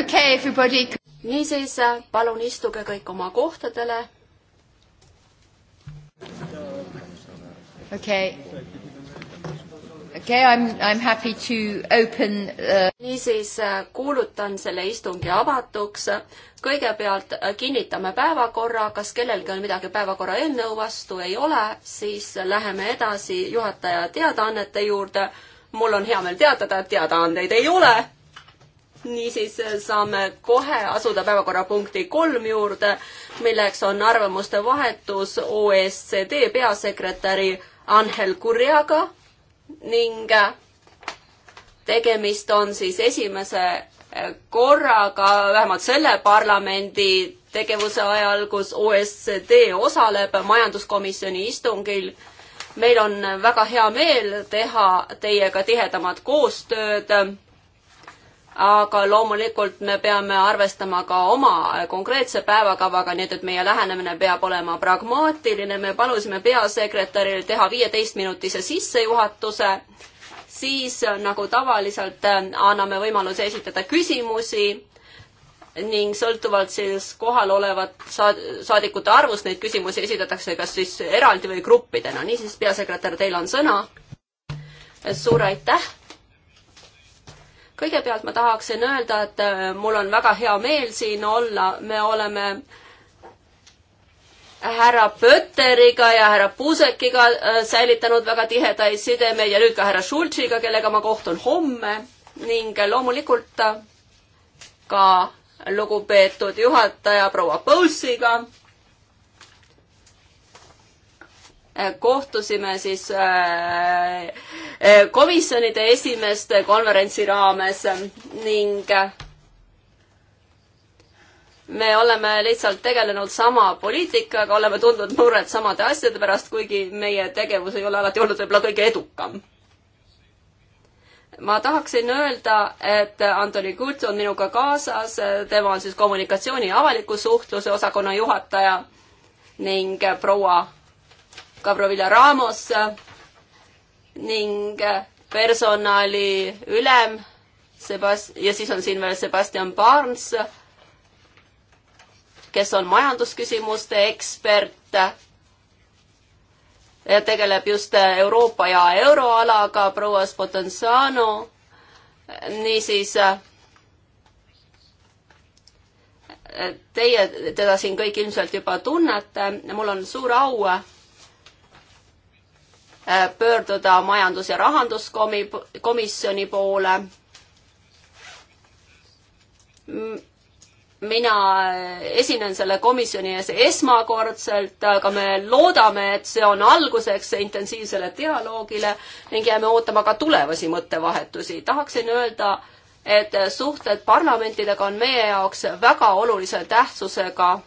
okei, everybody. niisiis, palun istuge kõik oma kohtadele. okei okay.. okei okay,, I m, I m happy to open uh.... niisiis kuulutan selle istungi avatuks. kõigepealt äh, kinnitame päevakorra, kas kellelgi on midagi päevakorra eelnõu vastu, ei ole, siis läheme edasi juhataja teadaannete juurde mul on hea meel teatada, et teadaandeid ei ole. niisiis eh, saame kohe asuda päevakorrapunkti kolm juurde, milleks on arvamuste vahetus OSCD peasekretäri Angel Kurjaga ning eh, tegemist on siis esimese eh, korraga vähemalt selle parlamendi tegevuse ajal, kus OSCD osaleb majanduskomisjoni istungil meil on väga hea meel teha teiega tihedamat koostööd. aga loomulikult me peame arvestama ka oma konkreetse päevakavaga, nii et, et meie lähenemine peab olema pragmaatiline. me palusime peasekretäril teha viieteistminutise sissejuhatuse, siis nagu tavaliselt anname võimaluse esitada küsimusi ning sõltuvalt siis kohal olevat saad-, saadikute arvust neid küsimusi esitatakse kas siis eraldi või gruppidena. niisiis, peasekretär, teil on sõna. suur aitäh! kõigepealt ma tahaksin öelda, et äh, mul on väga hea meel siin olla, me oleme härra Pötteriga ja härra Puusekiga äh, säilitanud väga tihedaid sidemeid ja nüüd ka härra Schultziga, kellega ma kohtun homme ning loomulikult ka lugupeetud juhataja proua Põussiga. kohtusime siis äh, äh, komisjonide esimeeste konverentsi raames ning äh, me oleme lihtsalt tegelenud sama poliitikaga, oleme tundnud muret samade asjade pärast, kuigi meie tegevus ei ole alati olnud võib-olla kõige edukam ma tahaksin öelda, et Antoni Kuts on minuga kaasas, tema on siis kommunikatsiooni ja avaliku suhtluse osakonna juhataja ning proua Gavrovilla Ramos ning personali ülem Sebast- ja siis on siin veel Sebastian Barnes, kes on majandusküsimuste ekspert tegeleb just Euroopa ja euroalaga, proua Spotensano. niisiis teie teda siin kõik ilmselt juba tunnete, mul on suur au äh, pöörduda Majandus- ja Rahanduskomisjoni poole mina esinen selle komisjoni ees esmakordselt, aga me loodame, et see on alguseks intensiivsele dialoogile ning jääme ootama ka tulevasi mõttevahetusi. tahaksin öelda, et suhted parlamentidega on meie jaoks väga olulise tähtsusega.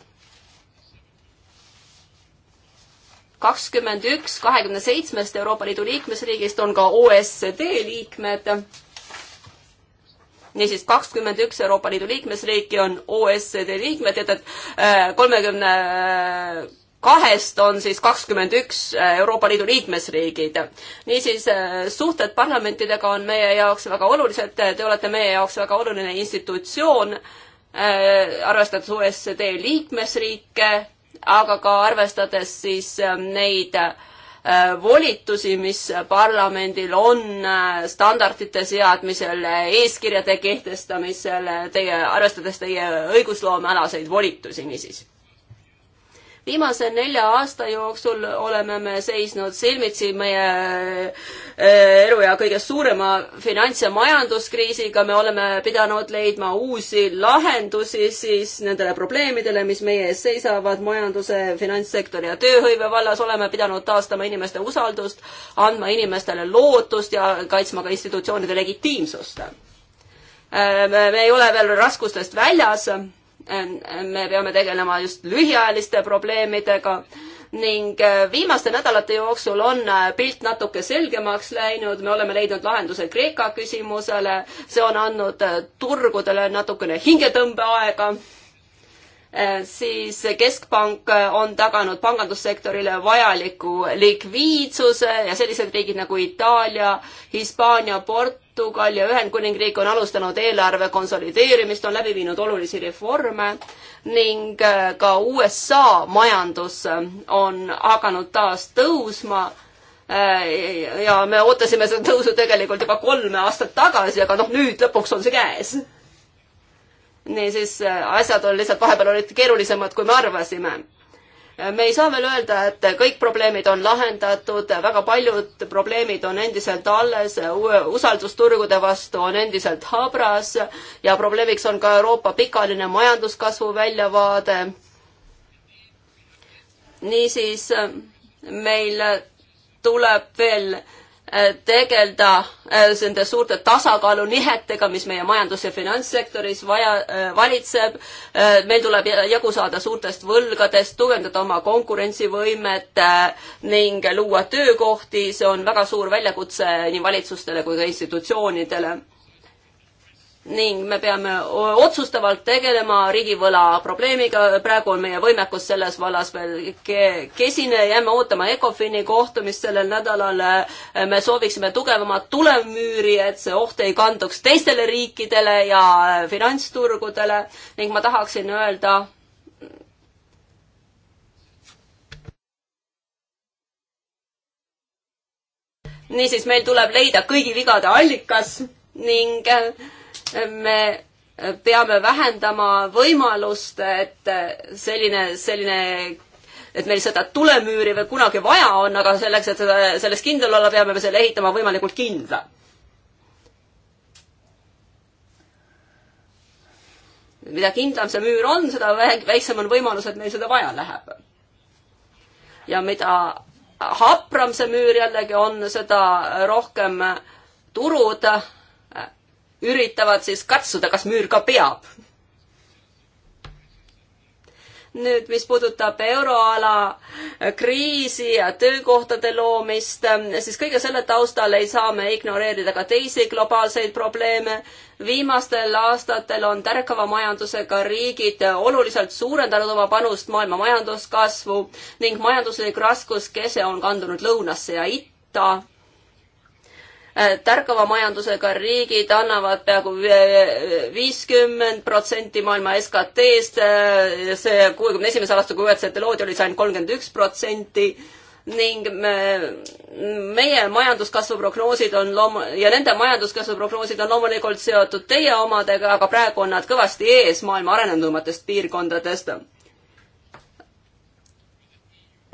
kakskümmend üks kahekümne seitsmest Euroopa Liidu liikmesriigist on ka OSCD liikmed niisiis kakskümmend üks Euroopa Liidu liikmesriiki on OSCD liikmed, et, et äh, kolmekümne kahest on siis kakskümmend üks äh, Euroopa Liidu liikmesriigid. niisiis, äh, suhted parlamentidega on meie jaoks väga olulised, te olete meie jaoks väga oluline institutsioon, arvestades OSCD liikmesriike, aga ka arvestades siis neid äh, Äh, volitusi, mis parlamendil on äh, standardite seadmisel, eeskirjade kehtestamisel, teie, arvestades teie õigusloomealaseid volitusi niisiis viimase nelja aasta jooksul oleme me seisnud silmitsi meie äh, eluea kõige suurema finants- ja majanduskriisiga, me oleme pidanud leidma uusi lahendusi siis nendele probleemidele, mis meie ees seisavad majanduse, finantssektori ja tööhõive vallas, oleme pidanud taastama inimeste usaldust, andma inimestele lootust ja kaitsma ka institutsioonide legitiimsust. Äh, me ei ole veel raskustest väljas Ähm, me peame tegelema just lühiajaliste probleemidega ning äh, viimaste nädalate jooksul on äh, pilt natuke selgemaks läinud, me oleme leidnud lahenduse Kreeka küsimusele, see on andnud äh, turgudele natukene hingetõmbeaega Äh, siis keskpank äh, on taganud pangandussektorile vajaliku likviidsuse ja sellised riigid nagu Itaalia, Hispaania, Portugal ja Ühendkuningriik on alustanud eelarve konsolideerimist, on läbi viinud olulisi reforme ning äh, ka USA majandus on hakanud taas tõusma ja me ootasime seda tõusu tegelikult juba kolme aastat tagasi, aga noh, nüüd lõpuks on see käes niisiis äh, asjad on lihtsalt vahepeal olid keerulisemad, kui me arvasime. Äh, me ei saa veel öelda, et kõik probleemid on lahendatud, väga paljud probleemid on endiselt alles, usaldusturgude vastu on endiselt habras ja probleemiks on ka Euroopa pikaline majanduskasvu väljavaade. niisiis äh, meil tuleb veel Äh, tegeleda äh, nende suurte tasakaalunihetega, mis meie majandus- ja finantssektoris vaja, äh, valitseb. meil tuleb jagu saada suurtest võlgadest, tugevdada oma konkurentsivõimet ning luua töökohti, see on väga suur väljakutse nii valitsustele kui ka institutsioonidele ning me peame otsustavalt tegelema riigivõla probleemiga, praegu on meie võimekus selles vallas veel kesine, jääme ootama ECOFIN-i kohtumist sellel nädalal. me sooviksime tugevamat tulemüüri, et see oht ei kanduks teistele riikidele ja finantsturgudele ning ma tahaksin öelda, niisiis, meil tuleb leida kõigi vigade allikas ning me peame vähendama võimalust, et selline, selline, et meil seda tulemüüri veel kunagi vaja on, aga selleks, et seda, selles kindel olla, peame me selle ehitama võimalikult kindla. mida kindlam see müür on, seda väiksem on võimalus, et meil seda vaja läheb. ja mida hapram see müür jällegi on, seda rohkem turud üritavad siis katsuda, kas müür ka peab. nüüd, mis puudutab euroala kriisi ja töökohtade loomist, siis kõige selle taustal ei saa me ignoreerida ka teisi globaalseid probleeme. viimastel aastatel on tärkava majandusega riigid oluliselt suurendanud oma panust maailma majanduskasvu ning majanduslik raskuskese on kandunud lõunasse ja itta Äh, tärkava majandusega riigid annavad peaaegu viiskümmend protsenti maailma SKT-st, äh, see kuuekümne esimese aasta, kui OECD loodi, oli see ainult kolmkümmend üks protsenti ning me, meie majanduskasvu prognoosid on loom- ja nende majanduskasvu prognoosid on loomulikult seotud teie omadega, aga praegu on nad kõvasti ees maailma arenenumatest piirkondadest.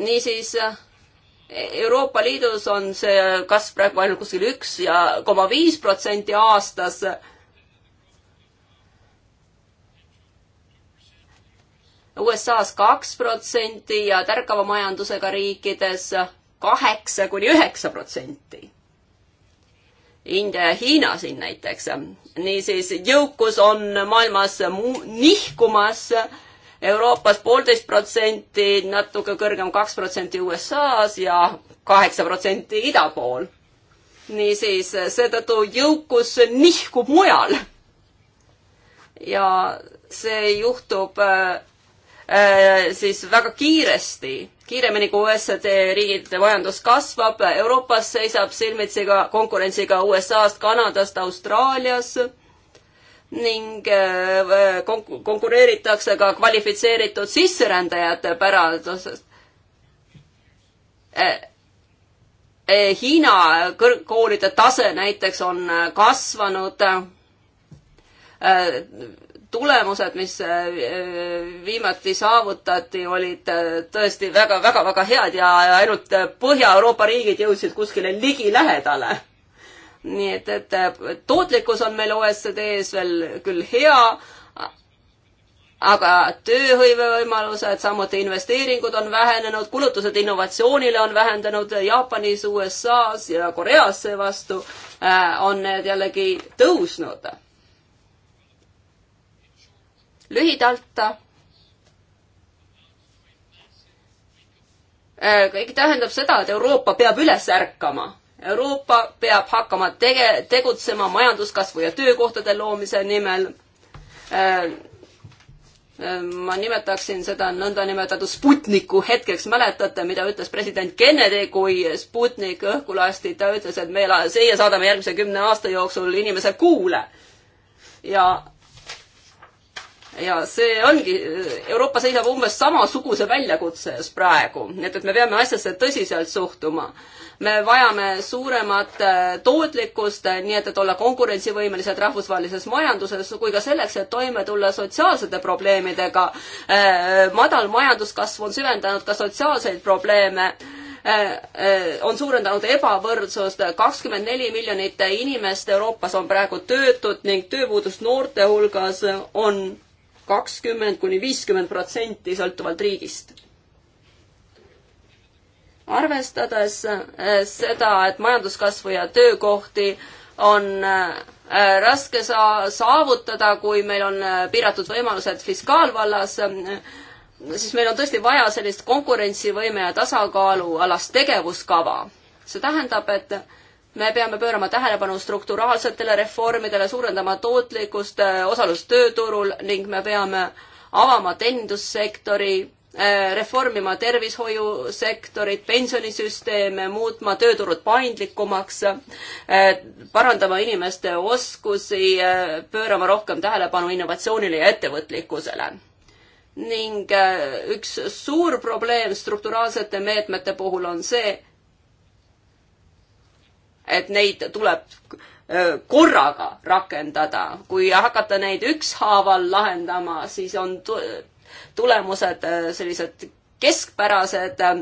niisiis Euroopa Liidus on see kasv praegu ainult kuskil üks ja koma viis protsenti aastas. USA-s kaks protsenti ja tärkava majandusega riikides kaheksa kuni üheksa protsenti. India ja Hiina siin näiteks. niisiis, jõukus on maailmas nihkumas äh, Euroopas poolteist protsenti, natuke kõrgem kaks protsenti USA-s ja kaheksa protsenti ida pool. niisiis, seetõttu jõukus nihkub mujal. ja see juhtub äh, äh siis väga kiiresti, kiiremini kui OECD riigid majandus kasvab, Euroopas seisab silmitsi ka konkurentsiga USA-st, Kanadast, Austraaliast ning äh, konkureeritakse ka kvalifitseeritud sisserändajate pärandusest. Äh, äh, Hiina kõrgkoolide tase näiteks on kasvanud. tulemused, mis viimati saavutati, olid tõesti väga-väga-väga head ja ainult Põhja-Euroopa riigid jõudsid kuskile ligilähedale nii et, et äh, tootlikkus on meil OECD-s veel küll hea, aga tööhõivevõimalused, samuti investeeringud on vähenenud, kulutused innovatsioonile on vähendanud Jaapanis, USA-s ja Koreas seevastu äh, on need jällegi tõusnud. lühidalt äh, kõik tähendab seda, et Euroopa peab üles ärkama Euroopa peab hakkama tege-, tegutsema majanduskasvu ja töökohtade loomise nimel. Äh, äh, ma nimetaksin seda nõndanimetatud Sputniku hetkeks, mäletate, mida ütles president Kennedy, kui Sputnik õhku lasti, ta ütles, et me siia saadame järgmise kümne aasta jooksul inimese kuule. ja ja see ongi, Euroopa seisab umbes samasuguse väljakutse ees praegu, nii et, et me peame asjasse tõsiselt suhtuma me vajame suuremat äh, tootlikkust, äh, nii et, et olla konkurentsivõimelised rahvusvahelises majanduses, kui ka selleks, et toime tulla sotsiaalsete probleemidega. Äh, madal majanduskasv on süvendanud ka sotsiaalseid probleeme on suurendanud ebavõrdsust. kakskümmend neli miljonit inimest Euroopas on praegu töötud ning tööpuudus noorte hulgas on kakskümmend kuni viiskümmend protsenti, sõltuvalt riigist arvestades äh, seda, et majanduskasvu ja töökohti on äh, raske saa-, saavutada, kui meil on äh, piiratud võimalused fiskaalvallas, siis meil on tõesti vaja sellist konkurentsivõime ja tasakaalualast tegevuskava. see tähendab, et me peame pöörama tähelepanu strukturaalsetele reformidele, suurendama tootlikkust, osalust tööturul ning me peame avama teenindussektori Äh, reformima tervishoiusektorit, pensionisüsteeme, muutma tööturud paindlikumaks, äh, parandama inimeste oskusi, äh, pöörama rohkem tähelepanu innovatsioonile ja ettevõtlikkusele. ning üks suur probleem strukturaalsete meetmete puhul on see, et neid tuleb korraga rakendada. kui hakata neid ükshaaval lahendama, siis on tulemused äh, sellised keskpärased, äh,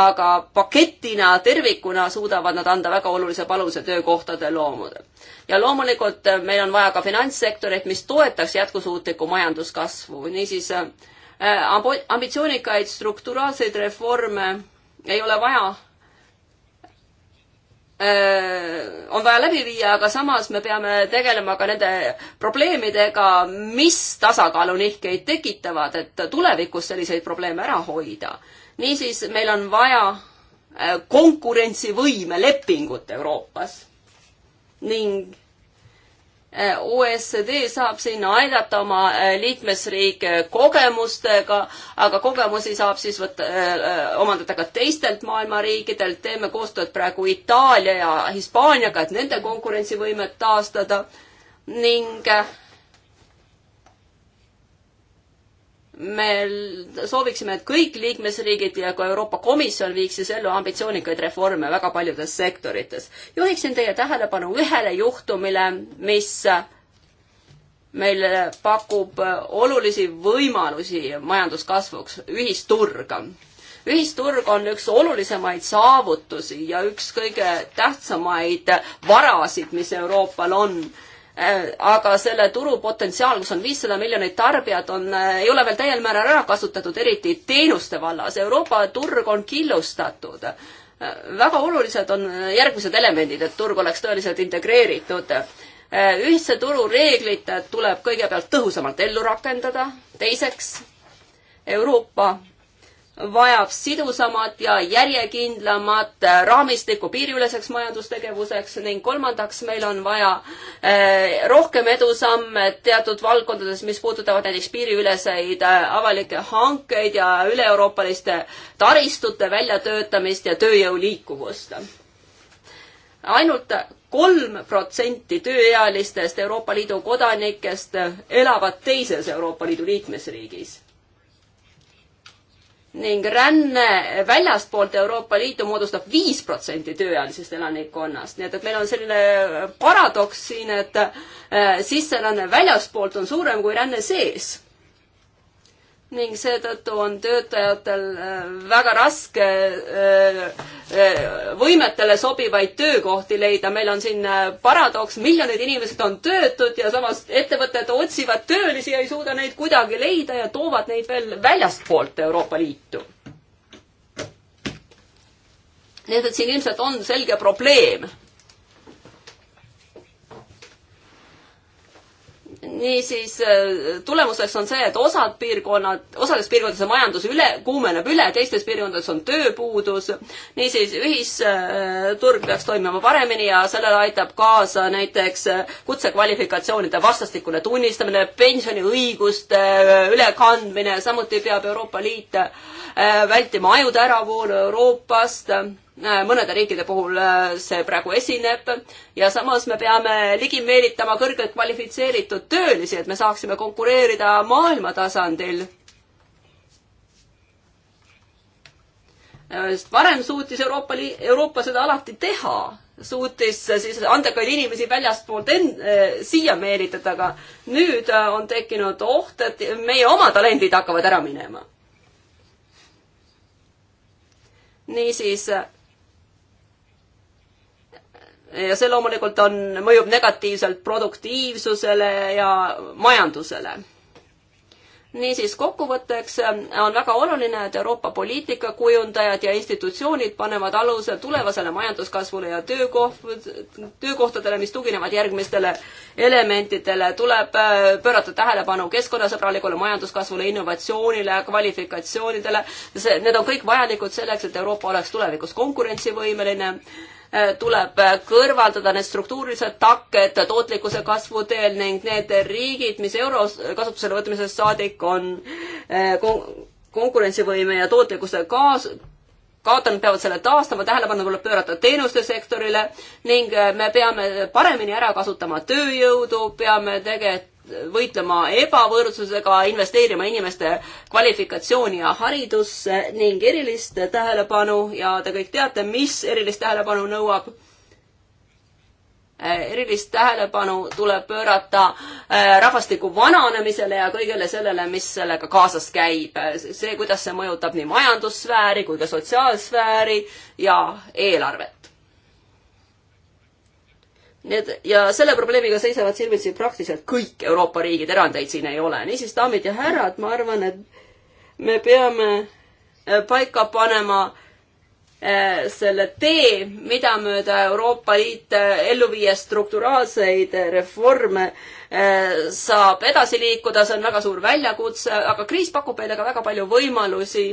aga paketina, tervikuna suudavad nad anda väga olulise paluse töökohtade loomule. ja loomulikult äh, meil on vaja ka finantssektorit, mis toetaks jätkusuutlikku majanduskasvu, niisiis ambitsioonikaid strukturaalseid reforme ei ole vaja Äh, on vaja läbi viia, aga samas me peame tegelema ka nende probleemidega, mis tasakaalunihkeid tekitavad, et tulevikus selliseid probleeme ära hoida. niisiis, meil on vaja äh, konkurentsivõime lepingut Euroopas ning OSCD saab siin aidata oma äh, liikmesriike äh, kogemustega, aga kogemusi saab siis võtta, äh, omandada ka teistelt maailma riikidelt, teeme koostööd praegu Itaalia ja Hispaaniaga, et nende konkurentsivõimet taastada ning äh, me sooviksime, et kõik liikmesriigid ja ka Euroopa Komisjon viiks siis ellu ambitsioonikaid reforme väga paljudes sektorites. juhiksin teie tähelepanu ühele juhtumile, mis meile pakub olulisi võimalusi majanduskasvuks, ühisturg. ühisturg on üks olulisemaid saavutusi ja üks kõige tähtsamaid varasid, mis Euroopal on Äh, aga selle turu potentsiaal, kus on viissada miljonit tarbijat, on, äh, ei ole veel täiel määral ära kasutatud, eriti teenuste vallas. Euroopa turg on killustatud. Äh, väga olulised on järgmised elemendid, et turg oleks tõeliselt integreeritud. ühise turu reeglid tuleb kõigepealt tõhusamalt ellu rakendada, teiseks Euroopa vajab sidusamat ja järjekindlamat äh, raamistikku piiriüleseks majandustegevuseks ning kolmandaks, meil on vaja äh, rohkem edusamme teatud valdkondades, mis puudutavad näiteks piiriüleseid äh, avalikke hankeid ja üle-euroopaliste taristute väljatöötamist ja tööjõu liikuvust ainult kolm protsenti tööealistest Euroopa Liidu kodanikest elavad teises Euroopa Liidu liikmesriigis ning ränne väljaspoolt Euroopa Liitu moodustab viis protsenti tööealisest elanikkonnast, nii et, et meil on selline paradoks siin, et äh, sisseränne väljaspoolt on suurem kui ränne sees ning seetõttu on töötajatel äh, väga raske äh, äh, võimetele sobivaid töökohti leida. meil on siin paradoks, miljonid inimesed on töötud ja samas ettevõtted otsivad töölisi ja ei suuda neid kuidagi leida ja toovad neid veel väljastpoolt Euroopa Liitu. nii et, et siin ilmselt on selge probleem niisiis äh, tulemuseks on see, et osad piirkonnad, osades piirkondades on majandus üle, kuumeneb üle, teistes piirkondades on tööpuudus. niisiis ühisturg peaks toimima paremini ja sellele aitab kaasa näiteks äh, kutsekvalifikatsioonide vastastikune tunnistamine, pensioniõiguste äh, ülekandmine, samuti peab Euroopa Liit vältima ajude äravoolu Euroopast Äh, mõnede riikide puhul äh, see praegu esineb ja samas me peame ligi meelitama kõrgelt kvalifitseeritud töölisi, et me saaksime konkureerida maailma tasandil. Äh, sest varem suutis Euroopa Liit, Euroopa seda alati teha, suutis siis andekaid inimesi väljastpoolt end-, siia meelitada, aga nüüd on tekkinud oht, et meie oma talendid hakkavad ära minema. niisiis ja see loomulikult on, mõjub negatiivselt produktiivsusele ja majandusele. niisiis, kokkuvõtteks äh, on väga oluline, et Euroopa poliitikakujundajad ja institutsioonid panevad aluse tulevasele majanduskasvule ja töökoht, töökohtadele, mis tuginevad järgmistele elementidele. tuleb äh, pöörata tähelepanu keskkonnasõbralikule majanduskasvule, innovatsioonile, kvalifikatsioonidele. see, need on kõik vajalikud selleks, et Euroopa oleks tulevikus konkurentsivõimeline tuleb kõrvaldada need struktuurilised takked tootlikkuse kasvu teel ning need riigid, mis euro kasutusele võtmisest saadik on eh, kon konkurentsivõime ja tootlikkuse kaas-, kaotanud, peavad selle taastama, tähelepanu tuleb pöörata teenuste sektorile ning eh, me peame paremini ära kasutama tööjõudu, peame tege-, võitlema ebavõrdsusega, investeerima inimeste kvalifikatsiooni ja haridusse ning erilist tähelepanu ja te kõik teate, mis erilist tähelepanu nõuab äh, erilist tähelepanu tuleb pöörata äh, rahvastiku vananemisele ja kõigele sellele, mis sellega kaasas käib. see, kuidas see mõjutab nii majandussfääri kui ka sotsiaalsfääri ja eelarvet. Need ja selle probleemiga seisavad silmitsi praktiliselt kõik Euroopa riigid, erandeid siin ei ole. niisiis, daamid ja härrad, ma arvan, et me peame äh, paika panema äh, selle tee, mida mööda Euroopa Liit äh, ellu viies strukturaalseid reforme saab edasi liikuda, see on väga suur väljakutse, aga kriis pakub meile ka väga palju võimalusi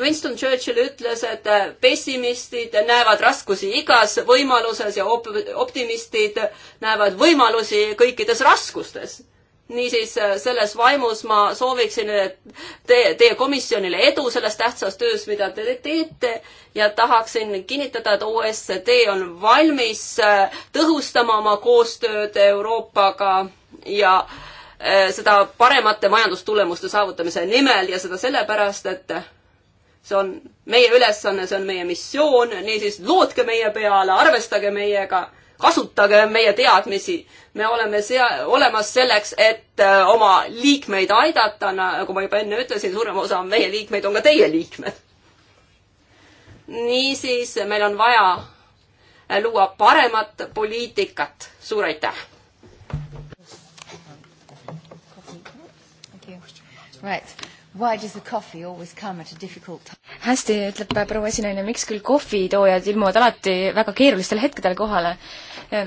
Winston Churchill ütles, et äh, pessimistid näevad raskusi igas võimaluses ja op-, optimistid näevad võimalusi kõikides raskustes. niisiis äh, selles vaimus ma sooviksin te, teie komisjonile edu selles tähtsas töös, mida te teete ja tahaksin kinnitada, et OSCD on valmis äh, tõhustama oma koostööd Euroopaga ja seda paremate majandustulemuste saavutamise nimel ja seda sellepärast, et see on meie ülesanne, see on meie missioon, niisiis lootke meie peale, arvestage meiega, kasutage meie teadmisi. me oleme sea-, olemas selleks, et äh, oma liikmeid aidata, nagu ma juba enne ütlesin, suurem osa meie liikmeid on ka teie liikmed. niisiis, meil on vaja äh, luua paremat poliitikat. suur aitäh! Right hästi, ütleb proua esinaine, miks küll kohvitoojad ilmuvad alati väga keerulistel hetkedel kohale?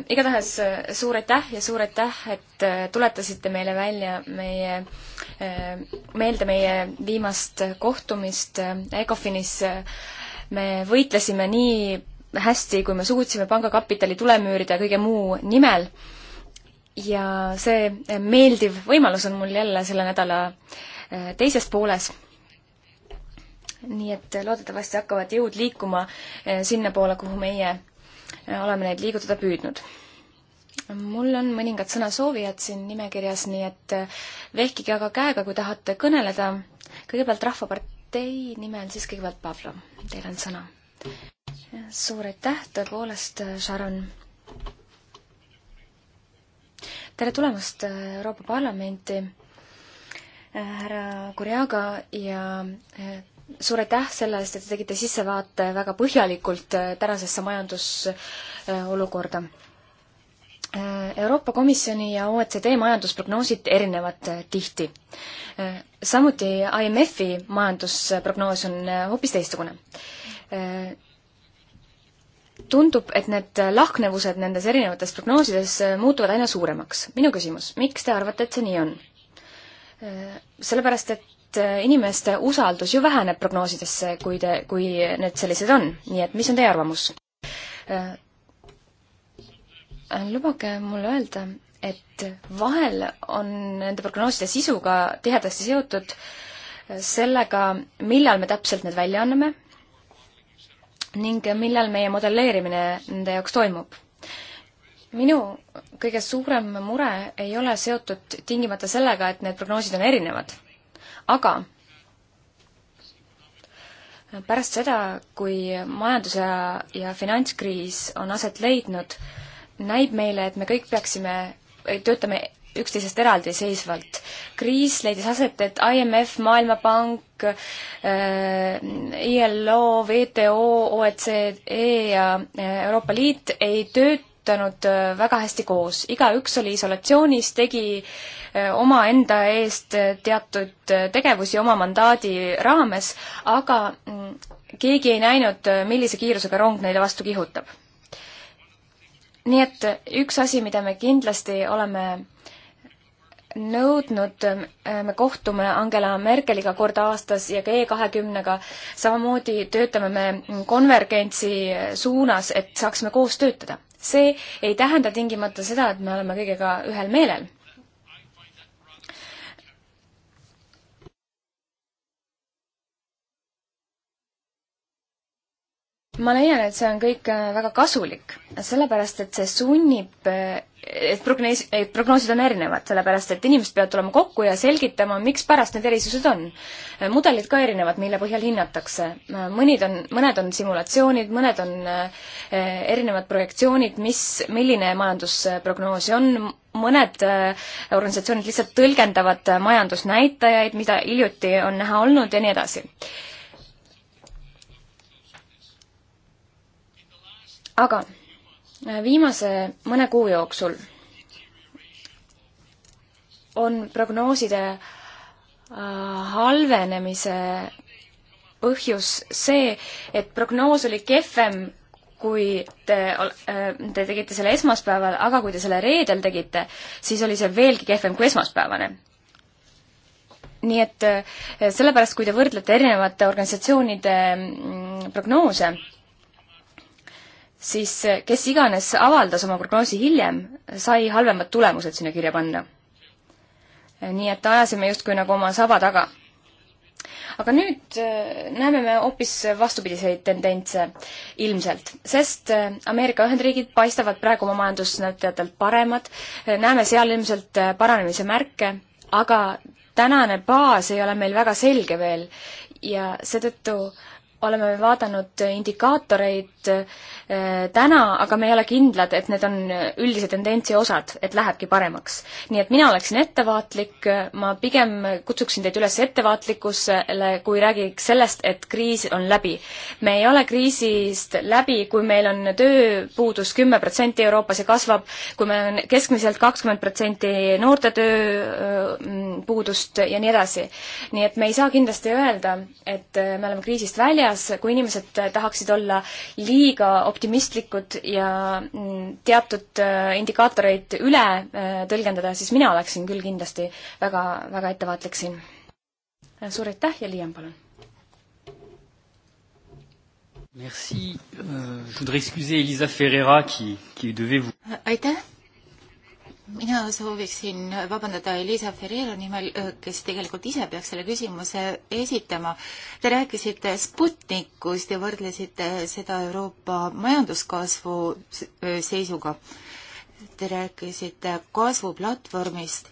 igatahes äh, suur aitäh ja suur aitäh, et äh, tuletasite meile välja meie, äh, meelde meie viimast kohtumist ECOFINis. me võitlesime nii hästi, kui me suutsime pangakapitali tulemüüride ja kõige muu nimel. ja see meeldiv võimalus on mul jälle selle nädala äh, teises pooles. nii et loodetavasti hakkavad jõud liikuma eh, sinnapoole, kuhu meie eh, oleme neid liigutada püüdnud mul on mõningad sõnasoovijad siin nimekirjas, nii et eh, vehkige aga käega, kui tahate kõneleda. kõigepealt Rahvapartei nimel, siis kõigepealt Pavlo, teil on sõna. suur aitäh tõepoolest, Sharon. tere tulemast Euroopa Parlamenti härra Kurjaga ja eh, suur aitäh selle eest, et te tegite sissevaate väga põhjalikult eh, tänasesse majandusolukorda. Eh, Euroopa Komisjoni ja OECD majandusprognoosid erinevad tihti. samuti IMF-i majandusprognoos on hoopis teistsugune tundub, et need lahknevused nendes erinevates prognoosides muutuvad aina suuremaks. minu küsimus, miks te arvate, et see nii on? sellepärast, et äh, inimeste usaldus ju väheneb prognoosidesse, kui te, kui need sellised on, nii et mis on teie arvamus? Äh, lubage mulle öelda, et vahel on nende prognooside sisuga tihedasti seotud äh, sellega, millal me täpselt need välja anname ning millal meie modelleerimine nende jaoks toimub minu kõige suurem mure ei ole seotud tingimata sellega, et need prognoosid on erinevad. aga pärast seda, kui majandus- ja, ja finantskriis on aset leidnud, näib meile, et me kõik peaksime, töötame üksteisest eraldiseisvalt. kriis leidis aset, et IMF, Maailmapank äh,, ILO, WTO, OECD e ja äh, Euroopa Liit ei tööta töötanud äh, väga hästi koos, igaüks oli isolatsioonis, tegi äh, omaenda eest äh, teatud tegevusi oma mandaadi raames, aga mm, keegi ei näinud, millise kiirusega rong neile vastu kihutab. nii et üks asi, mida me kindlasti oleme nõudnud, me kohtume Angela Merkeliga kord aastas ja ka E20-ga, samamoodi töötame me konvergentsi suunas, et saaksime koos töötada see ei tähenda tingimata seda, et me oleme kõigega ühel meelel. ma leian, et see on kõik äh, väga kasulik, sellepärast et see sunnib äh, et prognoos, et prognoosid on erinevad, sellepärast et inimesed peavad tulema kokku ja selgitama, mikspärast need erisused on. mudelid ka erinevad, mille põhjal hinnatakse. mõnid on, mõned on simulatsioonid, mõned on eh, erinevad projektsioonid, mis, milline majandusprognoos on, mõned eh, organisatsioonid lihtsalt tõlgendavad majandusnäitajaid, mida hiljuti on näha olnud ja nii edasi aga viimase mõne kuu jooksul on prognooside äh, halvenemise põhjus see, et prognoos oli kehvem, kui te, äh, te tegite selle esmaspäeval, aga kui te selle reedel tegite, siis oli see veelgi kehvem kui esmaspäevane. nii et äh, sellepärast, kui te võrdlete erinevate organisatsioonide mm, prognoose, siis eh, kes iganes avaldas oma prognoosi hiljem, sai halvemad tulemused sinna kirja panna. Eh, nii et ajasime justkui nagu oma saba taga. aga nüüd eh, näeme me hoopis vastupidiseid tendentse ilmselt, sest Ameerika Ühendriigid paistavad praegu oma majandusnäitajatelt paremad, näeme seal ilmselt paranemise märke, aga tänane baas ei ole meil väga selge veel ja seetõttu äh, oleme vaadanud indikaatoreid äh, täna, aga me ei ole kindlad, et need on üldise tendentsi osad, et lähebki paremaks. nii et mina oleksin ettevaatlik, ma pigem kutsuksin teid üles ettevaatlikkusele, kui räägiks sellest, et kriis on läbi. me ei ole kriisist läbi, kui meil on tööpuudus kümme protsenti Euroopas ja kasvab, kui meil on keskmiselt kakskümmend protsenti noorte tööpuudust ja nii edasi. nii et me ei saa kindlasti öelda, et me oleme kriisist väljas, kuidas, kui inimesed tahaksid olla liiga optimistlikud ja mm, teatud äh, indikaatoreid üle äh, tõlgendada, siis mina oleksin küll kindlasti väga, väga ettevaatlik siin. suur aitäh ja Liian, palun! Merci, euh, je voudrais excuser Elisa Ferreira qui, qui devait vous... Aitäh! mina sooviksin vabandada Elisa Ferreira nimel, kes tegelikult ise peaks selle küsimuse esitama. Te rääkisite Sputnikust ja võrdlesite seda Euroopa majanduskasvu seisuga. Te rääkisite kasvuplatvormist,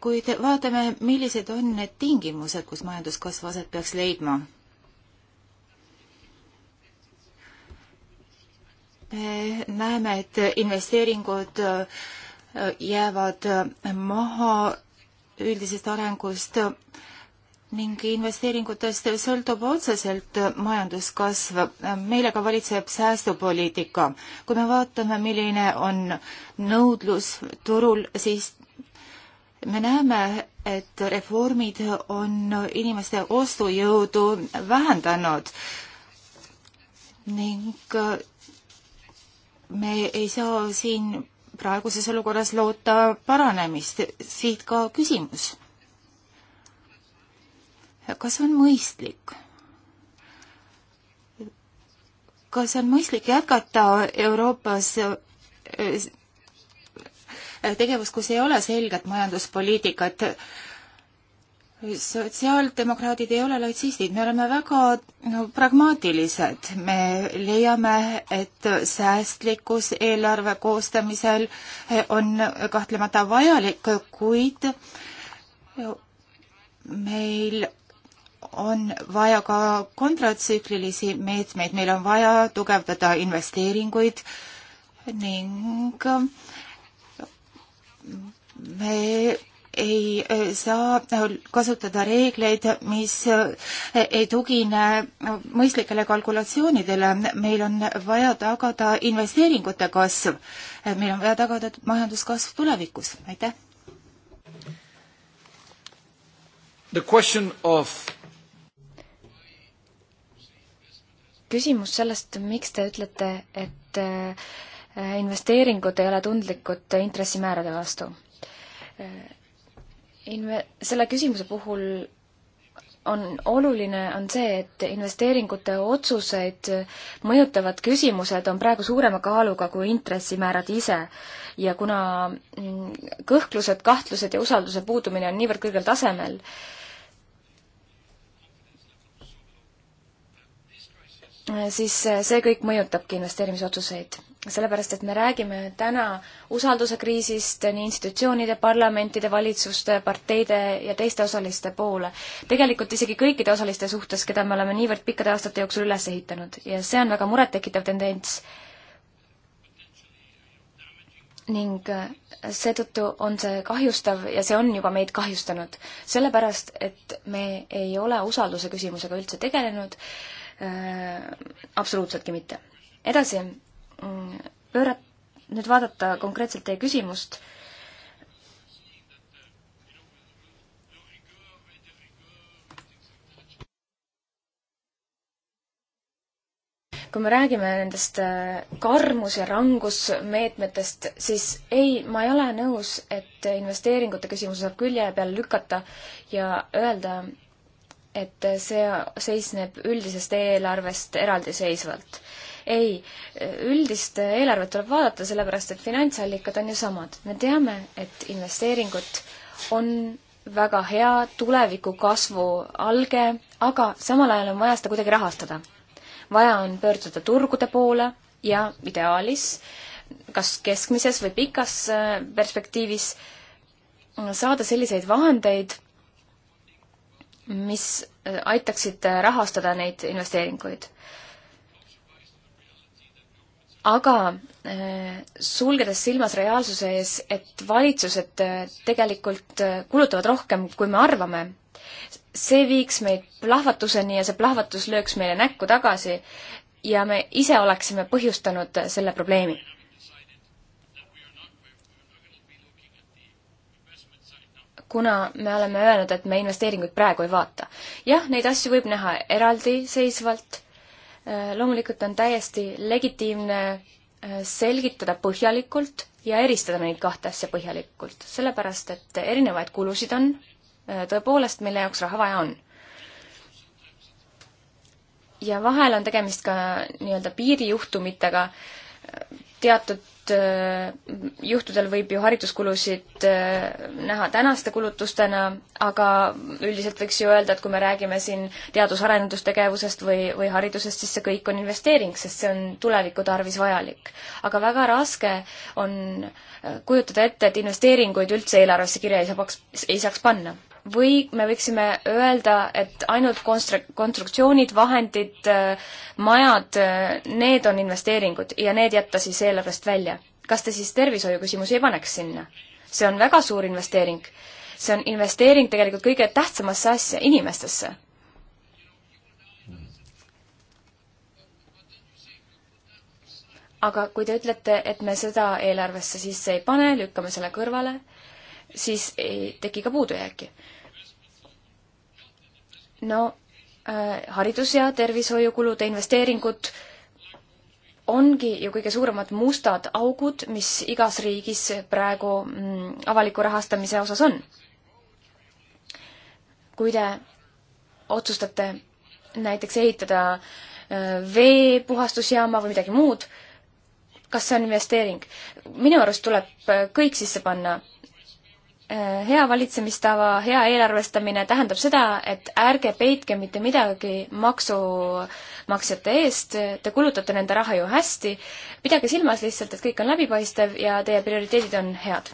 kuid vaatame, millised on need tingimused, kus majanduskasv aset peaks leidma me näeme, et investeeringud jäävad maha üldisest arengust ning investeeringutest sõltub otseselt majanduskasv. meile ka valitseb säästupoliitika. kui me vaatame, milline on nõudlus turul, siis me näeme, et reformid on inimeste ostujõudu vähendanud ning me ei saa siin praeguses olukorras loota paranemist, siit ka küsimus. kas on mõistlik? kas on mõistlik jätkata Euroopas eh, tegevus, kus ei ole selget majanduspoliitikat? sotsiaaldemokraadid ei ole latsistid, me oleme väga no, pragmaatilised, me leiame, et säästlikkus eelarve koostamisel eh, on kahtlemata vajalik, kuid meil on vaja ka kontratsüklilisi meetmeid, meil on vaja tugevdada investeeringuid ning me ei eh, saa eh, kasutada reegleid, mis eh, ei tugine mõistlikele kalkulatsioonidele. meil on vaja tagada investeeringute kasv, meil on vaja tagada majanduskasv tulevikus, aitäh. The question of küsimus sellest, miks te ütlete, et investeeringud ei ole tundlikud intressimäärade vastu. Inve-, selle küsimuse puhul on oluline, on see, et investeeringute otsuseid mõjutavad küsimused on praegu suurema kaaluga kui intressimäärad ise. ja kuna mm, kõhklused, kahtlused ja usalduse puudumine on niivõrd kõrgel tasemel, siis see kõik mõjutabki investeerimisotsuseid sellepärast et me räägime täna usalduse kriisist nii institutsioonide, parlamentide, valitsuste, parteide ja teiste osaliste poole. tegelikult isegi kõikide osaliste suhtes, keda me oleme niivõrd pikkade aastate jooksul üles ehitanud ja see on väga murettekitav tendents. ning äh, seetõttu on see kahjustav ja see on juba meid kahjustanud. sellepärast, et me ei ole usalduse küsimusega üldse tegelenud äh,, absoluutseltki mitte. edasi pöörat-, nüüd vaadata konkreetselt teie küsimust, kui me räägime nendest äh, karmus- ja rangusmeetmetest, siis ei, ma ei ole nõus, et investeeringute küsimuse saab külje peale lükata ja öelda, et see seisneb üldisest eelarvest eraldiseisvalt ei, üldist eelarvet tuleb vaadata, sellepärast et finantsallikad on ju samad. me teame, et investeeringud on väga hea tuleviku kasvu alge, aga samal ajal on vaja seda kuidagi rahastada. vaja on pöörduda turgude poole ja ideaalis, kas keskmises või pikas äh, perspektiivis, saada selliseid vahendeid, mis äh, aitaksid äh, rahastada neid investeeringuid aga äh, sulgedes silmas reaalsuse ees, et valitsused äh, tegelikult äh, kulutavad rohkem, kui me arvame, see viiks meid plahvatuseni ja see plahvatus lööks meile näkku tagasi ja me ise oleksime põhjustanud selle probleemi. kuna me oleme öelnud, et me investeeringuid praegu ei vaata. jah, neid asju võib näha eraldiseisvalt Äh, loomulikult on täiesti legitiimne äh, selgitada põhjalikult ja eristada neid kahte asja põhjalikult, sellepärast et erinevaid kulusid on äh, tõepoolest, mille jaoks raha vaja on. ja vahel on tegemist ka nii-öelda piirijuhtumitega, teatud Äh, juhtudel võib ju hariduskulusid äh, näha tänaste kulutustena, aga üldiselt võiks ju öelda, et kui me räägime siin teadus-arendustegevusest või, või haridusest, siis see kõik on investeering, sest see on tuleviku tarvis vajalik. aga väga raske on äh, kujutada ette, et investeeringuid üldse eelarvesse kirja ei saaks, ei saaks panna või me võiksime öelda, et ainult konstru-, konstruktsioonid, vahendid, majad, need on investeeringud ja need jätta siis eelarvest välja. kas te siis tervishoiuküsimusi ei paneks sinna? see on väga suur investeering. see on investeering tegelikult kõige tähtsamasse asja, inimestesse. aga kui te ütlete, et me seda eelarvesse sisse ei pane, lükkame selle kõrvale, siis ei teki ka puudujääki no äh, haridus- ja tervishoiukulude investeeringud ongi ju kõige suuremad mustad augud, mis igas riigis praegu mm, avaliku rahastamise osas on. kui te otsustate näiteks ehitada äh, veepuhastusjaama või midagi muud, kas see on investeering? minu arust tuleb äh, kõik sisse panna Äh, hea valitsemistava, hea eelarvestamine tähendab seda, et ärge peitke mitte midagi maksumaksjate eest, te kulutate nende raha ju hästi, pidage silmas lihtsalt, et kõik on läbipaistev ja teie prioriteedid on head.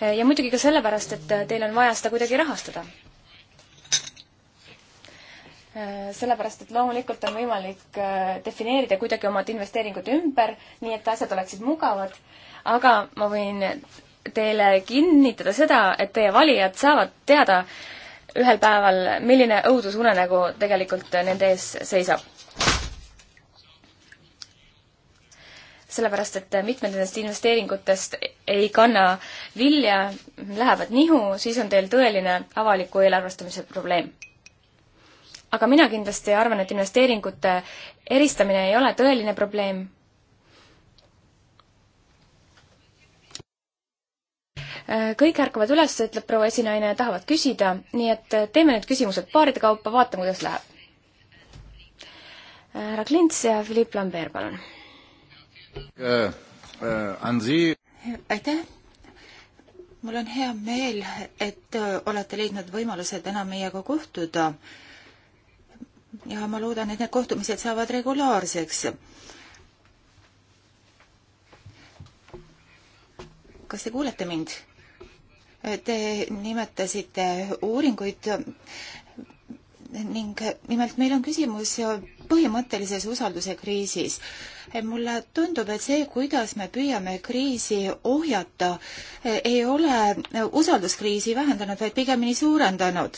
Äh, ja muidugi ka sellepärast, et teil on vaja seda kuidagi rahastada. Äh, sellepärast, et loomulikult on võimalik defineerida kuidagi omad investeeringud ümber, nii et asjad oleksid mugavad, aga ma võin teile kinnitada seda, et teie valijad saavad teada ühel päeval, milline õudusunenägu tegelikult nende ees seisab. sellepärast, et mitmed nendest investeeringutest ei kanna vilja, lähevad nihu, siis on teil tõeline avaliku eelarvestamise probleem aga mina kindlasti arvan, et investeeringute eristamine ei ole tõeline probleem. Äh, kõik ärkavad üles, ütleb proua esinaine, tahavad küsida, nii et äh, teeme nüüd küsimused paaride kaupa, vaatame, kuidas läheb. Äh, härra Klints ja Philipp Lambert, palun äh,. Äh, Ansi. aitäh mul on hea meel, et olete leidnud võimaluse täna meiega kohtuda. ja ma loodan, et need kohtumised saavad regulaarseks. kas te kuulete mind? Te nimetasite uuringuid ning nimelt meil on küsimus põhimõttelises usalduse kriisis. mulle tundub, et see, kuidas me püüame kriisi ohjata, ei ole usalduskriisi vähendanud, vaid pigemini suurendanud.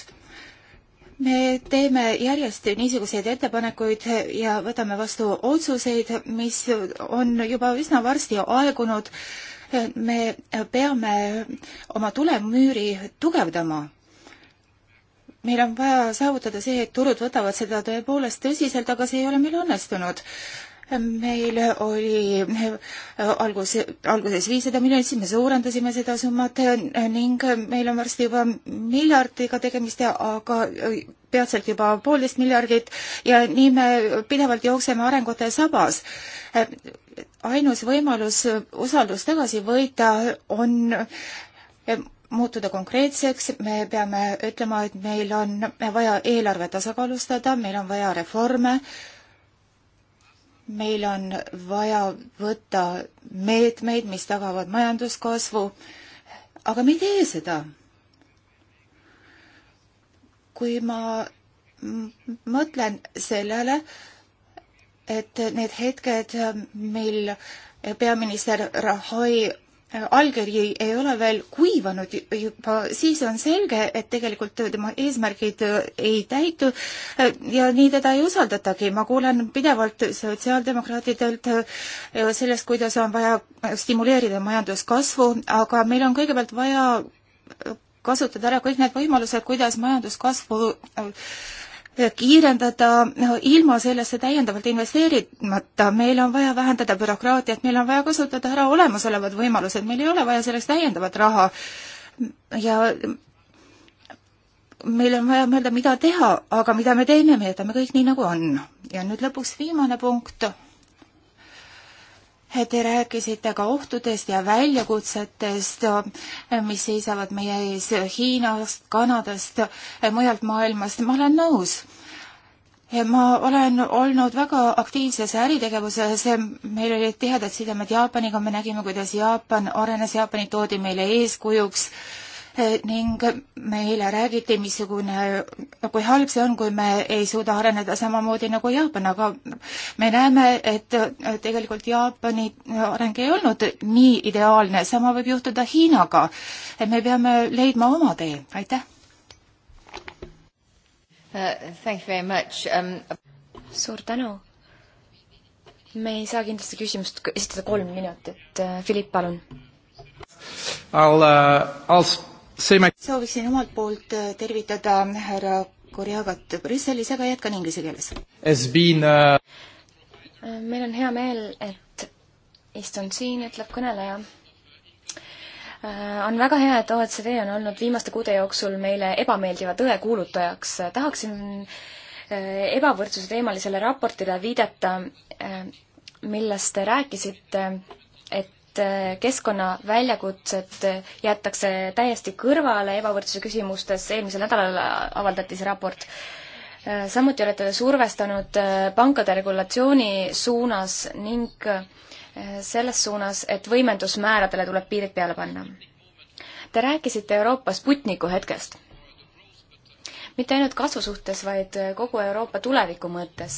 me teeme järjest niisuguseid ettepanekuid ja võtame vastu otsuseid, mis on juba üsna varsti aegunud me peame oma tulemüüri tugevdama. meil on vaja saavutada see, et turud võtavad seda tõepoolest tõsiselt, aga see ei ole meil õnnestunud meil oli algus, alguses viissada miljonit, siis me suurendasime seda summat ning meil on varsti juba miljardiga tegemist, aga peatselt juba poolteist miljardit ja nii me pidevalt jookseme arengute sabas ainus võimalus äh, usaldus tagasi võita on äh, muutuda konkreetseks, me peame ütlema, et meil on vaja eelarve tasakaalustada, meil on vaja reforme, meil on vaja võtta meetmeid, mis tagavad majanduskasvu, aga me ei tee seda. kui ma mõtlen sellele, et need hetked, mil peaminister Rahoi äh, allkiri ei ole veel kuivanud juba, siis on selge, et tegelikult tema eesmärgid äh, ei täitu äh, ja nii teda ei usaldatagi. ma kuulen pidevalt sotsiaaldemokraatidelt sellest, kuidas on vaja stimuleerida majanduskasvu, aga meil on kõigepealt vaja kasutada ära kõik need võimalused, kuidas majanduskasvu kiirendada ilma sellesse täiendavalt investeerimata, meil on vaja vähendada bürokraatiat, meil on vaja kasutada ära olemasolevad võimalused, meil ei ole vaja selleks täiendavat raha ja meil on vaja mõelda, mida teha, aga mida me teeme, me jätame kõik nii, nagu on. ja nüüd lõpuks viimane punkt Te rääkisite ka ohtudest ja väljakutsetest, mis seisavad meie ees Hiinast, Kanadast, mujalt maailmast. ma olen nõus. ma olen olnud väga aktiivses äritegevuses, meil olid tihedad sidemed Jaapaniga, me nägime, kuidas Jaapan arenes, Jaapanit toodi meile eeskujuks ning meile räägiti, missugune, kui halb see on, kui me ei suuda areneda samamoodi nagu Jaapan, aga me näeme, et tegelikult Jaapani areng ei olnud nii ideaalne, sama võib juhtuda Hiinaga. me peame leidma oma tee, aitäh uh,. Thank you very much um.... suur tänu me ei saa kindlasti küsimust esitada kolm minutit. Uh, Philipp, palun. I'll uh,, I'll sooviksin omalt poolt äh, tervitada härra Korjagat Brüsselis, aga jätkan inglise keeles. Uh... meil on hea meel, et istun siin, ütleb kõneleja. on väga hea, et OECD on olnud viimaste kuude jooksul meile ebameeldiva tõe kuulutajaks. tahaksin ebavõrdsuse teemalisele raportile viidata, millest te rääkisite, et et eh, keskkonnaväljakutsed eh, jäetakse täiesti kõrvale ebavõrdsuse küsimustes, eelmisel nädalal avaldati see raport. Eh, samuti olete te survestanud pankade regulatsiooni suunas ning selles suunas, et võimendusmääradele tuleb piirid peale panna. Te rääkisite Euroopa Sputniku hetkest mitte ainult kasvu suhtes, vaid kogu Euroopa tuleviku mõttes.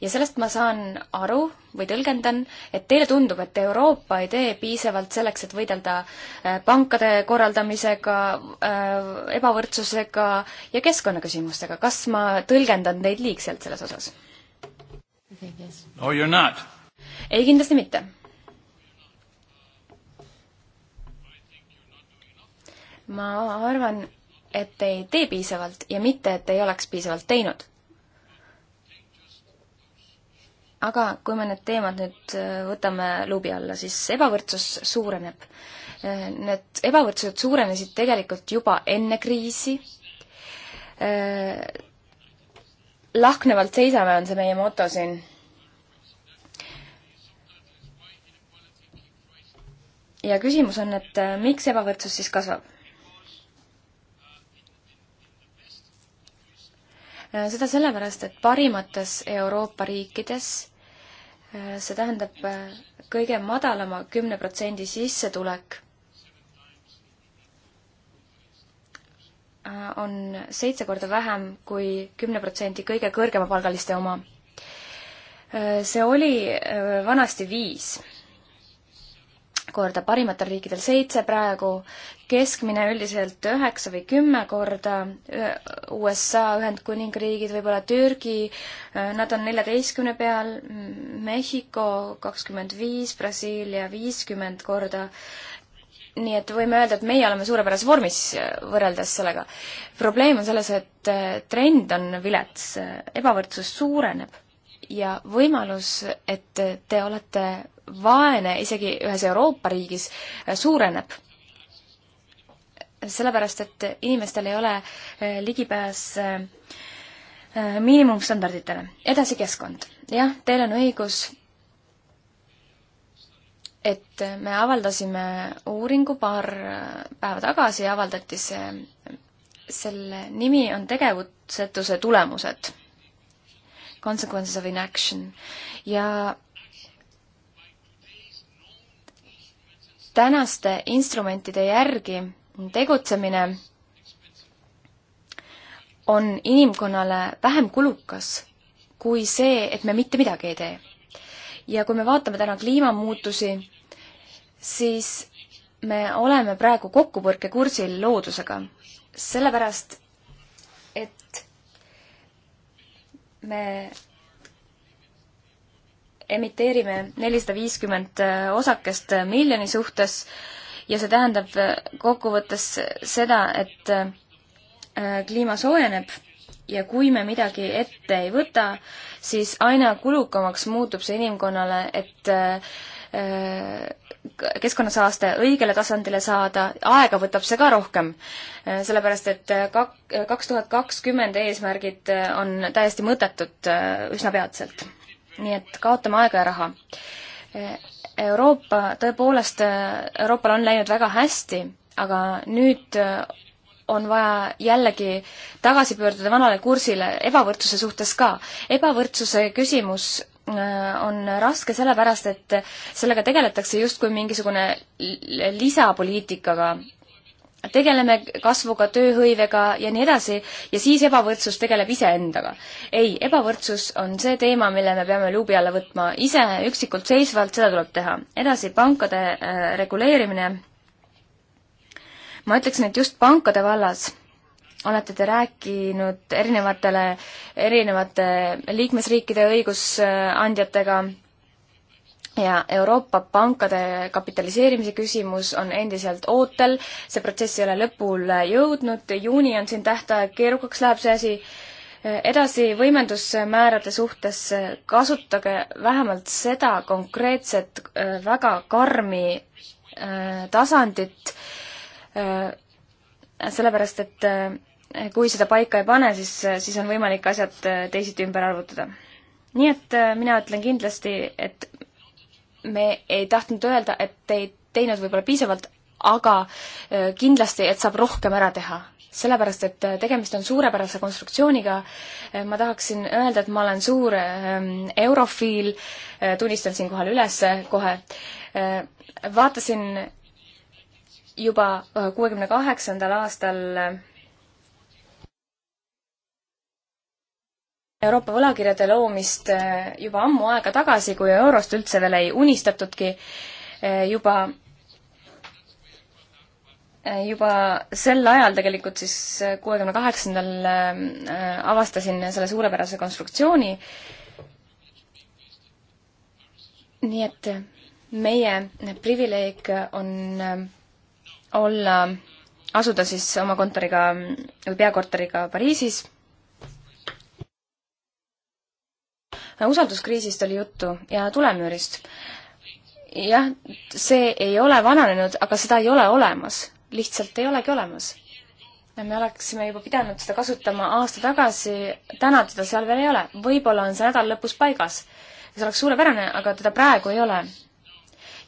ja sellest ma saan aru või tõlgendan, et teile tundub, et Euroopa ei tee piisavalt selleks, et võidelda äh, pankade korraldamisega, äh, ebavõrdsusega ja keskkonnaküsimustega. kas ma tõlgendan teid liigselt selles osas? No you are not. ei, kindlasti mitte ma arvan, et ei tee piisavalt ja mitte, et ei oleks piisavalt teinud. aga kui me need teemad nüüd äh, võtame luubi alla, siis ebavõrdsus suureneb. Äh, need ebavõrdsused suurenesid tegelikult juba enne kriisi. Äh, lahknevalt seisame, on see meie moto siin ja küsimus on, et miks ebavõrdsus siis kasvab? Äh, seda sellepärast, et parimates Euroopa riikides, äh, see tähendab äh, kõige madalama kümne protsendi sissetulek, on seitse korda vähem kui kümne protsendi kõige kõrgemapalgaliste oma. see oli vanasti viis korda, parimatel riikidel seitse praegu keskmine üldiselt üheksa või kümme korda, USA, Ühendkuningriigid, võib-olla Türgi, nad on neljateistkümne peal, Mehhiko kakskümmend viis, Brasiilia viiskümmend korda, nii et võime öelda, et meie oleme suurepärases vormis äh, võrreldes sellega. probleem on selles, et äh, trend on vilets, äh, ebavõrdsus suureneb ja võimalus, et te olete vaene isegi ühes Euroopa riigis, suureneb sellepärast, et inimestel ei ole eh, ligipääs eh, miinimumstandarditele. edasi keskkond. jah, teil on õigus, et me avaldasime uuringu paar eh, päeva tagasi ja avaldati see, selle nimi on tegevusetuse tulemused. Consequences of inaction. ja tänaste instrumentide järgi tegutsemine on inimkonnale vähem kulukas kui see, et me mitte midagi ei tee. ja kui me vaatame täna kliimamuutusi, siis me oleme praegu kokkupõrkekursil loodusega, sellepärast et me emiteerime nelisada viiskümmend osakest miljoni suhtes äh, ja see tähendab äh, kokkuvõttes seda, et äh, kliima soojeneb ja kui me midagi ette ei võta, siis aina kulukamaks muutub see inimkonnale, et äh, keskkonnasaaste õigele tasandile saada, aega võtab see ka rohkem. sellepärast, et kak-, kaks tuhat kakskümmend eesmärgid on täiesti mõttetud üsna peatselt. nii et kaotame aega ja raha Euroopa, tõepoolest, Euroopal on läinud väga hästi, aga nüüd äh, on vaja jällegi tagasi pöörduda vanale kursile ebavõrdsuse suhtes ka. ebavõrdsuse küsimus äh, on raske sellepärast, et sellega tegeletakse justkui mingisugune lisapoliitikaga tegeleme kasvuga, tööhõivega ja nii edasi, ja siis ebavõrdsus tegeleb iseendaga. ei, ebavõrdsus on see teema, mille me peame luubi alla võtma ise üksikult seisvalt, seda tuleb teha. edasi, pankade äh, reguleerimine. ma ütleksin, et just pankade vallas olete te rääkinud erinevatele, erinevate liikmesriikide õigusandjatega äh,, ja Euroopa pankade kapitaliseerimise küsimus on endiselt ootel, see protsess ei ole lõpule jõudnud, juuni on siin tähtaeg, keerukaks läheb see asi. edasi võimendusmäärade suhtes kasutage vähemalt seda konkreetset äh, väga karmi äh, tasandit, äh, sellepärast et kui seda paika ei pane, siis, siis on võimalik asjad teisiti ümber arvutada nii et mina ütlen kindlasti, et me ei tahtnud öelda, et ei teinud võib-olla piisavalt, aga äh, kindlasti, et saab rohkem ära teha. sellepärast, et äh, tegemist on suurepärase konstruktsiooniga, äh, ma tahaksin öelda, et ma olen suur ähm, eurofiil, tunnistan siinkohal üles kohe, vaatasin juba kuuekümne kaheksandal aastal Euroopa võlakirjade loomist äh, juba ammu aega tagasi, kui eurost üldse veel ei unistatudki, äh, juba äh, juba sel ajal tegelikult siis kuuekümne kaheksandal avastasin selle suurepärase konstruktsiooni. nii et meie privileeg on olla, asuda siis oma kontoriga või peakorteriga Pariisis usalduskriisist oli juttu ja tulemüürist. jah, see ei ole vananenud, aga seda ei ole olemas. lihtsalt ei olegi olemas. me oleksime juba pidanud seda kasutama aasta tagasi, täna teda seal veel ei ole. võib-olla on see nädal lõpus paigas. see oleks suurepärane, aga teda praegu ei ole.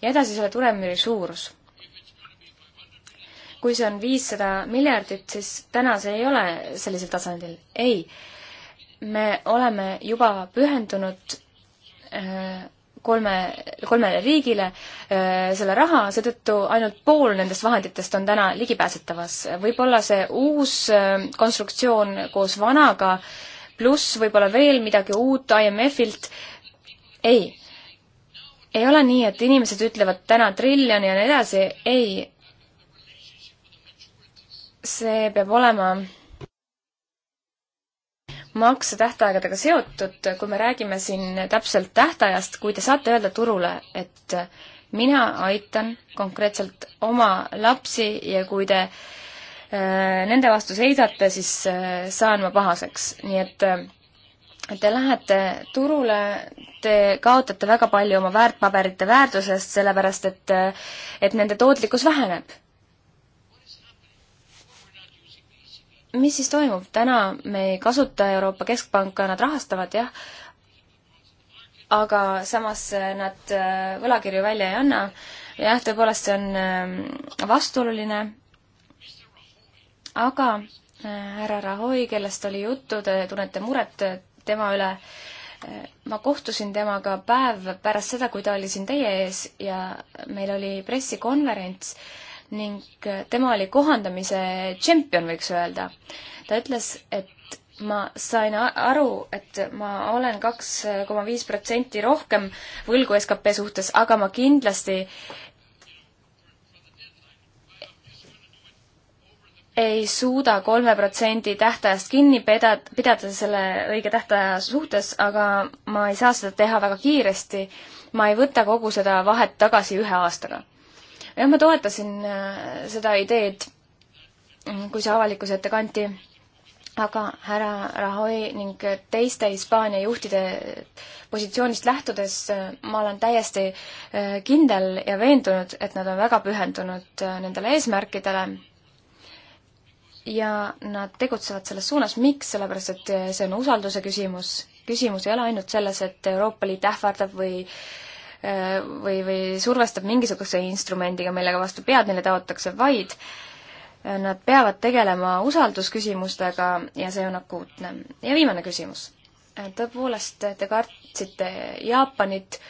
ja edasi selle tulemüüri suurus kui see on viissada miljardit, siis täna see ei ole sellisel tasandil. ei, me oleme juba pühendunud äh, kolme, kolmele riigile äh, selle raha, seetõttu ainult pool nendest vahenditest on täna ligipääsetavas. võib-olla see uus äh, konstruktsioon koos vanaga, pluss võib-olla veel midagi uut IMF-ilt, ei. ei ole nii, et inimesed ütlevad täna triljon ja nii edasi, ei. see peab olema maksetähtaegadega seotud, kui me räägime siin täpselt tähtajast, kui te saate öelda turule, et mina aitan konkreetselt oma lapsi ja kui te äh, nende vastu seisate, siis äh, saan ma pahaseks, nii et äh, te lähete turule, te kaotate väga palju oma väärtpaberite väärtusest, sellepärast et, et nende tootlikkus väheneb mis siis toimub? täna me ei kasuta Euroopa Keskpanka, nad rahastavad jah, aga samas äh, nad äh, võlakirju välja ei anna. jah, tõepoolest see on ähm, vastuoluline, aga äh, härra Rahoi, kellest oli juttu, te tunnete muret tema üle, ma kohtusin temaga päev pärast seda, kui ta oli siin teie ees ja meil oli pressikonverents ning tema oli kohandamise tšempion, võiks öelda. ta ütles, et ma sain aru, et ma olen kaks koma viis protsenti rohkem võlgu skp suhtes, aga ma kindlasti ei suuda kolme protsendi tähtajast kinni peda-, pidada selle õige tähtaja suhtes, aga ma ei saa seda teha väga kiiresti. ma ei võta kogu seda vahet tagasi ühe aastaga jah, ma toetasin äh, seda ideed, äh, kui see avalikkuse ette kanti, aga härra Rahoi ning teiste Hispaania juhtide positsioonist lähtudes äh, ma olen täiesti kindel ja veendunud, et nad on väga pühendunud nendele eesmärkidele ja nad tegutsevad selles suunas, miks, sellepärast et see on usalduse küsimus. küsimus ei ole ainult selles, et Euroopa Liit ähvardab või äh, või, või survestab mingisuguse instrumendiga, millega vastu pead neile taotakse, vaid nad peavad tegelema usaldusküsimustega ja see on akuutne. ja viimane küsimus. tõepoolest, te kartsite Jaapanit,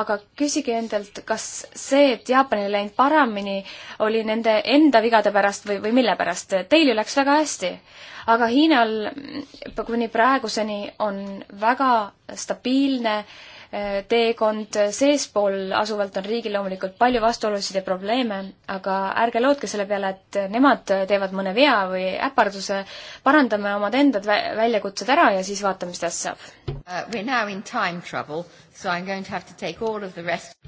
aga küsige endalt, kas see, et Jaapanil ei läinud paremini, oli nende enda vigade pärast või, või mille pärast? Teil ju läks väga hästi. aga Hiinal kuni praeguseni on väga stabiilne äh, teekond seespool asuvalt on riigil loomulikult palju vastuolusid ja probleeme, aga ärge lootke selle peale, et nemad teevad mõne vea või äparduse, parandame omad endad vä-, väljakutsed ära ja siis vaatame, mis tast saab uh,.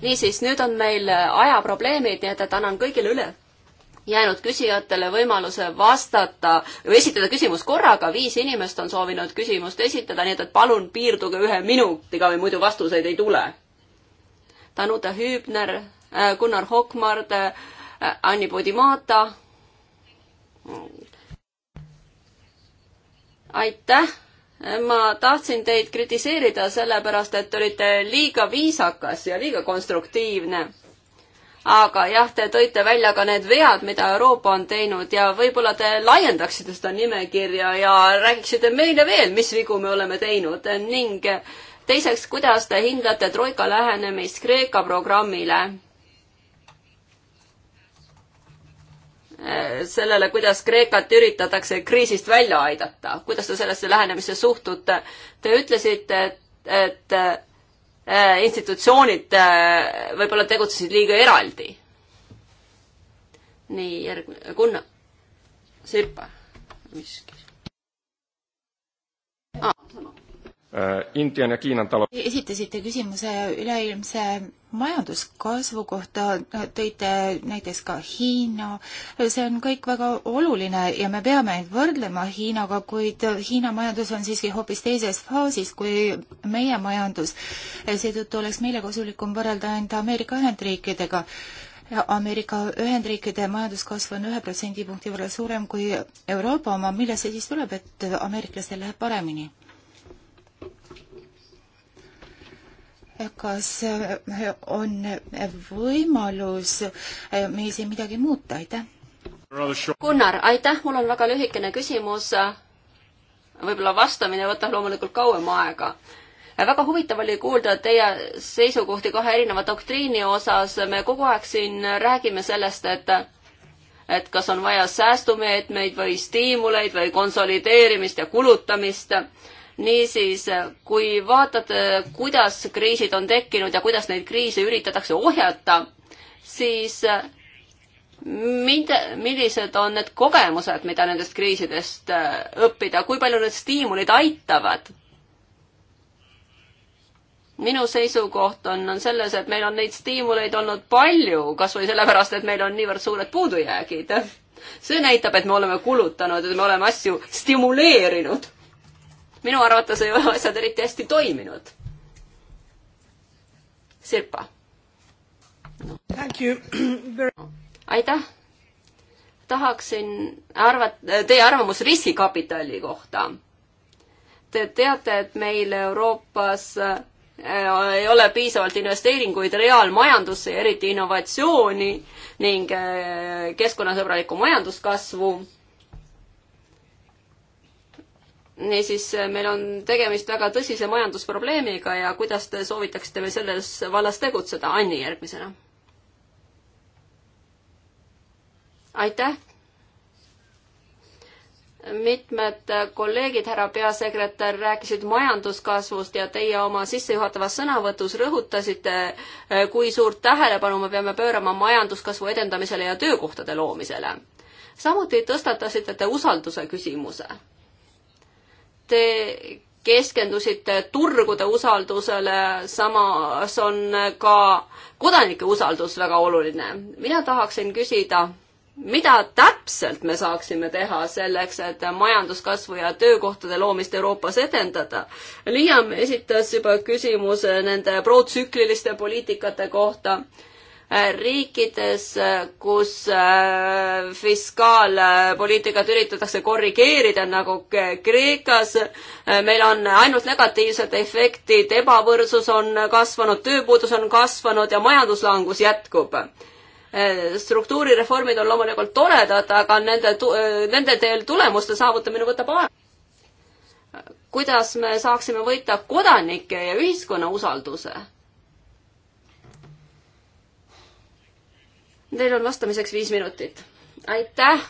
niisiis, nüüd on meil ajaprobleemid, nii et, et annan kõigile üle jäänud küsijatele võimaluse vastata või esitada küsimus korraga, viis inimest on soovinud küsimust esitada, nii et, et palun piirduge ühe minutiga või muidu vastuseid ei tule. Danuta Hübner, äh, Gunnar Hokmard, äh, Anni Podimata. aitäh, ma tahtsin teid kritiseerida sellepärast, et te olite liiga viisakas ja liiga konstruktiivne aga jah, te tõite välja ka need vead, mida Euroopa on teinud ja võib-olla te laiendaksite seda nimekirja ja räägiksite meile veel, mis vigu me oleme teinud ning teiseks, kuidas te hindate Troika lähenemist Kreeka programmile? sellele, kuidas Kreekat üritatakse kriisist välja aidata, kuidas te sellesse lähenemisse suhtute? Te ütlesite, et, et Äh, institutsioonid äh, võib-olla tegutsesid liiga eraldi. nii, järgmine, Gunnar. Sirpa, mis ah,? Äh, Indian ja Kiinan talu-. esitasite küsimuse üleilmse majanduskasvu kohta tõite näiteks ka Hiina, see on kõik väga oluline ja me peame end võrdlema Hiinaga, kuid Hiina majandus on siiski hoopis teises faasis kui meie majandus. seetõttu oleks meile kasulikum võrrelda end Ameerika Ühendriikidega. Ameerika Ühendriikide majanduskasv on ühe protsendipunkti võrra suurem kui Euroopa oma, millest see siis tuleb, et ameeriklastel läheb paremini? kas eh, on võimalus eh, meil siin midagi muuta, aitäh? Gunnar, aitäh, mul on väga lühikene küsimus. võib-olla vastamine võtab loomulikult kauem aega. väga huvitav oli kuulda teie seisukohti kahe erineva doktriini osas. me kogu aeg siin räägime sellest, et et kas on vaja säästumeetmeid või stiimuleid või konsolideerimist ja kulutamist niisiis, kui vaatate, kuidas kriisid on tekkinud ja kuidas neid kriise üritatakse ohjata, siis mida, millised on need kogemused, mida nendest kriisidest äh, õppida, kui palju need stiimulid aitavad? minu seisukoht on, on selles, et meil on neid stiimuleid olnud palju, kas või sellepärast, et meil on niivõrd suured puudujäägid. see näitab, et me oleme kulutanud, et me oleme asju stimuleerinud minu arvates ei ole asjad eriti hästi toiminud. Sirpa no.. aitäh. tahaksin arvata, teie arvamus riskikapitali kohta. Te teate, et meil Euroopas äh, ei ole piisavalt investeeringuid reaalmajandusse ja eriti innovatsiooni ning äh, keskkonnasõbralikku majanduskasvu niisiis, meil on tegemist väga tõsise majandusprobleemiga ja kuidas te soovitaksite meil selles vallas tegutseda? Anni järgmisena. aitäh. mitmed kolleegid, härra peasekretär, rääkisid majanduskasvust ja teie oma sissejuhatavas sõnavõtus rõhutasite, kui suurt tähelepanu me peame pöörama majanduskasvu edendamisele ja töökohtade loomisele. samuti tõstatasite te usalduse küsimuse te keskendusite turgude usaldusele, samas on ka kodanike usaldus väga oluline. mina tahaksin küsida, mida täpselt me saaksime teha selleks, et majanduskasvu ja töökohtade loomist Euroopas edendada? Liam esitas juba küsimuse nende protsükliliste poliitikate kohta riikides, kus äh, fiskaalpoliitikat üritatakse korrigeerida nagu Kreekas, meil on ainult negatiivsed efektid, ebavõrdsus on kasvanud, tööpuudus on kasvanud ja majanduslangus jätkub struktuurireformid on loomulikult toredad, aga nende, nende teel tulemuste saavutamine võtab aega. kuidas me saaksime võita kodanike ja ühiskonna usalduse? Teil on vastamiseks viis minutit. aitäh.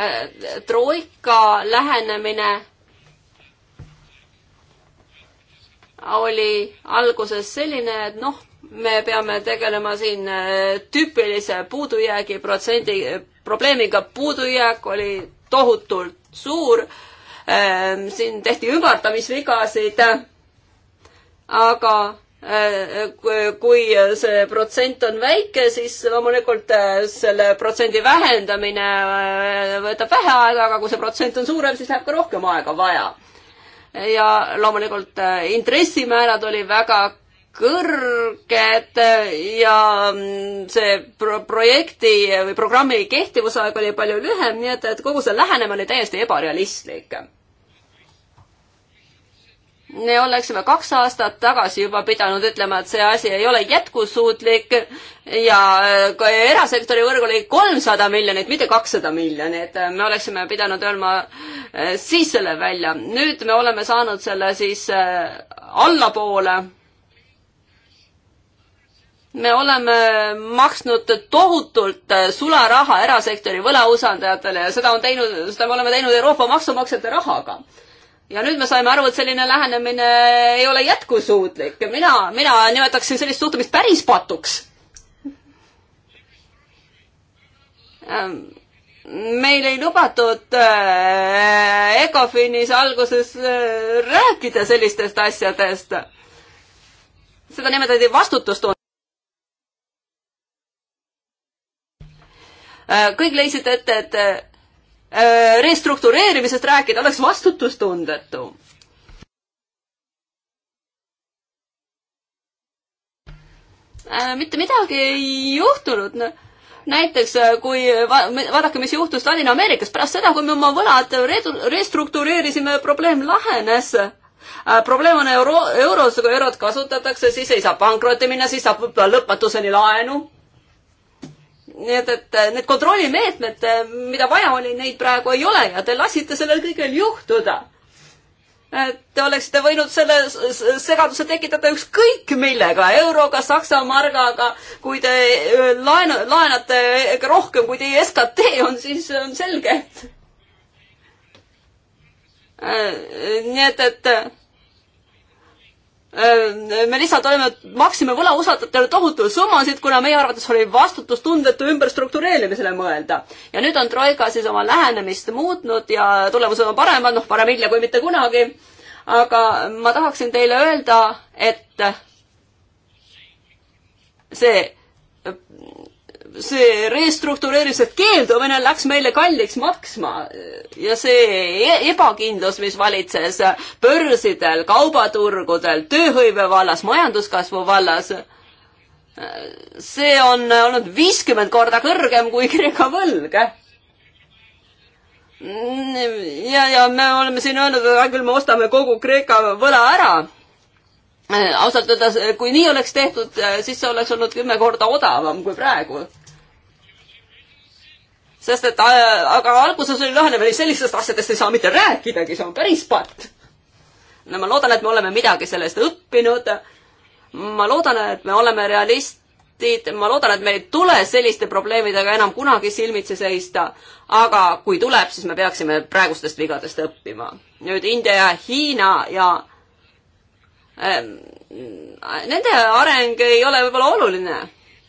Äh, troika lähenemine oli alguses selline, et noh, me peame tegelema siin äh, tüüpilise puudujäägi protsendi probleemiga, puudujääk oli tohutult suur. Äh, siin tehti ümardamisvigasid. aga Äh, kui see protsent on väike, siis loomulikult äh, selle protsendi vähendamine äh, võtab vähe aega, aga kui see protsent on suurem, siis läheb ka rohkem aega vaja. ja loomulikult intressimäärad olid väga kõrged ja mm, see pro projekti või programmi kehtivusaeg oli palju lühem, nii et, et kogu see lähenemine oli täiesti ebarealistlik me oleksime kaks aastat tagasi juba pidanud ütlema, et see asi ei ole jätkusuutlik ja ka äh, erasektori võrg oli kolmsada miljonit, mitte kakssada miljonit. me oleksime pidanud öelma äh, siis selle välja. nüüd me oleme saanud selle siis äh, allapoole. me oleme maksnud tohutult sularaha erasektori võlausaldajatele ja seda on teinud, seda me oleme teinud Euroopa maksumaksjate rahaga ja nüüd me saime aru, et selline lähenemine ei ole jätkusuutlik. mina, mina nimetaksin sellist suhtumist päris patuks. Ähm, meil ei lubatud äh, ECOFINis alguses äh, rääkida sellistest asjadest. seda nimetati vastutustundlikkuseks. Äh, kõik leidsid ette, et Äh, restruktureerimisest rääkida oleks vastutustundetu. Äh, mitte midagi ei juhtunud näiteks äh, kui va vaadake, mis juhtus Ladina-Ameerikas pärast seda, kui me oma võlad restruktureerisime, probleem lahenes. probleem on euro, euros, kui eurot kasutatakse, siis ei saa pankrotti minna, siis saab lõpmatuseni laenu nii et, et need kontrollimeetmed, eh, mida vaja oli, neid praegu ei ole ja te lasite sellel kõigel juhtuda. Eh, te oleksite võinud selle segaduse tekitada ükskõik millega, euroga, saksa margaga, kui te eh, laenu, laenate rohkem, kui teie SKT on, siis on selge, et nii et, et Äh, me lihtsalt oleme, maksime võlausaldajatele tohutuid summasid, kuna meie arvates oli vastutustundetu ümberstruktureerimisele mõelda. ja nüüd on Troika siis oma lähenemist muutnud ja tulemused on paremad, noh, parem hilja kui mitte kunagi. aga ma tahaksin teile öelda, et see see restruktureerimisest keeldumine läks meile kalliks maksma ja see e-, ebakindlus, mis valitses börsidel, kaubaturgudel, tööhõive vallas, majanduskasvu vallas, see on olnud viiskümmend korda kõrgem kui Kreeka võlg ja, ja me oleme siin öelnud, et hea küll, me ostame kogu Kreeka võla ära. ausalt öeldes, kui nii oleks tehtud, siis see oleks olnud kümme korda odavam kui praegu sest et äh, aga alguses oli lähenemine sellistest asjadest ei saa mitte rääkidagi, see on päris patt. no ma loodan, et me oleme midagi sellest õppinud. ma loodan, et me oleme realistid, ma loodan, et meil ei tule selliste probleemidega enam kunagi silmitsi seista. aga kui tuleb, siis me peaksime praegustest vigadest õppima. nüüd India ja Hiina ja ähm, Nende areng ei ole võib-olla oluline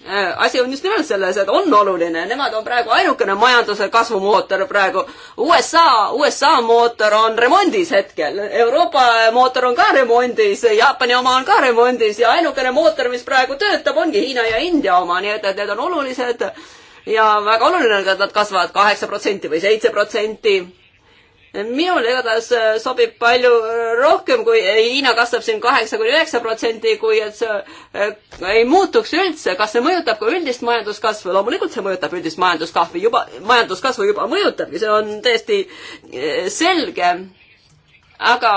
Äh, asi on just nimelt selles, et on oluline, nemad on praegu ainukene majanduse kasvumootor praegu. USA, USA mootor on remondis hetkel, Euroopa mootor on ka remondis, Jaapani oma on ka remondis ja ainukene mootor, mis praegu töötab, ongi Hiina ja India oma, nii et, et need on olulised ja väga oluline on, et nad kasvavad kaheksa protsenti või seitse protsenti minul igatahes äh, sobib palju äh, rohkem, kui Hiina kasvab siin kaheksa kuni üheksa protsenti, kui et see äh, ei muutuks üldse. kas see mõjutab ka üldist majanduskasvu? loomulikult see mõjutab üldist majanduskasvu, juba, majanduskasvu juba mõjutabki, see on täiesti selge. aga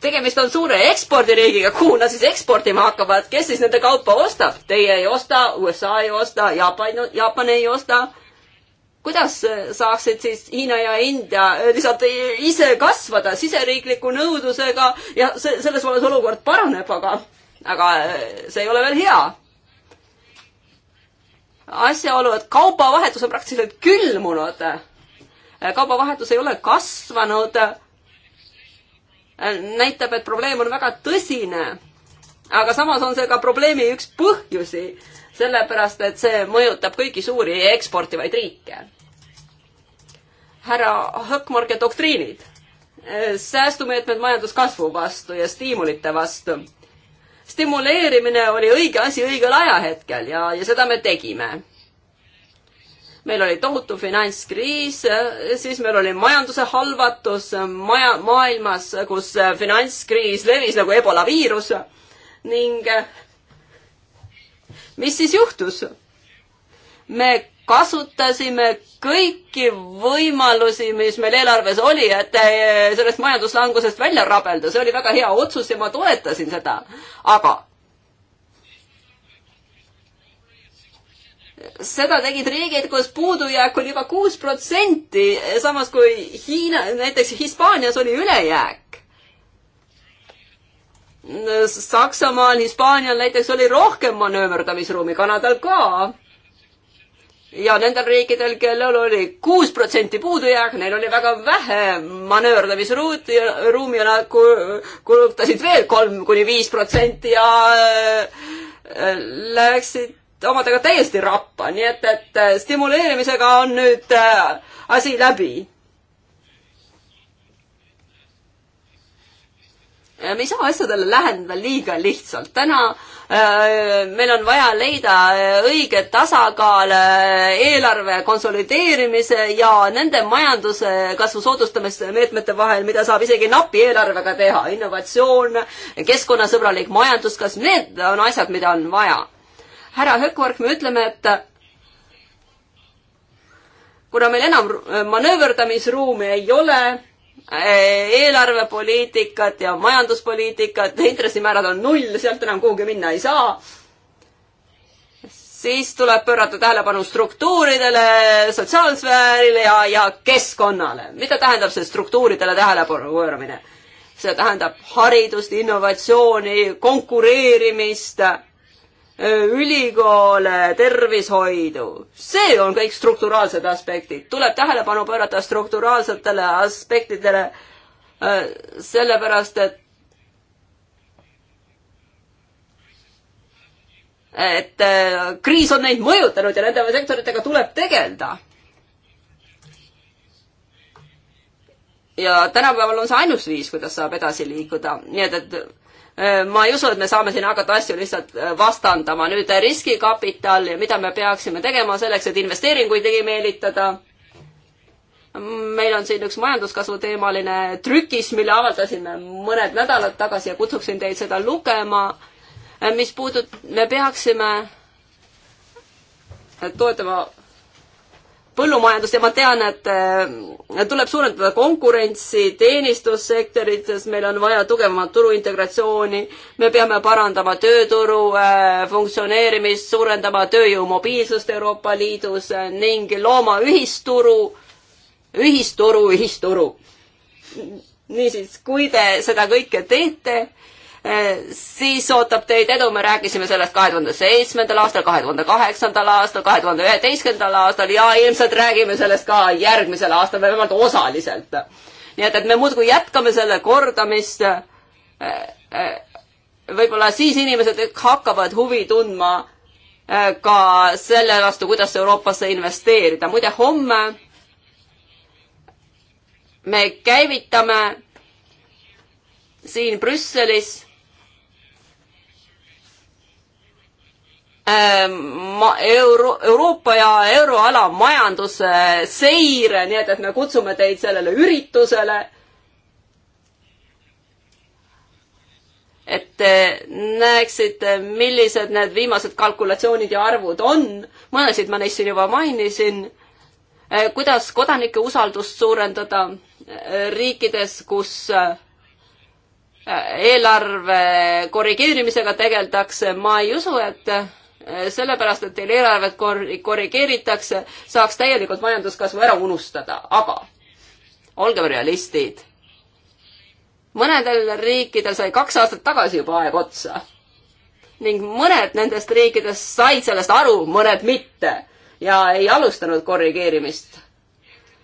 tegemist on suure ekspordiriigiga, kuhu nad siis eksportima hakkavad, kes siis nende kaupa ostab? Teie ei osta, USA ei osta, Jaapan, Jaapan ei osta kuidas saaksid siis Hiina ja India lihtsalt ise kasvada siseriikliku nõudlusega ja see, selles vallas olukord paraneb, aga, aga äh, see ei ole veel hea. asjaolu, et kaubavahetus on praktiliselt külmunud. kaubavahetus ei ole kasvanud. näitab, et probleem on väga tõsine. aga samas on see ka probleemi üks põhjusi sellepärast et see mõjutab kõiki suuri eksportivaid riike. härra Höckmarke doktriinid, säästumeetmed majanduskasvu vastu ja stiimulite vastu. stimuleerimine oli õige asi õigel ajahetkel ja, ja seda me tegime meil oli tohutu finantskriis, siis meil oli majanduse halvatus maja, maailmas, kus finantskriis levis nagu ebola viirus ning mis siis juhtus? me kasutasime kõiki võimalusi, mis meil eelarves oli, et eh, sellest majanduslangusest välja rabelda, see oli väga hea otsus ja ma toetasin seda, aga seda tegid riigid, kus puudujääk oli juba kuus protsenti, samas kui Hiina, näiteks Hispaanias oli ülejääk. Saksamaal, Hispaanial näiteks oli rohkem manööverdamisruumi, Kanadal ka. ja nendel riikidel, kellel oli kuus protsenti puudujääk, neil oli väga vähe manööverdamisruumi ja nad kulutasid veel kolm kuni viis protsenti ja äh, läksid omadega täiesti rappa, nii et, et stimuleerimisega on nüüd äh, asi läbi me ei saa asjadele läheneda liiga lihtsalt. täna äh, meil on vaja leida äh, õige tasakaal äh, eelarve konsolideerimise ja nende majanduskasvu soodustamise meetmete vahel, mida saab isegi napi eelarvega teha. innovatsioon, keskkonnasõbralik majandus, kas need on asjad, mida on vaja? härra Hökmark, me ütleme, et kuna meil enam manööverdamisruumi ei ole, Eh, eelarvepoliitikat ja majanduspoliitikat, intressimäärad on null, sealt enam kuhugi minna ei saa. siis tuleb pöörata tähelepanu struktuuridele, sotsiaalsfäärile ja, ja keskkonnale. mida tähendab see struktuuridele tähelepanu pööramine? see tähendab haridust, innovatsiooni, konkureerimist ülikoole, tervishoidu. see on kõik strukturaalsed aspektid. tuleb tähelepanu pöörata strukturaalsetele aspektidele, äh, sellepärast et et äh, kriis on neid mõjutanud ja nende sektoritega tuleb tegeleda. ja tänapäeval on see ainus viis, kuidas saab edasi liikuda, nii et, et Äh, ma ei usu, et me saame siin hakata asju lihtsalt äh, vastandama. nüüd äh, riskikapital ja mida me peaksime tegema selleks, et investeeringuid ligi meelitada. meil on siin üks majanduskasvu teemaline trükis, mille avaldasime mõned nädalad tagasi ja kutsuksin teid seda lugema. mis puudut-, me peaksime toetama põllumajandust ja ma tean, et äh, tuleb suurendada konkurentsi teenistussektorites, meil on vaja tugevamat turuintegratsiooni, me peame parandama tööturu äh, funktsioneerimist, suurendama tööjõu mobiilsust Euroopa Liidus äh, ning looma ühisturu, ühisturu, ühisturu. niisiis, kui te seda kõike teete, siis ootab teid edu, me rääkisime sellest kahe tuhande seitsmendal aastal, kahe tuhande kaheksandal aastal, kahe tuhande üheteistkümnendal aastal ja ilmselt räägime sellest ka järgmisel aastal või vähemalt osaliselt. nii et, et me muudkui jätkame selle kordamist. võib-olla siis inimesed hakkavad huvi tundma eh, ka selle vastu, kuidas Euroopasse investeerida. muide, homme me käivitame siin Brüsselis Ähm, ma-, euro, Euroopa ja euroala majanduse seire, nii et, et me kutsume teid sellele üritusele. et te näeksite, millised need viimased kalkulatsioonid ja arvud on, mõnesid ma neist siin juba mainisin, äh, kuidas kodanike usaldust suurendada äh, riikides, kus äh, eelarve korrigeerimisega tegeldakse, ma ei usu, et Eh, sellepärast, et teil eelarvet kor-, korrigeeritakse, saaks täielikult majanduskasvu ära unustada, aga olgem realistid. mõnedel riikidel sai kaks aastat tagasi juba aeg otsa. ning mõned nendest riikidest said sellest aru, mõned mitte ja ei alustanud korrigeerimist.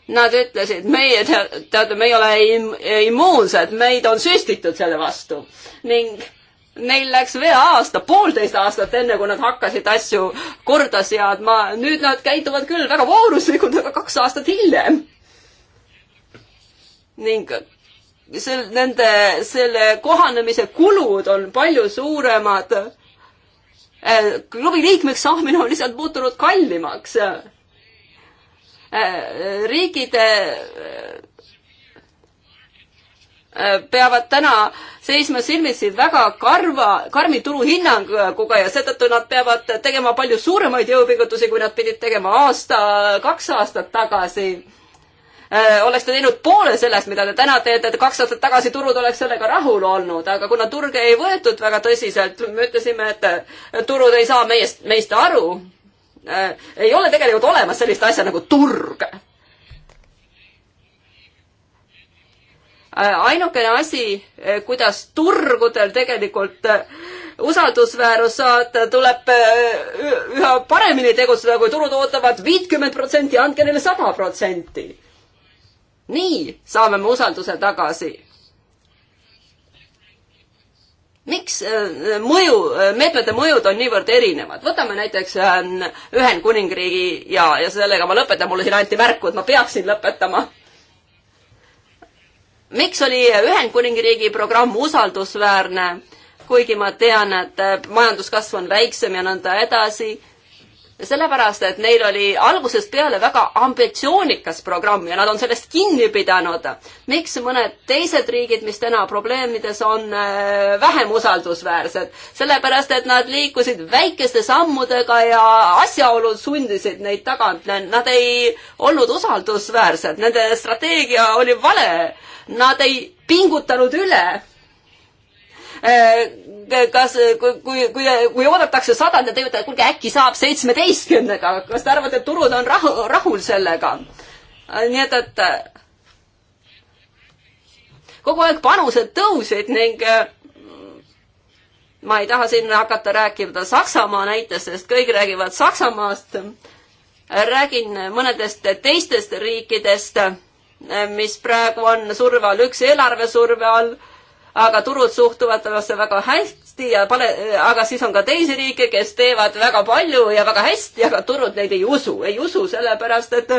Nad ütlesid, meie, teate, me ei ole immuunsed, meid on süstitud selle vastu ning neil läks vea aasta, poolteist aastat, enne kui nad hakkasid asju korda seadma. nüüd nad käituvad küll väga vooruslikult, aga kaks aastat hiljem. ning sel-, nende, selle kohanemise kulud on palju suuremad. Eh, klubi liikmeks saamine on lihtsalt muutunud kallimaks. Eh, eh, riigid Äh, peavad täna seisma silmitsi väga karva, karmi turuhinnanguga äh, ja seetõttu nad peavad tegema palju suuremaid jõupingutusi, kui nad pidid tegema aasta, kaks aastat tagasi äh, oleks ta teinud poole sellest, mida te täna teete, et kaks aastat tagasi turud oleks sellega rahul olnud, aga kuna turge ei võetud väga tõsiselt, me ütlesime, et turud ei saa meist, meist aru. ei ole tegelikult olemas sellist asja nagu turg Äh, ainukene asi, äh, kuidas turgudel tegelikult äh, usaldusväärus saada, tuleb üha paremini tegutseda, kui turud ootavad viitkümmend protsenti, andke neile sada protsenti. nii saame me usalduse tagasi. miks mõju, meetmete mõjud on niivõrd erinevad? võtame näiteks ähm, Ühendkuningriigi ja, ja sellega ma lõpetan, mulle siin anti märku, et ma peaksin lõpetama miks oli Ühendkuningriigi programm usaldusväärne, kuigi ma tean, et eh, majanduskasv on väiksem ja nõnda edasi, sellepärast, et neil oli algusest peale väga ambitsioonikas programm ja nad on sellest kinni pidanud. miks mõned teised riigid, mis täna probleemides on, äh, vähem usaldusväärsed? sellepärast, et nad liikusid väikeste sammudega ja asjaolud sundisid neid tagant, nad ei olnud usaldusväärsed, nende strateegia oli vale, nad ei pingutanud üle äh, kas, kui, kui, kui, kui oodatakse sadat ja te ütlete, et kuulge, äkki saab seitsmeteistkümnega, kas te arvate, et turud on rahu, rahul sellega? Ah, nii et, et äh, kogu aeg panused tõusid ning äh, ma ei taha siin hakata rääkima Saksamaa näitest, sest kõik räägivad Saksamaast. räägin mõnedest teistest riikidest, mis praegu on surve all, üks eelarvesurve all aga turud suhtuvad temasse väga hästi ja pane, aga siis on ka teisi riike, kes teevad väga palju ja väga hästi, aga turud neid ei usu, ei usu sellepärast, et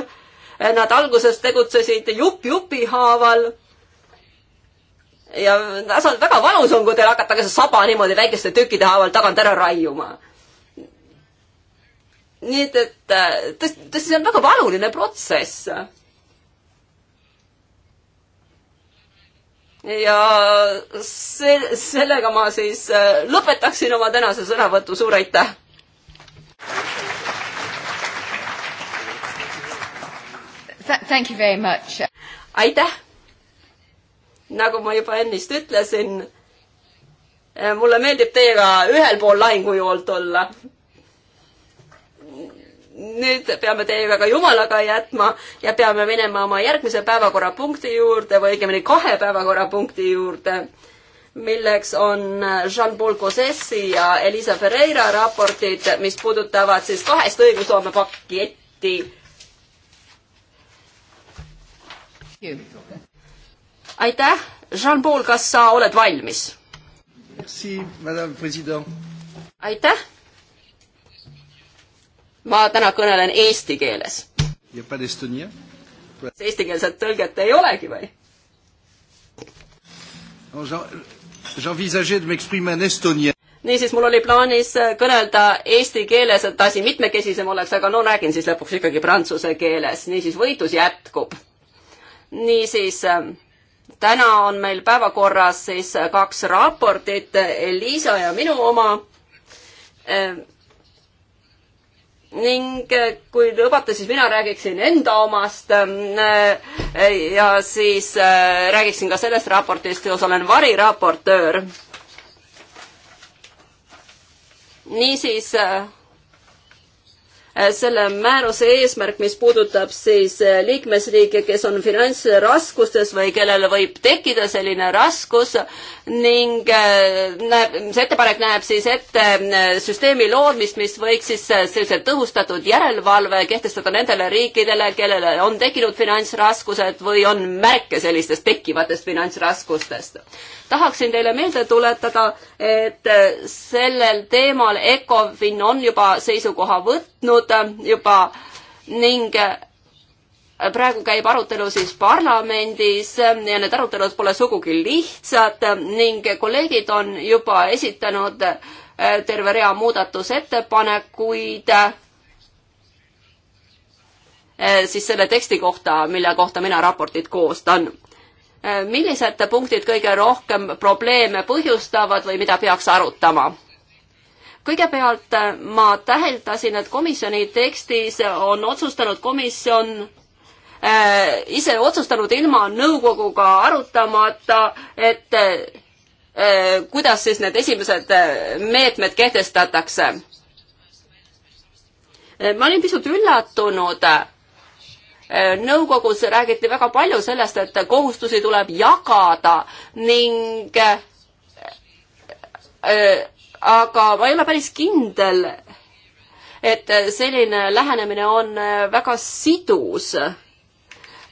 nad alguses tegutsesid jupp jupi haaval. ja asjad väga valus on, kui teil hakatakse saba niimoodi väikeste tükkide haaval tagant ära raiuma nii et, et tõesti, tõesti, see on väga valuline protsess ja see, sellega ma siis äh, lõpetaksin oma tänase sõnavõtu, suur aitäh! Thank you very much! aitäh! nagu ma juba ennist ütlesin, äh, mulle meeldib teiega ühel pool lahingujoont olla nüüd peame teiega ka jumalaga jätma ja peame minema oma järgmise päevakorrapunkti juurde või õigemini kahe päevakorrapunkti juurde, milleks on Jean-Paul Cossessi ja Elisa Ferreira raportid, mis puudutavad siis kahest õigusloome paketti. aitäh, Jean-Paul, kas sa oled valmis? aitäh ma täna kõnelen eesti keeles. kas eestikeelset tõlget ei olegi või? niisiis, mul oli plaanis äh, kõnelda eesti keeles, et asi mitmekesisem oleks, aga no räägin siis lõpuks ikkagi prantsuse keeles, niisiis võitlus jätkub. niisiis äh, täna on meil päevakorras siis äh, kaks raportit, Liisa ja minu oma ning eh, kui lubate, siis mina räägiksin enda omast ähm, eh, ja siis eh, räägiksin ka sellest raportist, kus olen variraportöör. niisiis Äh, selle määruse eesmärk, mis puudutab siis äh, liikmesriike, kes on finantsraskustes või kellel võib tekkida selline raskus ning äh, näeb, see ettepanek näeb siis ette süsteemi loomist, mis võiks siis sellise tõhustatud järelevalve kehtestada nendele riikidele, kellele on tekkinud finantsraskused või on märke sellistest tekkivatest finantsraskustest tahaksin teile meelde tuletada, et äh, sellel teemal ECOFIN on juba seisukoha võtnud äh, juba ning äh, praegu käib arutelu siis parlamendis ja need arutelud pole sugugi lihtsad ning kolleegid on juba esitanud terve rea muudatusettepanekuid siis selle teksti kohta, mille kohta mina raportit koostan Äh, millised punktid kõige rohkem probleeme põhjustavad või mida peaks arutama? kõigepealt äh, ma täheldasin, et komisjoni tekstis on otsustanud komisjon äh, ise otsustanud ilma nõukoguga arutamata, et äh, äh kuidas siis need esimesed meetmed kehtestatakse. ma olin pisut üllatunud äh, nõukogus räägiti väga palju sellest, et kohustusi tuleb jagada ning äh, äh, aga ma ei ole päris kindel, et selline lähenemine on äh, väga sidus.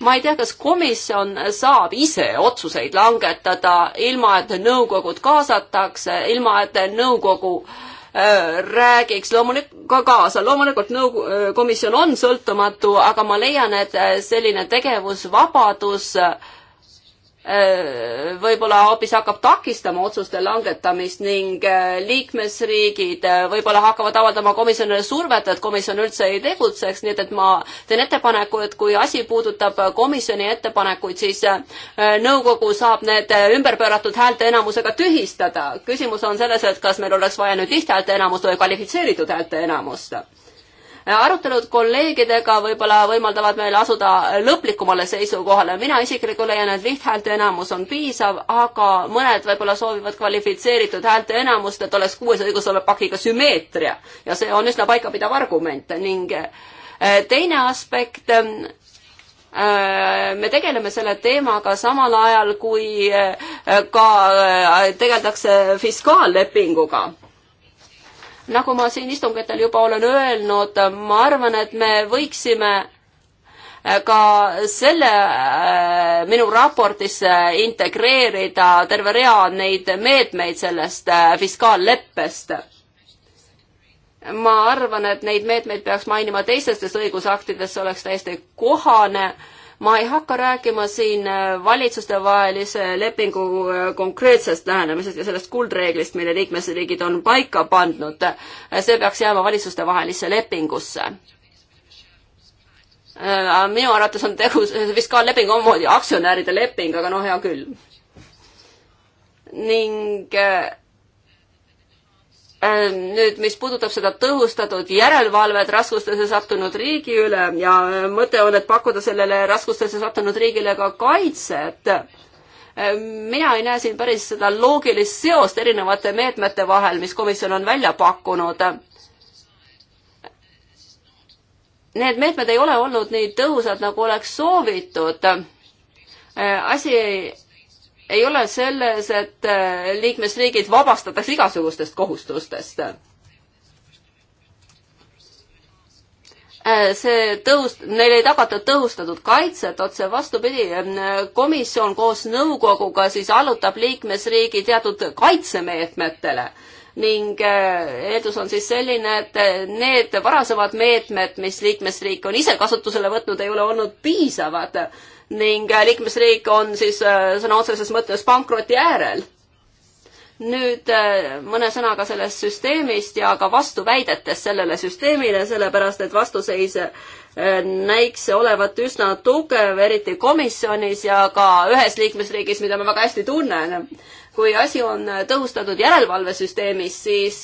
ma ei tea, kas komisjon saab ise otsuseid langetada, ilma et nõukogud kaasatakse, ilma et nõukogu äh, Äh, räägiks loomulikult ka kaasa, loomulikult nõu-, äh, komisjon on sõltumatu, aga ma leian, et äh, selline tegevusvabadus äh, Äh, võib-olla hoopis hakkab takistama otsuste langetamist ning äh, liikmesriigid äh, võib-olla hakkavad avaldama komisjonile survet, et komisjon üldse ei tegutseks, nii et, et ma teen ettepaneku, et kui asi puudutab komisjoni ettepanekuid, siis nõukogu saab need ümberpööratud häälteenamusega tühistada. küsimus on selles, et kas meil oleks vaja nüüd lihthäälteenamust või kvalifitseeritud häälteenamust arutelud kolleegidega võib-olla võimaldavad meil asuda lõplikumale seisukohale. mina isiklikult leian, et lihthäälte enamus on piisav, aga mõned võib-olla soovivad kvalifitseeritud häälte enamust, et oleks kuues õigusloomepakiga sümmeetria ja see on üsna paikapidav argument ning eh, teine aspekt, eh, me tegeleme selle teemaga samal ajal, kui eh, ka tegeldakse fiskaallepinguga nagu ma siin istungitel juba olen öelnud, ma arvan, et me võiksime äh, ka selle äh, minu raportisse integreerida terve rea neid meetmeid sellest äh, fiskaalleppest. ma arvan, et neid meetmeid peaks mainima teistes õigusaktides, see oleks täiesti kohane ma ei hakka rääkima siin äh, valitsustevahelise lepingu äh, konkreetsest lähenemisest ja sellest kuldreeglist, mille liikmesriigid on paika pandnud. Äh, see peaks jääma valitsustevahelisse lepingusse. minu arvates on tegu, fiskaalleping on moodi aktsionäride leping, aga no hea küll. ning Äh, nüüd, mis puudutab seda tõhustatud järelevalvet raskustesse sattunud riigi üle ja äh, mõte on, et pakkuda sellele raskustesse sattunud riigile ka kaitset. Äh, mina ei näe siin päris seda loogilist seost erinevate meetmete vahel, mis komisjon on välja pakkunud. Need meetmed ei ole olnud nii tõhusad, nagu oleks soovitud. asi ei ei ole selles, et äh, liikmesriigid vabastatakse igasugustest kohustustest. Äh, see tõus, neile ei tagata tõhustatud kaitset, otse vastupidi, äh, komisjon koos nõukoguga siis allutab liikmesriigi teatud kaitsemeetmetele ning eeldus on siis selline, et need varasemad meetmed, mis liikmesriik on ise kasutusele võtnud, ei ole olnud piisavad ning äh, liikmesriik on siis äh, sõna otseses mõttes pankroti äärel. nüüd äh, mõne sõnaga sellest süsteemist ja ka vastuväidetest sellele süsteemile, sellepärast et vastuseis näiks olevat üsna tugev, eriti komisjonis ja ka ühes liikmesriigis, mida ma väga hästi tunnen. kui asi on tõhustatud järelevalvesüsteemis, siis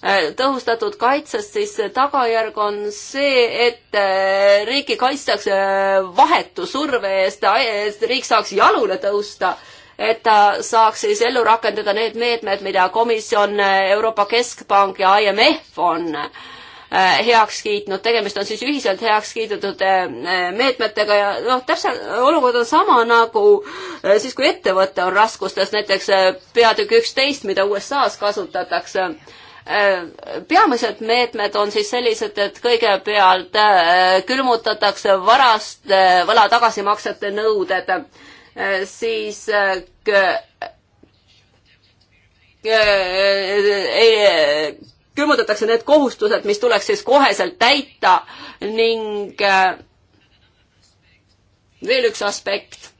Äh, tõhustatud kaitsest, siis tagajärg on see, et äh, riiki kaitstakse äh, vahetu surve eest, et riik saaks jalule tõusta, et ta saaks siis ellu rakendada need meetmed, mida komisjon, Euroopa Keskpank ja IMF on heaks kiitnud, tegemist on siis ühiselt heaks kiidetud meetmetega ja noh, täpselt olukord on sama nagu siis, kui ettevõte on raskustes, näiteks peatükk üksteist, mida USA-s kasutatakse Äh, peamised meetmed on siis sellised, et kõigepealt äh, külmutatakse varast, äh, võla tagasimaksete nõuded, siis külmutatakse need kohustused, mis tuleks siis koheselt täita ning veel üks aspekt.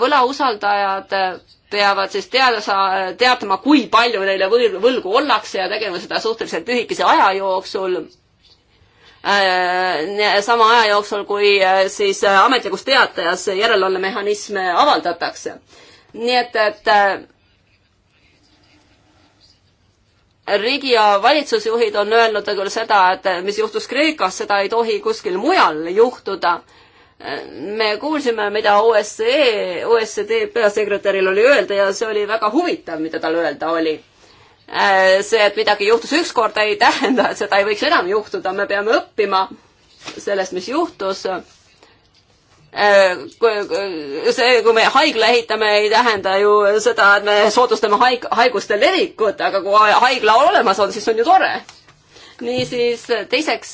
võlausaldajad peavad siis teada saa-, teatama, kui palju neile võlgu ollakse ja tegema seda suhteliselt lühikese aja jooksul äh, sama aja jooksul, kui äh, siis äh, ametlikus teatajas järelevalvemehhanisme avaldatakse. nii et, et riigi ja valitsusjuhid on öelnud küll seda, et mis juhtus Kreekas, seda ei tohi kuskil mujal juhtuda me kuulsime, mida OSCE, OSCD peasekretäril oli öelda ja see oli väga huvitav, mida tal öelda oli. Äh, see, et midagi juhtus ükskord, ei tähenda, et seda ei võiks enam juhtuda, me peame õppima sellest, mis juhtus. Äh, see, kui me haigla ehitame, ei tähenda ju seda, et me soodustame haig-, haiguste levikut, aga kui haigla olemas on, siis on ju tore. niisiis, teiseks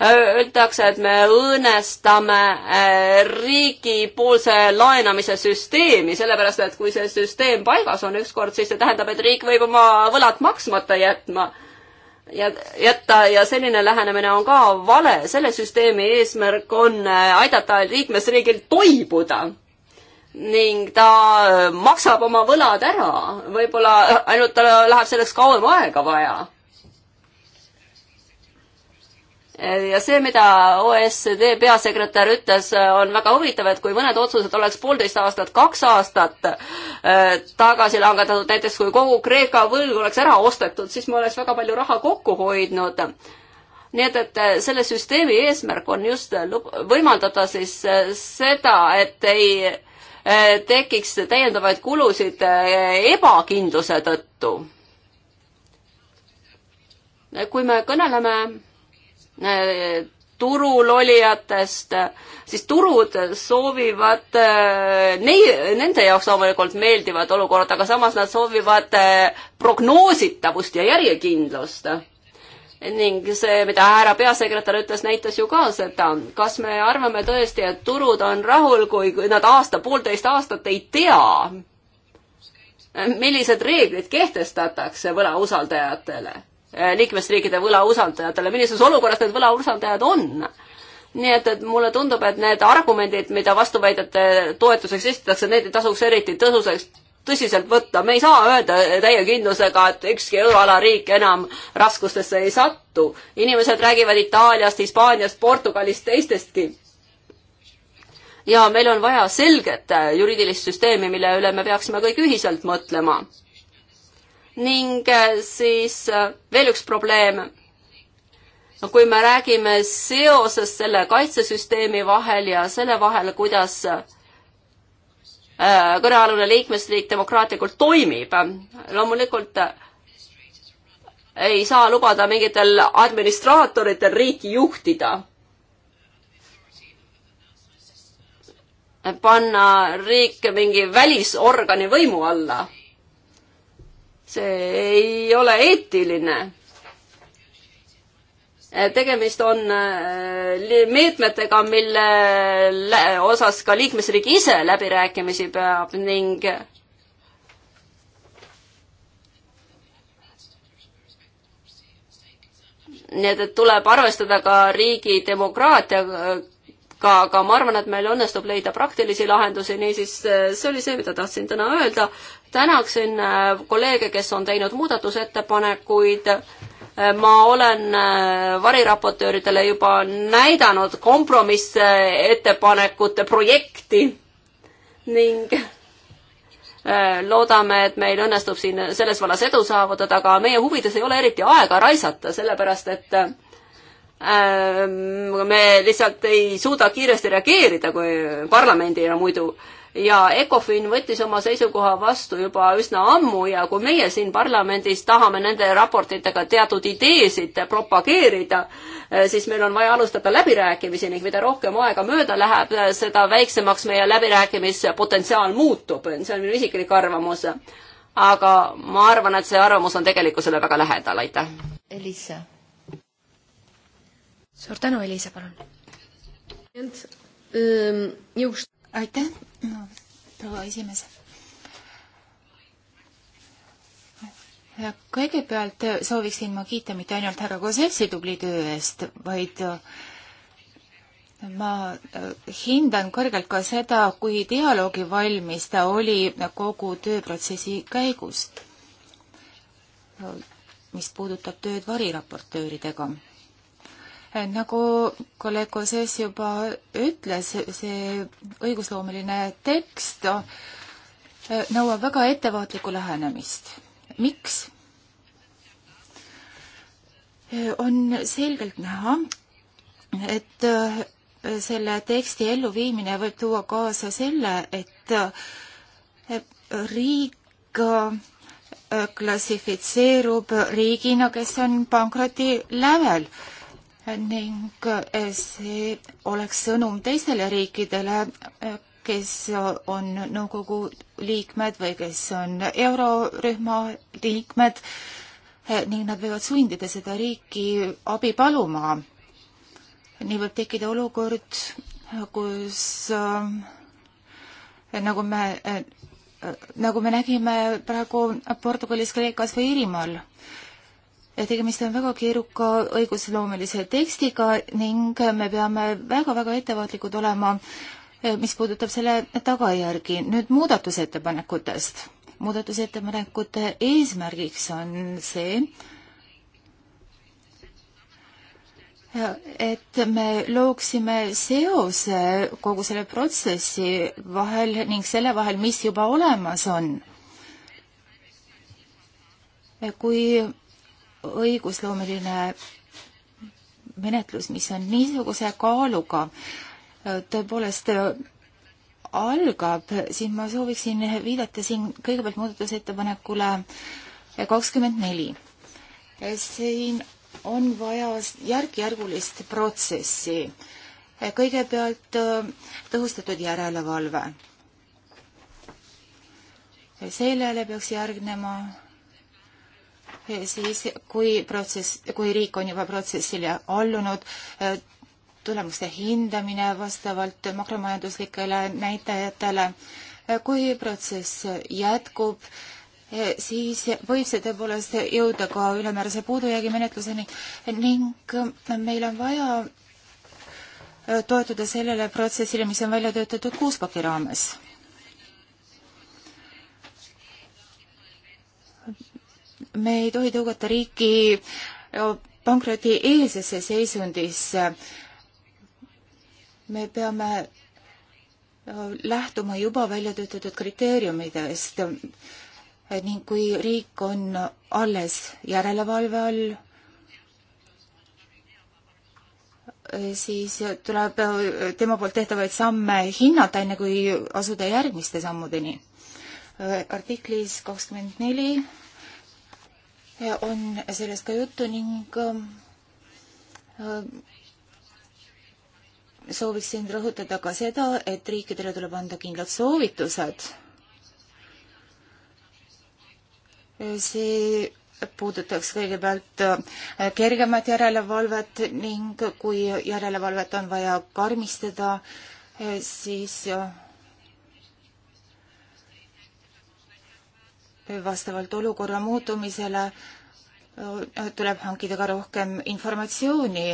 öeldakse, et me õõnestame äh, riigipoolse laenamise süsteemi, sellepärast et kui see süsteem paigas on ükskord, siis see tähendab, et riik võib oma võlad maksmata jätma ja jätta ja selline lähenemine on ka vale, selle süsteemi eesmärk on äh, aidata liikmesriigil toibuda ning ta äh, maksab oma võlad ära, võib-olla ainult tal läheb selleks kauem aega vaja ja see, mida OSCD peasekretär ütles, on väga huvitav, et kui mõned otsused oleks poolteist aastat, kaks aastat äh, tagasi langetatud, näiteks kui kogu Kreeka võlg oleks ära ostetud, siis me oleks väga palju raha kokku hoidnud nii et, et äh, selle süsteemi eesmärk on just võimaldada siis äh, seda, et ei tekiks täiendavaid kulusid ebakindluse tõttu. kui me kõneleme Äh, turul olijatest, siis turud soovivad, äh, nei-, nende jaoks loomulikult meeldivad olukorrad, aga samas nad soovivad äh, prognoositavust ja järjekindlust. ning see, mida härra peasekretär ütles, näitas ju ka seda, kas me arvame tõesti, et turud on rahul, kui nad aasta, poolteist aastat ei tea, millised reeglid kehtestatakse võlausaldajatele Eh, liikmesriikide võlausaldajatele, millises olukorras need võlausaldajad on. nii et, et mulle tundub, et need argumendid, mida vastuväidete toetuseks esitatakse, neid ei tasuks eriti tõsuseks, tõsiselt võtta, me ei saa öelda täie kindlusega, et ükski euroala riik enam raskustesse ei satu. inimesed räägivad Itaaliast, Hispaaniast, Portugalist, teistestki ja meil on vaja selget juriidilist süsteemi, mille üle me peaksime kõik ühiselt mõtlema ning äh, siis äh, veel üks probleem. no kui me räägime seosest selle kaitsesüsteemi vahel ja selle vahel, kuidas äh, kõnealune liikmesriik demokraatlikult toimib, loomulikult ei saa lubada mingitel administraatoritel riiki juhtida. panna riik mingi välisorgani võimu alla see ei ole eetiline. tegemist on äh, meetmetega, mille osas ka liikmesriik ise läbirääkimisi peab ning nii et, et tuleb arvestada ka riigi demokraatiaga, aga ma arvan, et meil õnnestub leida praktilisi lahendusi, niisiis äh, see oli see, mida tahtsin täna öelda tänaksin äh, kolleege, kes on teinud muudatusettepanekuid. Äh, ma olen äh, variraportööridele juba näidanud kompromissettepanekute projekti ning loodame, et meil õnnestub siin selles vallas edu saavutada, aga meie huvides ei ole eriti aega raisata, sellepärast et me lihtsalt ei suuda kiiresti reageerida, kui parlamendina muidu äh, ja Ecofin võttis oma seisukoha vastu juba üsna ammu ja kui meie siin parlamendis tahame nende raportitega teatud ideesid propageerida, eh, siis meil on vaja alustada läbirääkimisi ning mida rohkem aega mööda läheb, seda väiksemaks meie läbirääkimispotentsiaal muutub, see on minu isiklik arvamus. aga ma arvan, et see arvamus on tegelikkusele väga lähedal, aitäh. Elisa. suur tänu, Elisa, palun aitäh no,, proua esimees. kõigepealt sooviksin ma kiita mitte ainult härra Koseltsi tubli töö eest, vaid äh, ma äh, hindan kõrgelt ka seda, kui dialoogi valmis ta oli kogu tööprotsessi käigus, mis puudutab tööd variraportööridega nagu kolleeg Koses juba ütles, see õigusloomeline tekst äh, nõuab väga ettevaatlikku lähenemist. miks? on selgelt näha, et äh, selle teksti elluviimine võib tuua kaasa selle, et äh, riik klassifitseerub riigina, kes on pankroti lävel ning eh, see oleks sõnum teistele riikidele, eh, kes on nõukogu liikmed või kes on eurorühma liikmed eh, ning nad võivad sundida seda riiki abi paluma. nii võib tekkida olukord, kus nagu me, nagu me nägime praegu Portugalis, Kreekas või Iirimaal tegemist on väga keeruka õigusloomelise tekstiga ning me peame väga-väga ettevaatlikud olema, eh, mis puudutab selle tagajärgi. nüüd muudatusettepanekutest. muudatusettepanekute eesmärgiks on see, eh, et me looksime seose kogu selle protsessi vahel ning selle vahel, mis juba olemas on. Eh, kui õigusloomeline menetlus, mis on niisuguse kaaluga, äh, tõepoolest äh, algab, siis ma sooviksin viidata siin kõigepealt muudatusettepanekule kakskümmend neli. Äh, siin on vaja järk-järgulist protsessi. kõigepealt tõhustatud järelevalve. sellele peaks järgnema siis kui protsess, kui riik on juba protsessile allunud, äh, tulemuste hindamine vastavalt makromajanduslikele näitajatele. Äh, kui protsess jätkub, äh, siis võib see tõepoolest jõuda ka ülemäärase puudujäägi menetluseni ning meil on vaja toetuda sellele protsessile, mis on välja töötatud kuuspaki raames me ei tohi tõugata riiki äh, pankroti eelsesse seisundisse. me peame äh, lähtuma juba välja töötatud kriteeriumidest ning kui riik on alles järelevalve all, äh, siis tuleb tema poolt tehtavaid samme hinnata, enne kui asuda järgmiste sammudeni. artiklis kakskümmend neli on sellest ka juttu ning ähm, sooviksin rõhutada ka seda, et riikidele tuleb anda kindlad soovitused. see puudutaks kõigepealt äh, kergemat järelevalvet ning kui järelevalvet on vaja karmistada, äh, siis äh, vastavalt olukorra muutumisele äh, tuleb hankida ka rohkem informatsiooni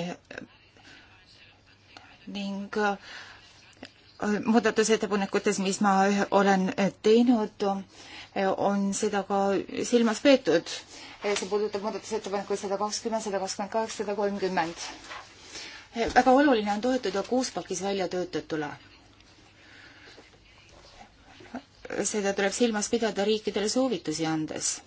ning äh, muudatusettepanekutes, mis ma äh, olen teinud, on seda ka silmas peetud. see puudutab muudatusettepanekuid sada kakskümmend, sada kakskümmend kaheksa, sada kolmkümmend. väga oluline on toetuda kuuspakis välja töötatule seda tuleb silmas pidada riikidele soovitusi andes.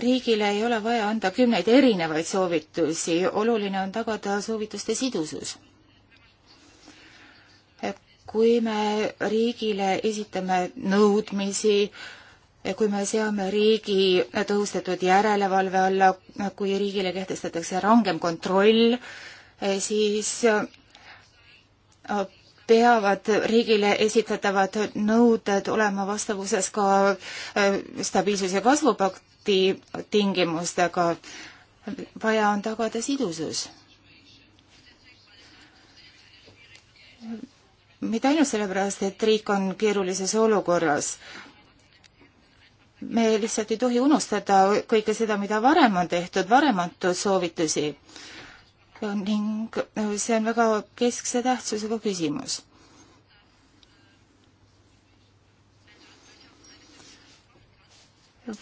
riigile ei ole vaja anda kümneid erinevaid soovitusi, oluline on tagada soovituste sidusus. kui me riigile esitame nõudmisi, kui me seame riigi tõhustatud järelevalve alla, kui riigile kehtestatakse rangem kontroll, siis peavad riigile esitatavad nõuded olema vastavuses ka äh, stabiilsus- ja kasvupakti tingimustega. vaja on tagada sidusus. mitte ainult sellepärast, et riik on keerulises olukorras, me lihtsalt ei tohi unustada kõike seda, mida varem on tehtud, varem antud soovitusi ning äh, see on väga keskse tähtsusega küsimus.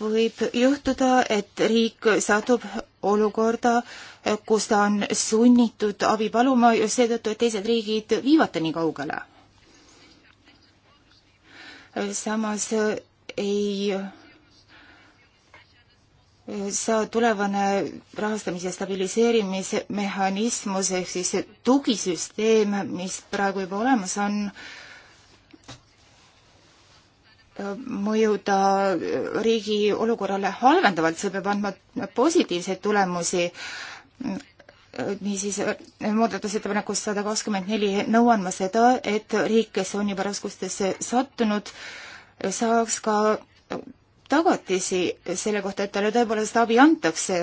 võib juhtuda, et riik satub olukorda, äh, kus ta on sunnitud abi paluma just seetõttu, et teised riigid viivad ta nii kaugele. Äh, samas ei see tulevane rahastamise stabiliseerimise mehhanismus ehk siis see tugisüsteem, mis praegu juba olemas on, mõjuda riigi olukorrale halvendavalt, see peab andma positiivseid tulemusi. niisiis muudatusettepanekus sada kakskümmend neli nõuan ma seda, et riik, kes on juba raskustesse sattunud, saaks ka tagatisi selle kohta, et talle tõepoolest abi antakse,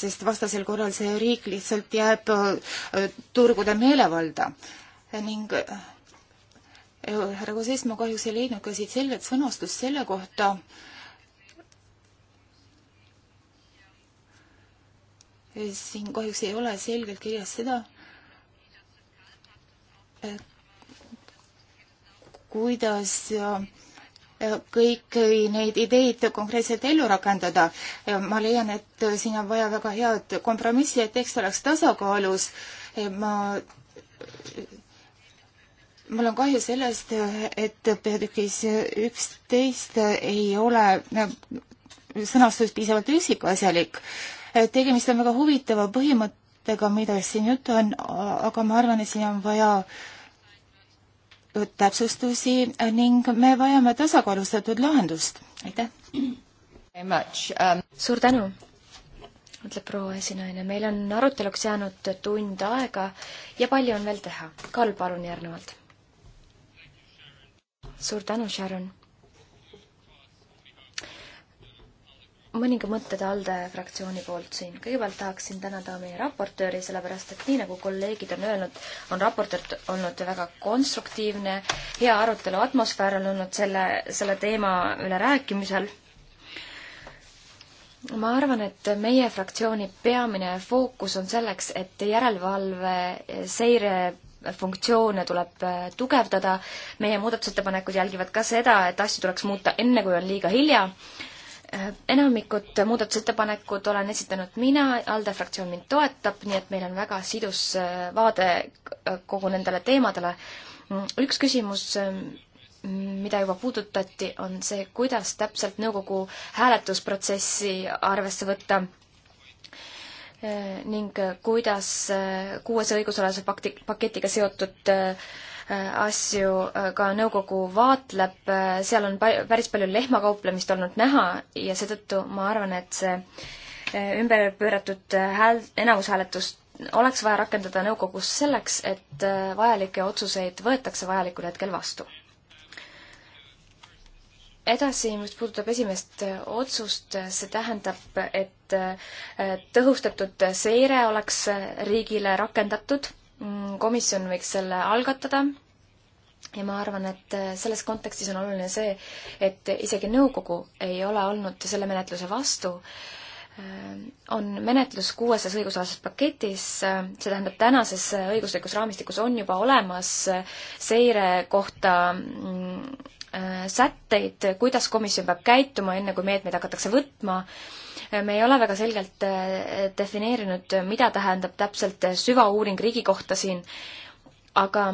sest vastasel korral see riik lihtsalt jääb äh, turgude meelevalda ning äh, härra Kosest ma kahjuks ei leidnud ka siit selget sõnastust selle kohta, siin kahjuks ei ole selgelt kirjas seda, äh, kuidas kõiki äh, neid ideid konkreetselt ellu rakendada. Äh, ma leian, et äh, siin on vaja väga head kompromissi, et tekst oleks tasakaalus. ma, mul on kahju sellest, et peatükis üksteist ei ole sõnastus piisavalt üksikasjalik. tegemist on väga huvitava põhimõttega, millest siin juttu on, aga ma arvan, et siin on vaja äh, täpsustusi ning me vajame tasakaalustatud lahendust. aitäh! Um, suur tänu! ütleb proua esinaine, meil on aruteluks jäänud tund aega ja palju on veel teha. Karl, palun järgnevalt. suur tänu, Sharon! mõninga mõtted ALDE fraktsiooni poolt siin. kõigepealt tahaksin tänada meie raportööri, sellepärast et nii, nagu kolleegid on öelnud, on raportöör olnud väga konstruktiivne, hea arutelu atmosfäär on olnud selle, selle teema üle rääkimisel. ma arvan, et meie fraktsiooni peamine fookus on selleks, et järelevalve seire funktsioone tuleb äh, tugevdada, meie muudatusettepanekud jälgivad ka seda, et asju tuleks muuta enne, kui on liiga hilja enamikud muudatusettepanekud olen esitanud mina, ALDE fraktsioon mind toetab, nii et meil on väga sidus äh, vaade kogu nendele teemadele. üks küsimus, äh, mida juba puudutati, on see, kuidas täpselt nõukogu hääletusprotsessi arvesse võtta äh, ning kuidas kuues õigusalase pakti, paketiga seotud asju äh, ka nõukogu vaatleb, äh, seal on pa-, päris palju lehmakauplemist olnud näha ja seetõttu ma arvan, et see äh, ümberpööratud hääl, enamushääletus oleks vaja rakendada nõukogus selleks, et vajalikke otsuseid võetakse vajalikul hetkel vastu. edasi, mis puudutab esimest otsust, see tähendab, et tõhustatud seire oleks riigile rakendatud Mm, komisjon võiks selle algatada ja ma arvan, et äh, selles kontekstis on oluline see, et isegi nõukogu ei ole olnud selle menetluse vastu, äh, on menetlus kuueses õigusalases paketis, äh, see tähendab, tänases õiguslikus raamistikus on juba olemas seire kohta mm, sätteid, kuidas komisjon peab käituma, enne kui meetmeid hakatakse võtma me ei ole väga selgelt äh, defineerinud, mida tähendab täpselt süvauuring riigi kohta siin, aga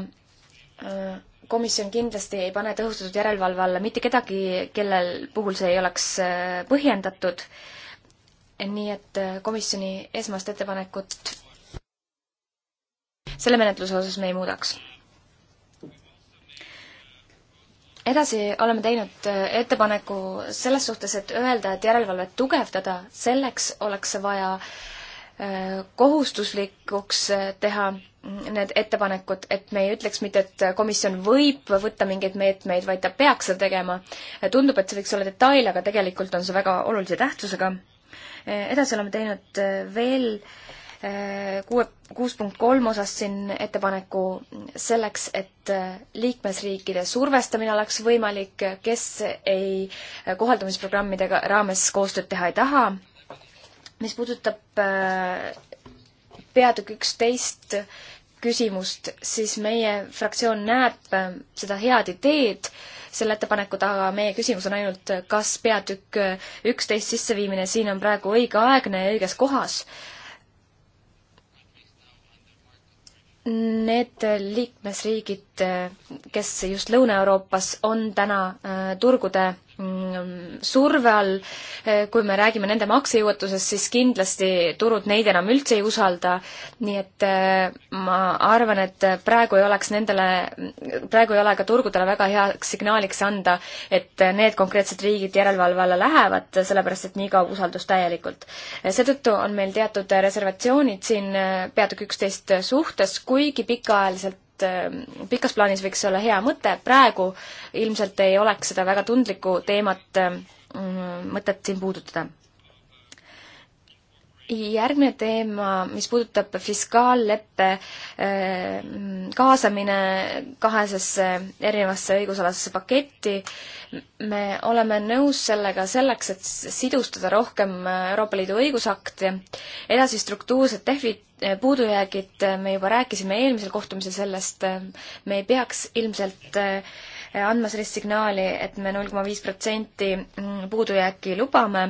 äh, komisjon kindlasti ei pane tõhustatud järelevalve alla mitte kedagi, kellel puhul see ei oleks äh, põhjendatud. nii et komisjoni esmast ettepanekut selle menetluse osas me ei muudaks edasi oleme teinud äh, ettepaneku selles suhtes, et öelda, et järelevalvet tugevdada, selleks oleks vaja äh, kohustuslikuks äh, teha mm, need ettepanekud, et me ei ütleks mitte, et komisjon võib võtta mingeid meetmeid, vaid ta peaks seda tegema. tundub, et see võiks olla detail, aga tegelikult on see väga olulise tähtsusega. edasi oleme teinud veel äh, kuue, kuus punkt kolm osas siin ettepaneku selleks, et äh, liikmesriikide survestamine oleks võimalik, kes ei äh, kohaldumisprogrammide raames koostööd teha ei taha. mis puudutab äh, peatükk üksteist küsimust, siis meie fraktsioon näeb seda head ideed selle ettepaneku taga, meie küsimus on ainult, kas peatükk üksteist sisseviimine siin on praegu õigeaegne ja õiges kohas Need liikmesriigid riigid, eh, kes just Lõuna-Euroopas on täna eh, turgude mm, surve all, eh, kui me räägime nende maksejõuetusest, siis kindlasti turud neid enam üldse ei usalda, nii et ma arvan, et praegu ei oleks nendele, mm, praegu ei ole ka turgudele väga heaks signaaliks anda, et need konkreetsed riigid järelevalve alla lähevad, sellepärast et nii kaob usaldus täielikult. seetõttu on meil teatud reservatsioonid siin peatükk üksteist suhtes, kuigi pikaajaliselt et eh, pikas plaanis võiks see olla hea mõte, praegu ilmselt ei oleks seda väga tundlikku teemat eh, mm, mõtet siin puudutada järgmine teema, mis puudutab fiskaalleppe äh, kaasamine kahesesse erinevasse õigusalasesse paketti, me oleme nõus sellega selleks, et sidustada rohkem Euroopa Liidu õigusakte, edasi struktuursed defi-, puudujäägid, me juba rääkisime eelmisel kohtumisel sellest, me ei peaks ilmselt äh, andma sellist signaali, et me null koma viis protsenti puudujääki lubame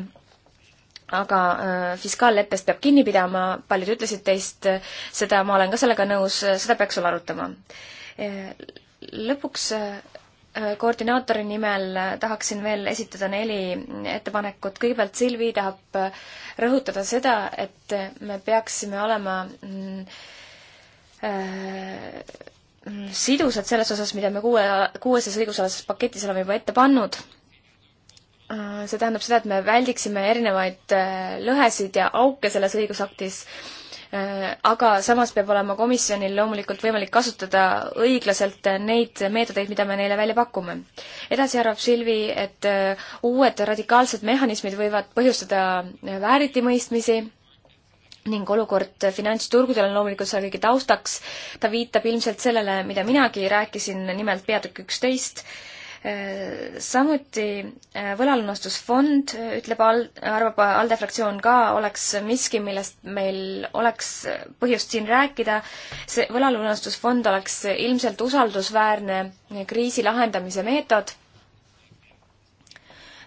aga äh, fiskaalleppest peab kinni pidama, paljud ütlesid teist äh, seda, ma olen ka sellega nõus, äh, seda peaks sul arutama. Lõpuks koordinaatori nimel tahaksin veel esitada neli ettepanekut. kõigepealt Silvi tahab rõhutada seda, et me peaksime olema mm, äh, mm, sidusad selles osas, mida me kuue, kuueses õigusalases paketis oleme juba ette pannud Äh, see tähendab seda, et me väldiksime erinevaid äh, lõhesid ja auke selles õigusaktis, äh, aga samas peab olema komisjonil loomulikult võimalik kasutada õiglaselt neid meetodeid, mida me neile välja pakume. edasi arvab Silvi, et uued radikaalsed mehhanismid võivad põhjustada vääritimõistmisi, ning olukord finantsturgudel on loomulikult seal kõige taustaks. ta viitab ilmselt sellele, mida minagi rääkisin, nimelt peatükk üksteist, Äh, samuti äh, võlalunastusfond, äh, ütleb Al-, arvab ALDE fraktsioon ka, oleks miski, millest meil oleks põhjust siin rääkida. see võlalunastusfond oleks ilmselt usaldusväärne kriisi lahendamise meetod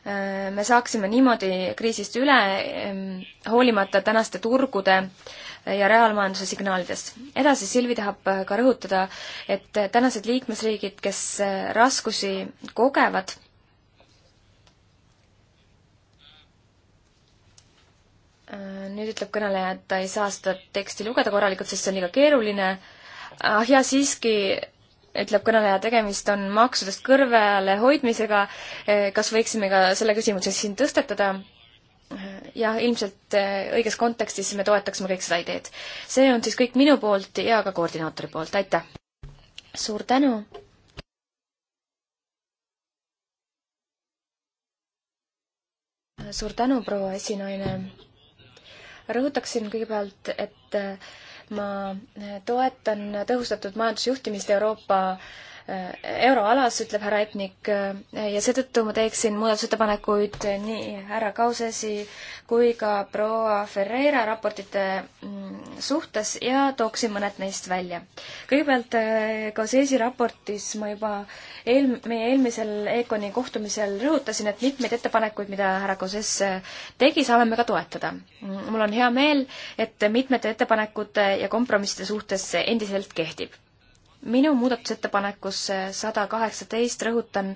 me saaksime niimoodi kriisist üle, ehm, hoolimata tänaste turgude äh, ja reaalmajanduse signaalidest. edasi Silvi tahab äh, ka rõhutada, et tänased liikmesriigid, kes äh, raskusi kogevad, äh, nüüd ütleb kõneleja, et ta ei saa seda teksti lugeda korralikult, sest see on liiga keeruline. ah jaa, siiski ütleb kõneleja, tegemist on maksudest kõrvale hoidmisega, kas võiksime ka selle küsimuse siin tõstetada jah, ilmselt äh, õiges kontekstis me toetaksime kõik seda ideed. see on siis kõik minu poolt ja ka koordinaatori poolt, aitäh! suur tänu! suur tänu, proua esinaine! rõhutaksin kõigepealt, et äh, ma äh, toetan tõhustatud majandusjuhtimist Euroopa äh, Äh, euroalas, ütleb härra Epnik, äh, ja seetõttu ma teeksin muudatusettepanekuid nii härra Kausesi kui ka proua Ferreira raportite mm, suhtes ja tooksin mõned neist välja. kõigepealt äh, Kausesi raportis ma juba eel-, meie eelmisel EKONi kohtumisel rõhutasin, et mitmeid ettepanekuid, mida härra Kauses tegi, saame me ka toetada. Mm, mul on hea meel, et mitmete ettepanekute ja kompromisside suhtes endiselt kehtib minu muudatusettepanekusse sada kaheksateist rõhutan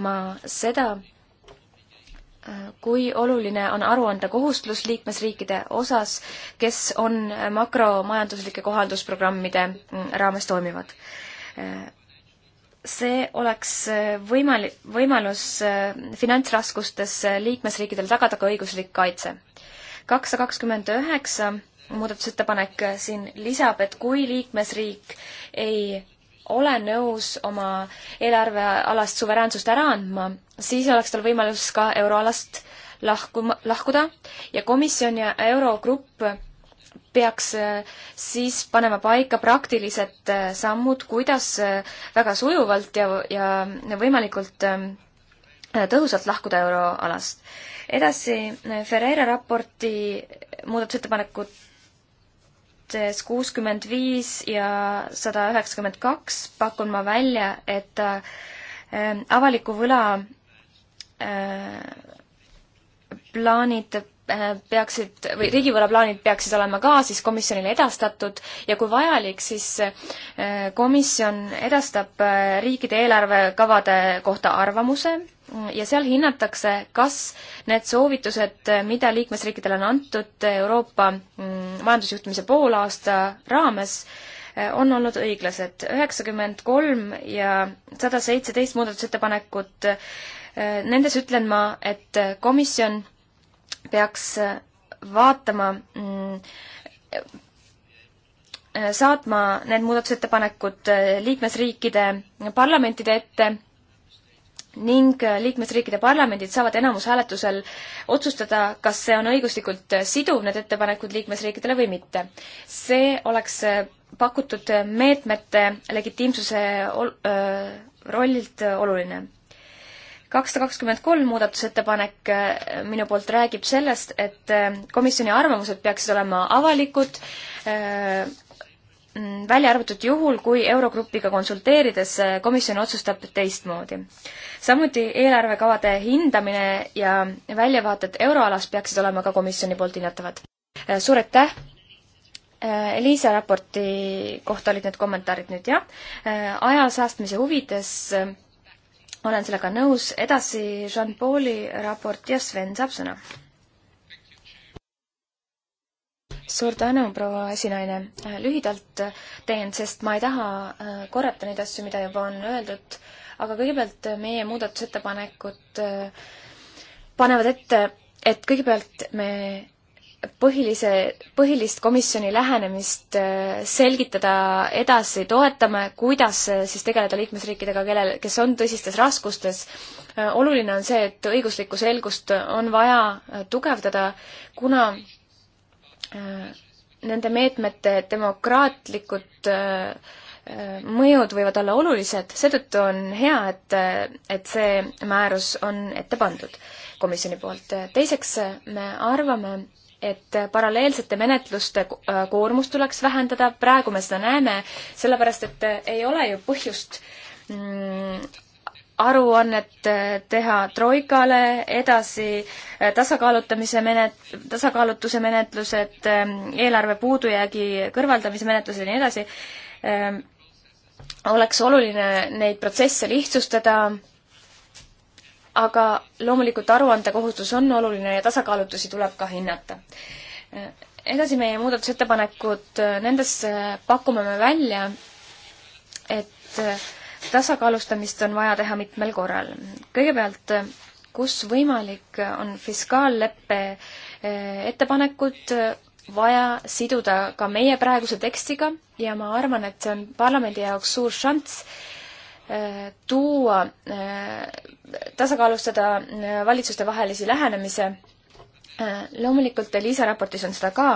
ma seda, kui oluline on aruande kohustus liikmesriikide osas, kes on makromajanduslike kohaldusprogrammide raames toimivad. see oleks võimal-, võimalus finantsraskustes liikmesriikidel tagada ka õiguslik kaitse. kakssada kakskümmend üheksa muudatusettepanek siin lisab, et kui liikmesriik ei ole nõus oma eelarvealast suveräänsust ära andma, siis oleks tal võimalus ka euroalast lahkuma, lahkuda ja komisjon ja Eurogrupp peaks äh, siis panema paika praktilised äh, sammud, kuidas äh, väga sujuvalt ja, ja võimalikult ähm, tõhusalt lahkuda euroalast. edasi Ferreira raporti muudatusettepanekut lõigetes kuuskümmend viis ja sada üheksakümmend kaks pakun ma välja, et äh, avaliku võla äh, plaanid äh, peaksid või riigivõlaplaanid peaksid olema ka siis komisjonile edastatud ja kui vajalik, siis komisjon edastab riikide eelarvekavade kohta arvamuse ja seal hinnatakse, kas need soovitused, mida liikmesriikidele on antud Euroopa mm, majandusjuhtimise poolaasta raames, eh, on olnud õiglased. üheksakümmend kolm ja sada seitseteist muudatusettepanekut, eh, nendes ütlen ma, et komisjon peaks eh, vaatama, mm, saatma need muudatusettepanekud liikmesriikide parlamentide ette ning äh, liikmesriikide parlamendid saavad enamushääletusel otsustada, kas see on õiguslikult äh, siduv, need ettepanekud liikmesriikidele või mitte. see oleks äh, pakutud meetmete legitiimsuse ol-, rollilt oluline. kakssada kakskümmend kolm muudatusettepanek minu poolt räägib sellest, et komisjoni arvamused peaksid olema avalikud, Mm, välja arvatud juhul, kui Eurogrupiga konsulteerides äh, komisjon otsustab teistmoodi. samuti eelarvekavade hindamine ja väljavaated euroalas peaksid olema ka komisjoni poolt hinnatavad. Äh, suur aitäh! Äh, Liisa raporti kohta olid need kommentaarid nüüd jah. aja säästmise huvides olen sellega nõus, edasi Jean-Pauli raport ja Sven saab sõna suur tänu, proua esinaine. Äh, lühidalt äh, teen, sest ma ei taha äh, korrata neid asju, mida juba on öeldud, aga kõigepealt meie muudatusettepanekud panevad ette, et kõigepealt me põhilise, põhilist komisjoni lähenemist selgitada edasi, toetame, kuidas siis tegeleda liikmesriikidega, kellel, kes on tõsistes raskustes. oluline on see, et õiguslikku selgust on vaja tugevdada, kuna nende meetmete demokraatlikud äh, äh, mõjud võivad olla olulised, seetõttu on hea, et, äh, et see määrus on ette pandud komisjoni poolt. teiseks, me arvame, et paralleelsete menetluste koormust tuleks vähendada, praegu me seda näeme, sellepärast et ei ole ju põhjust mm, aruannet äh, teha Troikale, edasi äh, tasakaalutamise menet-, tasakaalutuse menetlused, ähm, eelarve puudujäägi kõrvaldamise menetlused ja nii edasi, ähm, oleks oluline neid protsesse lihtsustada, aga loomulikult aruandekohustus on oluline ja tasakaalutusi tuleb ka hinnata. Äh, edasi meie muudatusettepanekud, nendes pakume me välja, et tasakaalustamist on vaja teha mitmel korral. kõigepealt, kus võimalik, on fiskaalleppe eh, ettepanekud vaja siduda ka meie praeguse tekstiga ja ma arvan, et see on parlamendi jaoks suur šanss eh, tuua, eh, tasakaalustada valitsustevahelisi lähenemise. loomulikult Liisa raportis on seda ka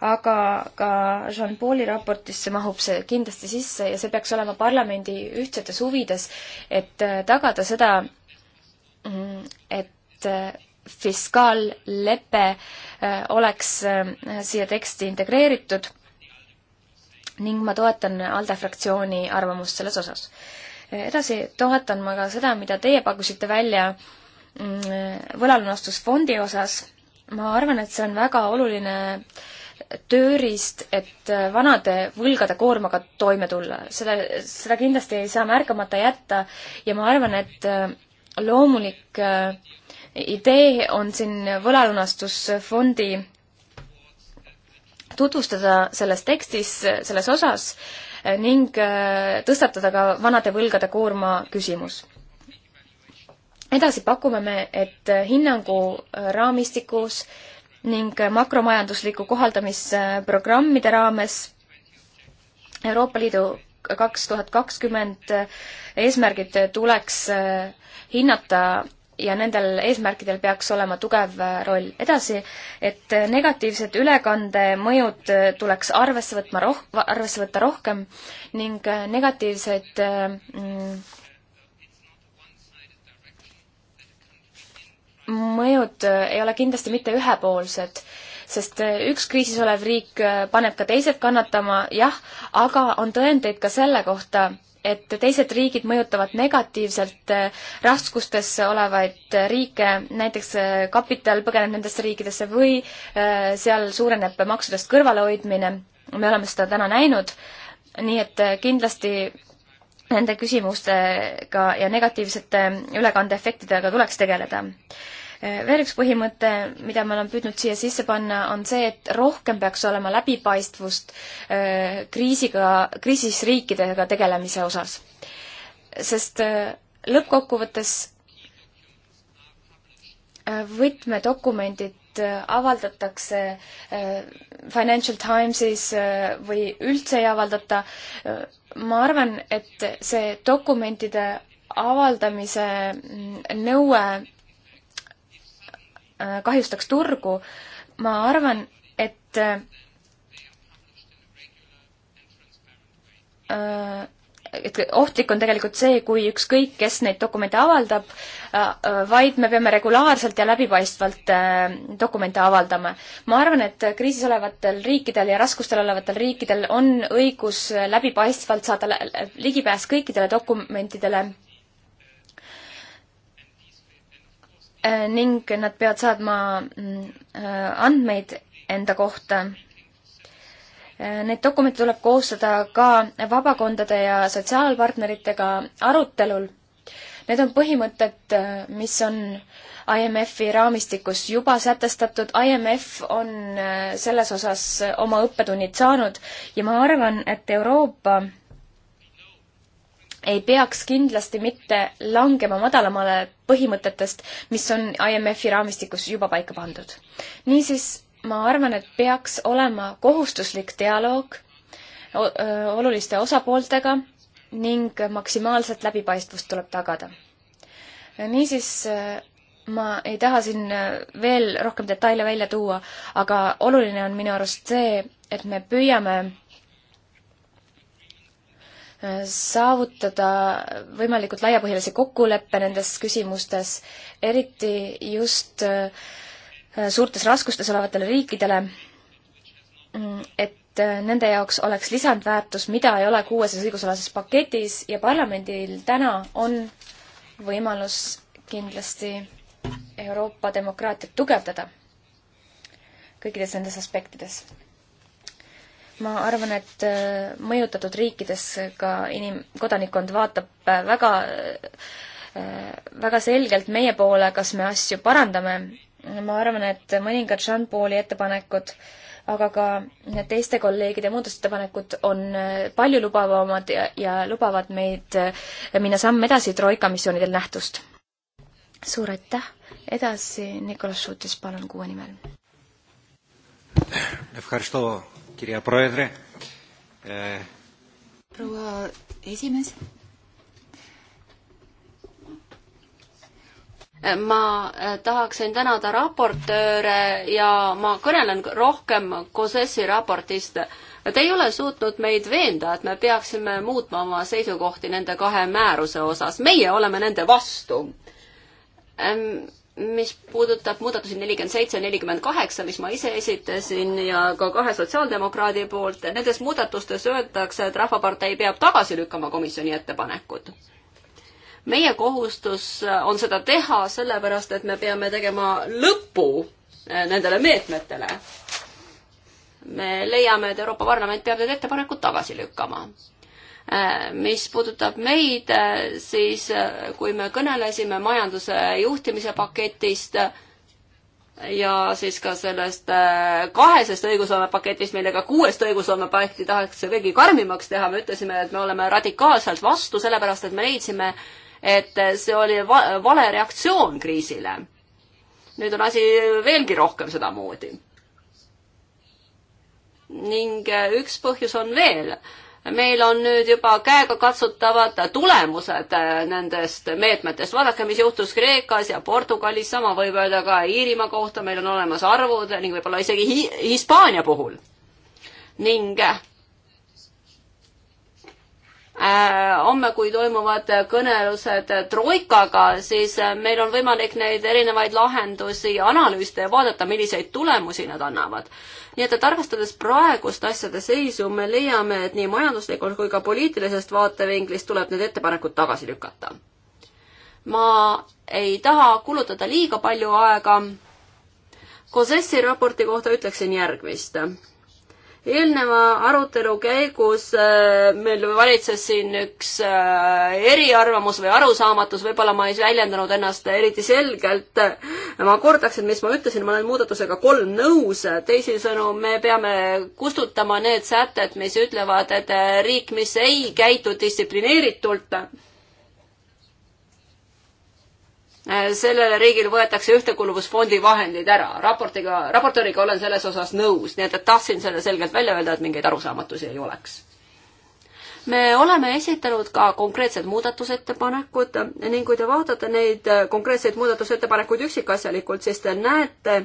aga ka Jean-Pauli raportisse mahub see kindlasti sisse ja see peaks olema parlamendi ühtsetes huvides, et äh, tagada seda, mm, et äh, fiskaallepe äh, oleks siia teksti integreeritud ning ma toetan ALDE fraktsiooni arvamust selles osas. edasi toetan ma ka seda, mida teie pakkusite välja mm, võlalunastusfondi osas, ma arvan, et see on väga oluline äh, tööriist, et vanade võlgade koormaga toime tulla. selle, seda kindlasti ei saa märkamata jätta ja ma arvan, et äh, loomulik äh, idee on siin võlalunastusfondi tutvustada selles tekstis, selles osas äh, ning tõstatada ka vanade võlgade koorma küsimus edasi pakume me, et hinnangu raamistikus äh, ning makromajandusliku kohaldamisprogrammide raames Euroopa Liidu kaks tuhat kakskümmend eesmärgid tuleks äh, hinnata ja nendel eesmärkidel peaks olema tugev äh, roll. edasi, et äh, negatiivsed ülekandemõjud tuleks arvesse võtma roh-, arvesse võtta rohkem ning negatiivseid mm, mõjud äh, ei ole kindlasti mitte ühepoolsed, sest äh, üks kriisis olev riik äh, paneb ka teised kannatama, jah, aga on tõendeid ka selle kohta, et teised riigid mõjutavad negatiivselt raskustes olevaid riike, näiteks kapital põgeneb nendesse riikidesse või seal suureneb maksudest kõrvalehoidmine, me oleme seda täna näinud, nii et kindlasti nende küsimustega ja negatiivsete ülekandeefektidega tuleks tegeleda. veel üks põhimõte, mida ma olen püüdnud siia sisse panna, on see, et rohkem peaks olema läbipaistvust äh, kriisiga, kriisis riikidega tegelemise osas. sest äh, lõppkokkuvõttes äh, võtmedokumendid Äh, avaldatakse äh, Financial Timesis äh, või üldse ei avaldata. ma arvan, et see dokumentide avaldamise mm, nõue kahjustaks turgu. ma arvan, et et ohtlik on tegelikult see, kui ükskõik, kes neid dokumente avaldab, äh, äh, vaid me peame regulaarselt ja läbipaistvalt äh, dokumente avaldama. ma arvan, et kriisis olevatel riikidel ja raskustel olevatel riikidel on õigus läbipaistvalt saada ligipääs kõikidele dokumentidele ning nad peavad saadma mm, andmeid enda kohta Need dokumente tuleb koostada ka vabakondade ja sotsiaalpartneritega arutelul. Need on põhimõtted, mis on IMF-i raamistikus juba sätestatud, IMF on äh, selles osas oma õppetunnid saanud ja ma arvan, et Euroopa ei peaks kindlasti mitte langema madalamale põhimõtetest, mis on IMF-i raamistikus juba paika pandud. niisiis, ma arvan, et peaks olema kohustuslik dialoog oluliste osapooltega ning maksimaalset läbipaistvust tuleb tagada. niisiis ma ei taha siin veel rohkem detaile välja tuua, aga oluline on minu arust see, et me püüame saavutada võimalikult laiapõhjalise kokkuleppe nendes küsimustes, eriti just Äh, suurtes raskustes olevatele riikidele, mm, et äh, nende jaoks oleks lisandväärtus, mida ei ole kuueses õigusalases paketis ja parlamendil täna on võimalus kindlasti Euroopa demokraatiat tugevdada kõikides nendes aspektides. ma arvan, et äh, mõjutatud riikides ka inim-, kodanikkond vaatab väga, väga selgelt meie poole, kas me asju parandame ma arvan, et mõningad Jean Pauli ettepanekud, aga ka teiste kolleegide muudatusettepanekud on äh, paljulubavamad ja, ja lubavad meid äh, minna samm edasi Troika missioonidel nähtust. suur aitäh, edasi Nicolas Šutis, palun, kuue nimel. proua esimees ma äh, tahaksin tänada raportööre ja ma kõnelen rohkem COSES-i raportist. Te ei ole suutnud meid veenda, et me peaksime muutma oma seisukohti nende kahe määruse osas. meie oleme nende vastu. mis puudutab muudatusi nelikümmend seitse ja nelikümmend kaheksa, mis ma ise esitasin ja ka kahe sotsiaaldemokraadi poolt, nendes muudatustes öeldakse, et Rahvapartei peab tagasi lükkama komisjoni ettepanekud meie kohustus äh, on seda teha, sellepärast et me peame tegema lõpu äh, nendele meetmetele. me leiame, et Euroopa Parlament peab need ettepanekud tagasi lükkama äh, mis puudutab meid, siis kui me kõnelesime majanduse juhtimise paketist ja siis ka sellest kahesest õigusloome paketist, millega kuuest õigusloome paketi tahaks veelgi karmimaks teha, me ütlesime, et me oleme radikaalselt vastu, sellepärast et me leidsime, et see oli va vale reaktsioon kriisile. nüüd on asi veelgi rohkem sedamoodi. ning äh, üks põhjus on veel meil on nüüd juba käegakatsutavad tulemused äh, nendest meetmetest. vaadake, mis juhtus Kreekas ja Portugalis, sama võib öelda ka Iirimaa kohta, meil on olemas arvud ning võib-olla isegi Hi Hispaania puhul. ning äh, Äh, homme, kui toimuvad kõnelused Troikaga, siis äh, meil on võimalik neid erinevaid lahendusi analüüsida ja vaadata, milliseid tulemusi nad annavad. nii et, et arvestades praegust asjade seisu, me leiame, et nii majanduslikult kui ka poliitilisest vaatevinklist tuleb need ettepanekud tagasi lükata. ma ei taha kulutada liiga palju aega. Kosessi raporti kohta ütleksin järgmist eelneva arutelu käigus äh, meil valitses siin üks äh, eriarvamus või arusaamatus, võib-olla ma ei väljendanud ennast eriti selgelt. ma kordaksin, mis ma ütlesin, ma olen muudatusega kolm nõus, teisisõnu, me peame kustutama need sätted, mis ütlevad, et riik, mis ei käitu distsiplineeritult, Äh, sellele riigile võetakse ühtekuuluvusfondi vahendid ära. raportiga, raportööriga olen selles osas nõus, nii et, et tahtsin selle selgelt välja öelda, et mingeid arusaamatusi ei oleks. me oleme esitanud ka konkreetsed muudatusettepanekud ning kui te vaatate neid äh, konkreetseid muudatusettepanekuid üksikasjalikult, siis te näete,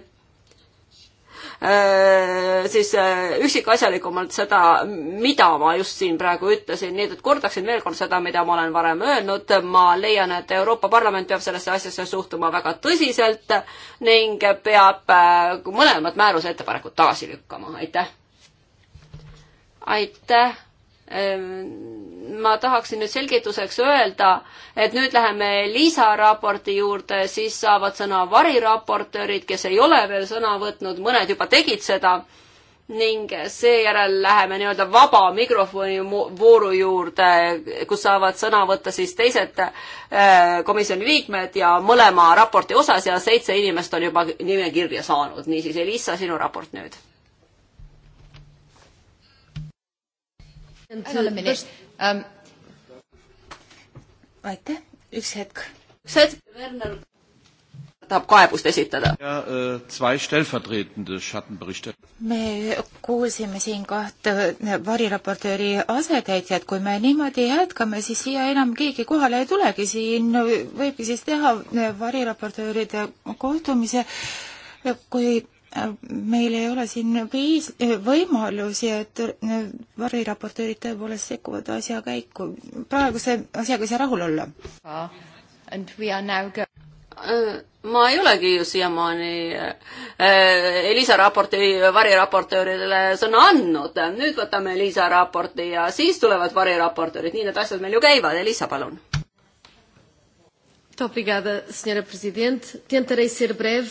Äh, siis äh, üksikasjalikumalt seda, mida ma just siin praegu ütlesin, nii et kordaksin veel kord seda, mida ma olen varem öelnud, ma leian, et Euroopa Parlament peab sellesse asjasse suhtuma väga tõsiselt ning peab äh, mõlemad määruse ettepanekud tagasi lükkama, aitäh! aitäh! Ehm, ma tahaksin nüüd selgituseks öelda, et nüüd läheme lisaraporti juurde, siis saavad sõna variraportöörid, kes ei ole veel sõna võtnud, mõned juba tegid seda, ning seejärel läheme nii-öelda vaba mikrofoni vooru juurde, kus saavad sõna võtta siis teised äh, komisjoni liikmed ja mõlema raporti osas ja seitse inimest on juba nimekirja saanud, niisiis Elissa, sinu raport nüüd. Ainult minut ähm.. aitäh, üks hetk. üks hetk, Werner tahab kaebust esitada. Äh, me kuulsime siin kahte äh, variraportööri asetäitjat, kui me niimoodi jätkame, siis siia enam keegi kohale ei tulegi, siin võibki siis teha äh, variraportööride kohtumise, kui meil ei ole siin piis-, võimalusi, et variraportöörid tõepoolest sekkuvad asja käiku. praeguse asjaga ei saa rahul olla. Äh, ma ei olegi ju siiamaani äh, Elisa raporti, variraportööridele sõna andnud. nüüd võtame Elisa raporti ja siis tulevad variraportöörid, nii need asjad meil ju käivad. Elisa, palun. Muito obrigada, Sra. Presidente. Tentarei ser breve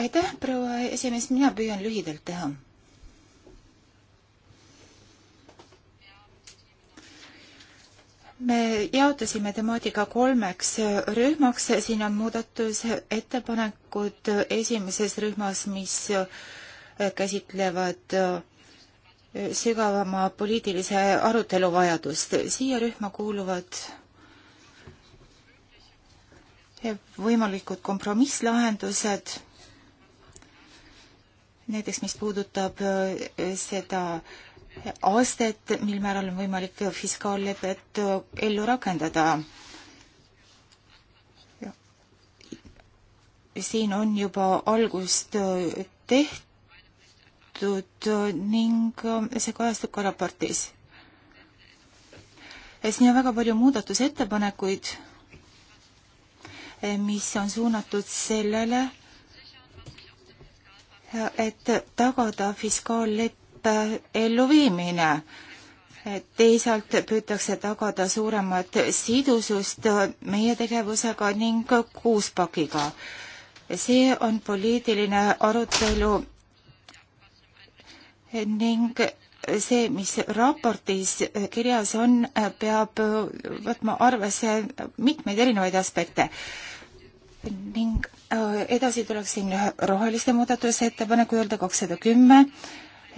aitäh, proua esimees, mina püüan lühidalt teha. me jaotasime temaatika kolmeks rühmaks, siin on muudatusettepanekud esimeses rühmas, mis käsitlevad sügavama poliitilise arutelu vajadust. siia rühma kuuluvad võimalikud kompromisslahendused näiteks mis puudutab äh, seda astet, mil määral on võimalik fiskaallepet äh, ellu rakendada. siin on juba algust äh, tehtud ning see kajastub ka raportis. siin on väga palju muudatusettepanekuid, mis on suunatud sellele, et tagada fiskaalleppe elluviimine. teisalt püütakse tagada suuremat sidusust meie tegevusega ning kuuspakiga. see on poliitiline arutelu ning see, mis raportis kirjas on, peab võtma arvesse mitmeid erinevaid aspekte ning äh, edasi tuleks siin roheliste muudatusettepaneku juurde kakssada kümme.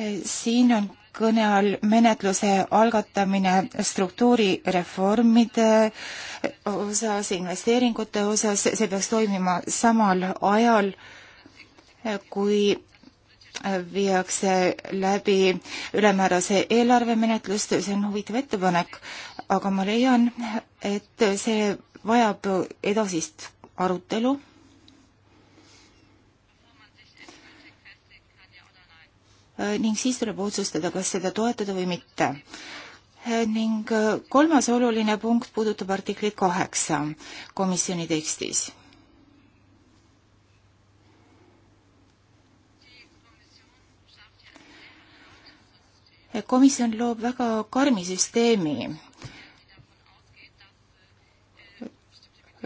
Äh, siin on kõne all menetluse algatamine struktuurireformide äh, osas, investeeringute osas, see peaks toimima samal ajal, kui viiakse läbi ülemäärase eelarvemenetlust, see on huvitav ettepanek, aga ma leian, et see vajab edasist arutelu. ning siis tuleb otsustada, kas seda toetada või mitte. ning äh, kolmas oluline punkt puudutab artiklit kaheksa komisjoni tekstis komisjon loob väga karmi süsteemi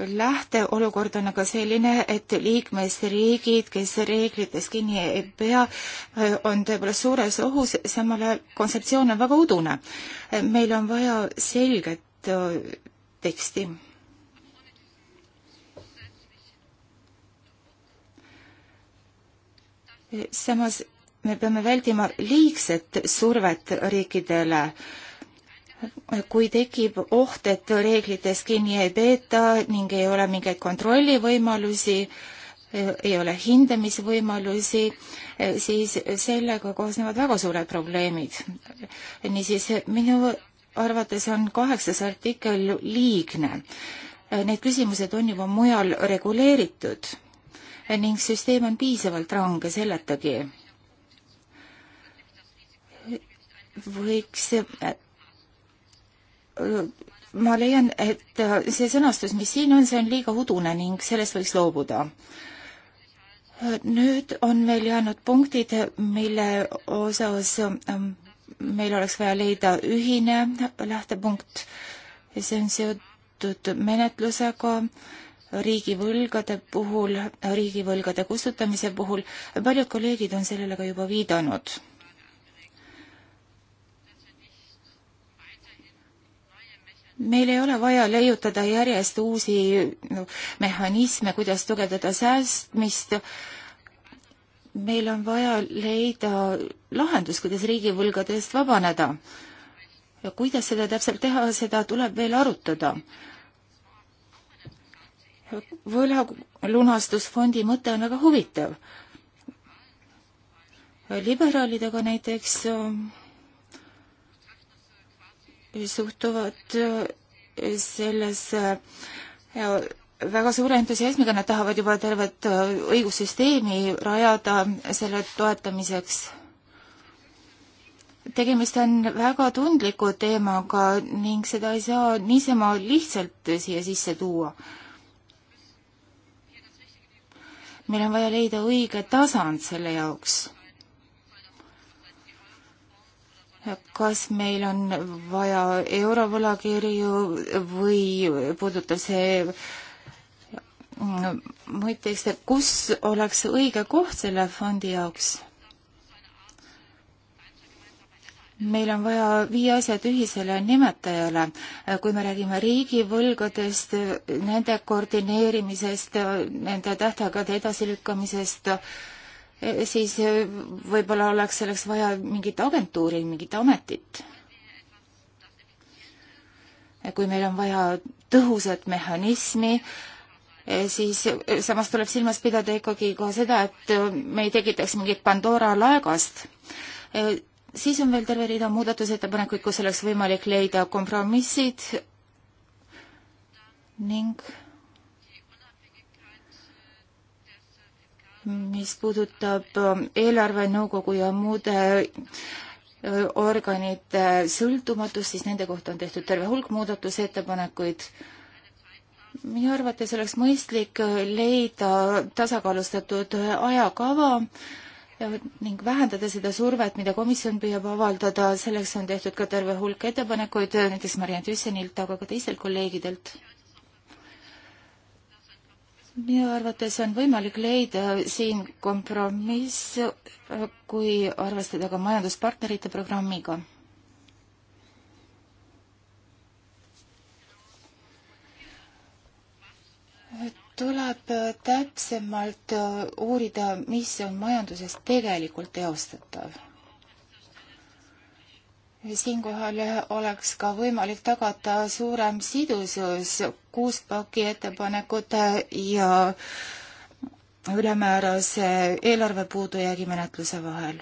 lähteolukord on aga selline, et liikmesriigid, kes reeglitest kinni ei pea, on tõepoolest suures ohus, samal ajal kontseptsioon on väga udune. meil on vaja selget äh, teksti. samas me peame vältima liigset survet riikidele äh, kui tekib oht, et reeglitest kinni ei peeta ning ei ole mingeid kontrollivõimalusi, ei ole hindamisvõimalusi, siis sellega koosnevad väga suured probleemid. niisiis, minu arvates on kaheksas artikkel liigne. Need küsimused on juba mujal reguleeritud ning süsteem on piisavalt range selletagi. võiks ma leian, et see sõnastus, mis siin on, see on liiga udune ning sellest võiks loobuda. nüüd on meil jäänud punktid, mille osas ähm, meil oleks vaja leida ühine lähtepunkt. see on seotud menetlusega riigivõlgade puhul, riigivõlgade kustutamise puhul. paljud kolleegid on sellele ka juba viidanud meil ei ole vaja leiutada järjest uusi no, mehhanisme, kuidas tugevdada säästmist. meil on vaja leida lahendus, kuidas riigivõlgade eest vabaneda. ja kuidas seda täpselt teha, seda tuleb veel arutada. võlalunastusfondi mõte on väga huvitav. liberaalidega näiteks ähm, suhtuvad äh, sellesse äh, väga suure entusiasmiga, nad tahavad juba tervet äh, õigussüsteemi rajada selle toetamiseks. tegemist on väga tundliku teemaga ning seda ei saa niisama lihtsalt siia sisse tuua. meil on vaja leida õige tasand selle jaoks kas meil on vaja eurovõlakirju või puudutab see mm, muid tekste, kus oleks õige koht selle fondi jaoks? meil on vaja viia asjad ühisele nimetajale. kui me räägime riigivõlgadest, nende koordineerimisest, nende tähtaegade edasilükkamisest, Eh, siis eh, võib-olla oleks selleks vaja mingit agentuuri, mingit ametit. Eh, kui meil on vaja tõhusat mehhanismi, siis samas tuleb silmas pidada ikkagi ka seda, et me ei tekitaks mingit Pandora laegast. siis on veel terve rida muudatusettepanekuid, kus oleks võimalik leida kompromissid ning mis puudutab ähm, eelarvenõukogu ja muude äh, organite sõltumatust, siis nende kohta on tehtud terve hulk muudatusettepanekuid. minu arvates oleks mõistlik äh, leida tasakaalustatud äh, ajakava ning vähendada seda survet, mida komisjon püüab avaldada, selleks on tehtud ka terve hulk ettepanekuid, näiteks Mariann Tüssenilt, aga ka teistelt kolleegidelt minu arvates on võimalik leida siin kompromiss, äh, kui arvestada ka majanduspartnerite programmiga. tuleb täpsemalt äh, uurida, mis on majanduses tegelikult teostatav siinkohal oleks ka võimalik tagada suurem sidusus kuuspaki ettepanekute ja ülemäärase eelarve puudujäägi menetluse vahel.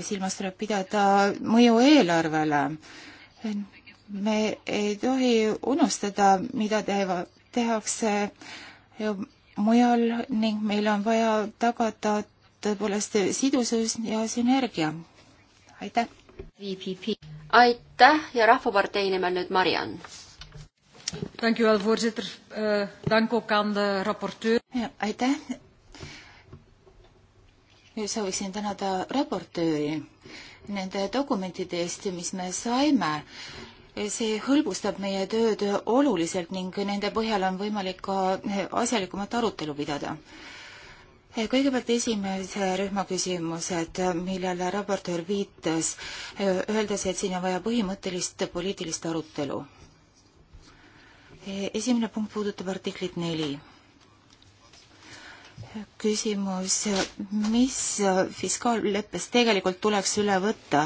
silmas tuleb pidada mõju eelarvele. me ei tohi unustada, mida teeva, tehakse mujal ning meil on vaja tagada tõepoolest sidusus ja sünergia aitäh! aitäh ja Rahvapartei nimel nüüd Mariann. Eh, aitäh! sooviksin tänada raportööri nende dokumentide eest, mis me saime see hõlbustab meie tööd oluliselt ning nende põhjal on võimalik ka asjalikumat arutelu pidada. Eh, kõigepealt esimese rühma küsimused, millele raportöör viitas, eh, öeldes, et siin on vaja põhimõttelist poliitilist arutelu. Eh, esimene punkt puudutab artiklit neli. küsimus, mis fiskaalleppest tegelikult tuleks üle võtta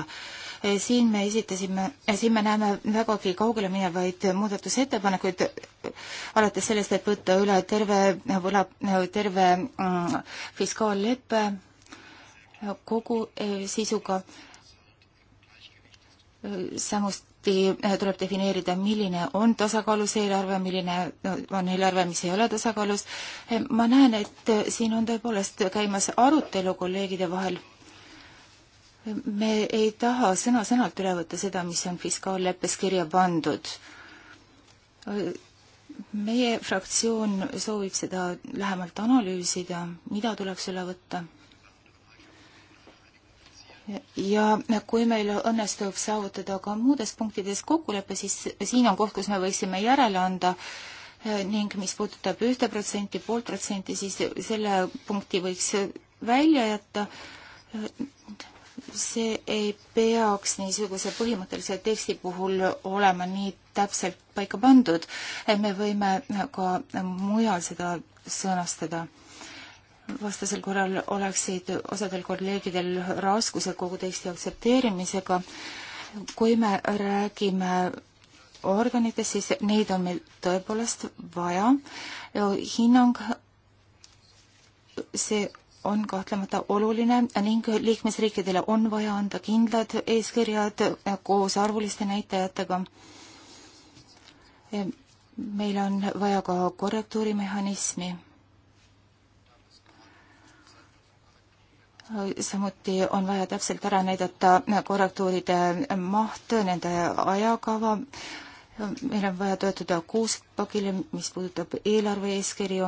Eh, siin me esitasime, eh, siin me näeme vägagi kaugele minevaid muudatusettepanekuid, eh, alates sellest, et võtta üle terve võla, terve mm, fiskaallepe kogu sisuga. samuti tuleb defineerida, milline on tasakaalus eelarve, milline on eelarve, mis ei ole tasakaalus. ma näen, et siin on tõepoolest käimas arutelu kolleegide vahel me ei taha sõna-sõnalt üle võtta seda, mis on fiskaalleppes kirja pandud. meie fraktsioon soovib seda lähemalt analüüsida, mida tuleks üle võtta. ja kui meil õnnestub saavutada ka muudes punktides kokkulepe, siis siin on koht, kus me võiksime järele anda ning mis puudutab ühte protsenti, poolt protsenti, siis selle punkti võiks välja jätta see ei peaks niisuguse põhimõttelise teksti puhul olema nii täpselt paika pandud, et me võime ka mujal seda sõnastada. vastasel korral oleksid osadel kolleegidel raskused kogu teksti aktsepteerimisega. kui me räägime organitest, siis neid on meil tõepoolest vaja. hinnang, see on kahtlemata oluline ning liikmesriikidele on vaja anda kindlad eeskirjad koos arvuliste näitajatega. meil on vaja ka korrektuurimehhanismi. samuti on vaja täpselt ära näidata korrektuuride maht, nende ajakava, meil on vaja töötada kuuspakile, mis puudutab eelarve eeskirju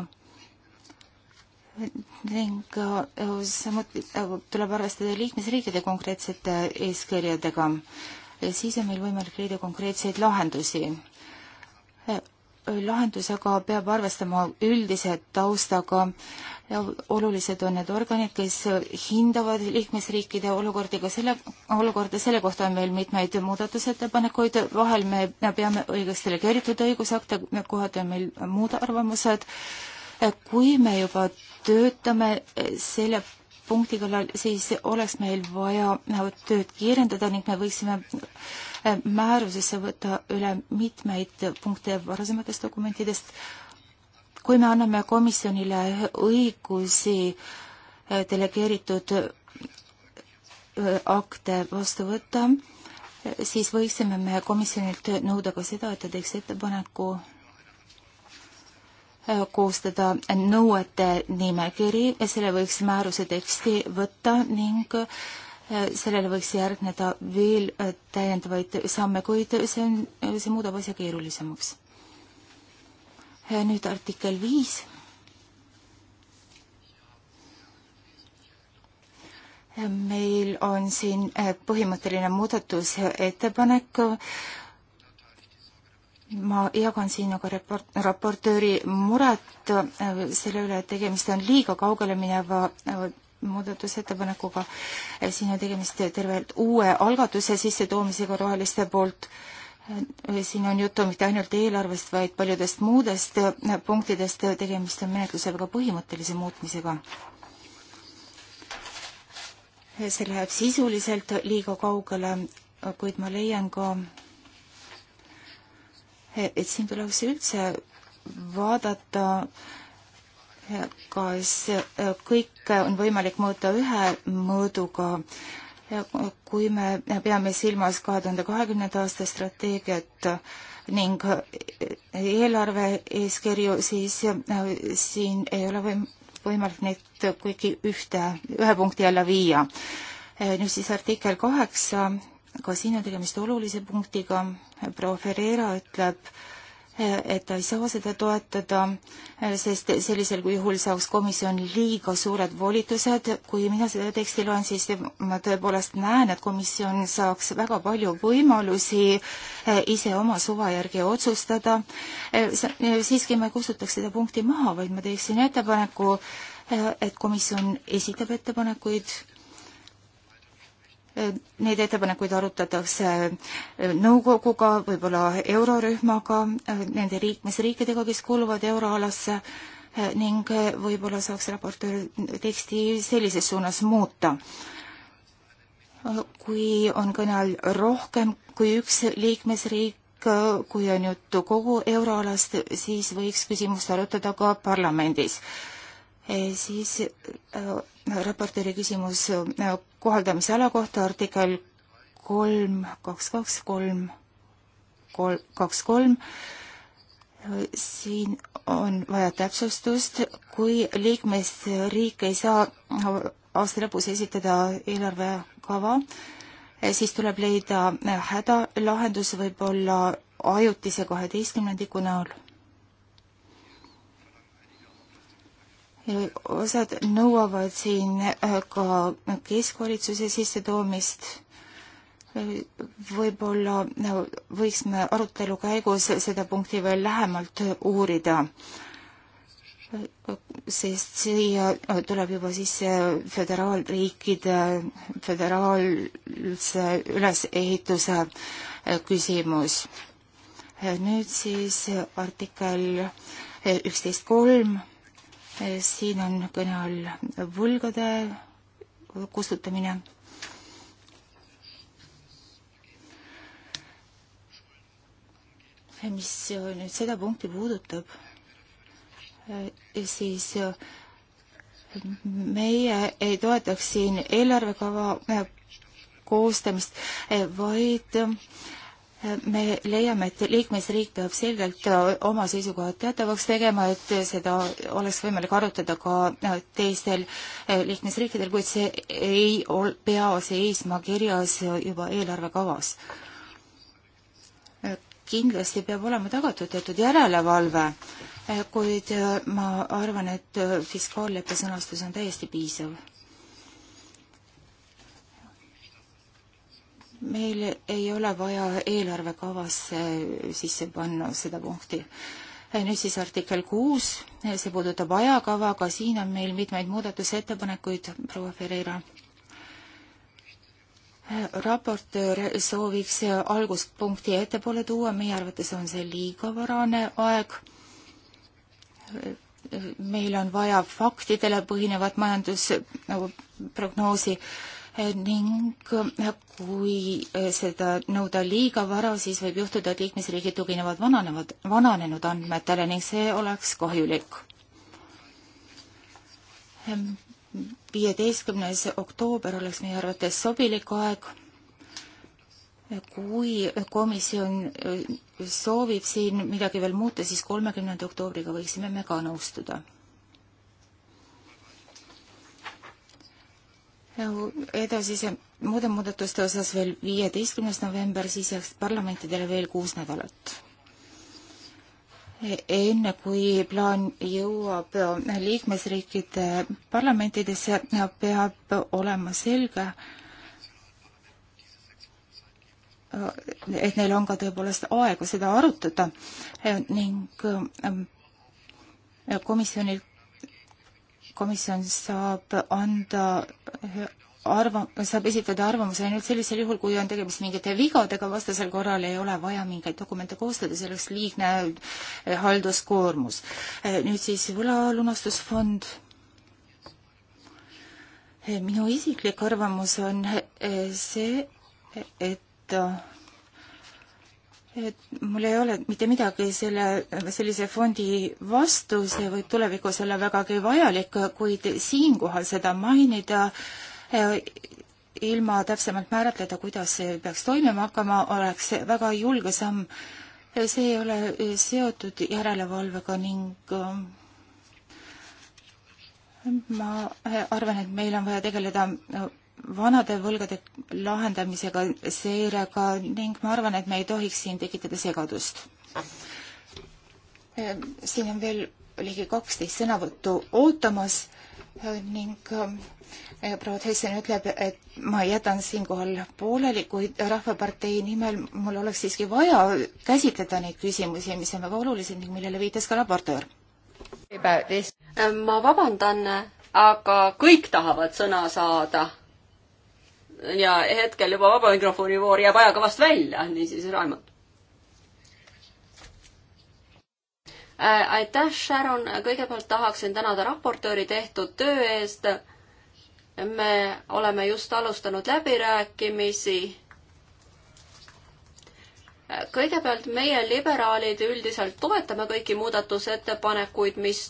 ning äh, samuti äh, tuleb arvestada liikmesriikide konkreetsete eeskirjadega. siis on meil võimalik leida konkreetseid lahendusi. Äh, lahendusega peab arvestama üldise taustaga. olulised on need organid, kes hindavad liikmesriikide olukordi, ka selle, olukorda, selle kohta on meil mitmeid muudatusettepanekuid, vahel me peame õigeks delegeeritud õigusakte, kohati on meil muud arvamused kui me juba töötame eh, selle punkti kallal, siis oleks meil vaja eh, tööd kiirendada ning me võiksime eh, määrusesse võtta üle mitmeid punkte varasematest dokumentidest. kui me anname komisjonile õigusi delegeeritud akte vastu võtta, siis võiksime me komisjonilt nõuda ka seda, et ta teeks ettepaneku Äh, koostada nõuete nimekiri ja selle võiks määruse teksti võtta ning äh, sellele võiks järgneda veel äh, täiendavaid samme, kuid see on, see muudab asja keerulisemaks. nüüd artikkel viis. meil on siin põhimõtteline muudatusettepanek ma jagan siin aga raport, raportööri muret äh, selle üle, et tegemist on liiga kaugele mineva äh, muudatusettepanekuga. Äh, siin on tegemist tervelt uue algatuse sissetoomisega roheliste poolt. siin on juttu mitte ainult eelarvest, vaid paljudest muudest punktidest. tegemist on menetluse väga põhimõttelise muutmisega. see läheb sisuliselt liiga kaugele, kuid ma leian ka et siin tuleks üldse vaadata, kas kõike on võimalik mõõta ühe mõõduga ja kui me peame silmas kahe tuhande kahekümnenda aasta strateegiat ning eelarve eeskirju, siis siin ei ole võim-, võimalik neid kõiki ühte, ühe punkti alla viia. nüüd siis artikkel kaheksa ka siin on tegemist olulise punktiga. proua Ferreira ütleb, et ta ei saa seda toetada, sest sellisel juhul saaks komisjon liiga suured volitused. kui mina seda teksti loen, siis ma tõepoolest näen, et komisjon saaks väga palju võimalusi ise oma suva järgi otsustada. siiski ma ei kustutaks seda punkti maha, vaid ma teeksin ettepaneku, et komisjon esitab ettepanekuid Neid ettepanekuid arutatakse äh, nõukoguga, võib-olla eurorühmaga, äh, nende liikmesriikidega, kes kuuluvad euroalasse äh, ning võib-olla saaks raportöör teksti sellises suunas muuta kui on kõne all rohkem kui üks liikmesriik, kui on juttu kogu euroalast, siis võiks küsimust arutada ka parlamendis. siis raportööri küsimus kohaldamisala kohta artikkel kolm, kaks, kaks, kolm, kolm, kaks, kolm. siin on vaja täpsustust, kui liikmesriik ei saa aasta lõpus esitada eelarvekava, eh, siis tuleb leida hädalahendus võib-olla ajutise kaheteistkümnendiku näol osad nõuavad siin äh, ka keskvalitsuse sissetoomist. võib-olla no, äh, võiks me arutelu käigus seda punkti veel lähemalt uurida, sest siia tuleb juba sisse föderaalriikide föderaalse ülesehituse äh, küsimus. nüüd siis artikkel üksteist kolm siin on kõne all võlgade kustutamine. mis nüüd seda punkti puudutab, eh, siis eh, meie ei toetaks siin eelarvekava eh, koostamist, vaid me leiame, et liikmesriik peab selgelt oma seisukohad teatavaks tegema, et seda oleks võimalik arutada ka teistel liikmesriikidel, kuid see ei ol-, pea seisma kirjas juba eelarvekavas. kindlasti peab olema tagatud teatud järelevalve, kuid ma arvan, et fiskaalleppe sõnastus on täiesti piisav meil ei ole vaja eelarvekavasse sisse panna seda punkti. nüüd siis artikkel kuus, see puudutab ajakava, ka siin on meil mitmeid muudatusettepanekuid, proua Ferreira. raportöör sooviks alguspunkti ettepoole tuua, meie arvates on see liiga varane aeg meil on vaja faktidele põhinevat majandusprognoosi no, ning eh, kui eh, seda nõuda liiga vara, siis võib juhtuda, et liikmesriigid tuginevad vananevad, vananenud andmetele ning see oleks kahjulik. viieteistkümnes oktoober oleks meie arvates sobilik aeg. kui komisjon eh, soovib siin midagi veel muuta, siis kolmekümnenda oktoobriga võiksime me ka nõustuda edasise muude muudatuste osas veel viieteistkümnes november, siis jääks parlamentidele veel kuus nädalat. enne kui plaan jõuab liikmesriikide parlamentidesse, peab olema selge, et neil on ka tõepoolest aega seda arutada ning ähm, komisjonilt komisjon saab anda arva-, saab esitada arvamuse ainult sellisel juhul, kui on tegemist mingite vigadega, vastasel korral ei ole vaja mingeid dokumente koostada, see oleks liigne eh, halduskoormus. Eh, nüüd siis võlalunastusfond. Eh, minu isiklik arvamus on see, et et mul ei ole mitte midagi selle, sellise fondi vastu, see võib tulevikus olla vägagi vajalik, kuid siinkohal seda mainida eh, ilma täpsemalt määratleda, kuidas see peaks toimima hakkama, oleks väga julge samm. see ei ole seotud järelevalvega ning eh, ma arvan, et meil on vaja tegeleda eh, vanade võlgade lahendamisega, seirega ning ma arvan, et me ei tohiks siin tekitada segadust. Ehm, siin on veel ligi kaksteist sõnavõttu ootamas ehm, ning ehm, proua Tyson ütleb, et ma jätan siinkohal pooleli, kuid Rahvapartei nimel mul oleks siiski vaja käsitleda neid küsimusi, mis on väga olulised ning millele viitas ka raportöör. ma vabandan, aga kõik tahavad sõna saada ja hetkel juba vaba mikrofoni voor jääb ajakavast välja, niisiis Raimond. Äh, aitäh, Sharon, kõigepealt tahaksin tänada raportööri tehtud töö eest. me oleme just alustanud läbirääkimisi. kõigepealt meie liberaalid üldiselt toetame kõiki muudatusettepanekuid, mis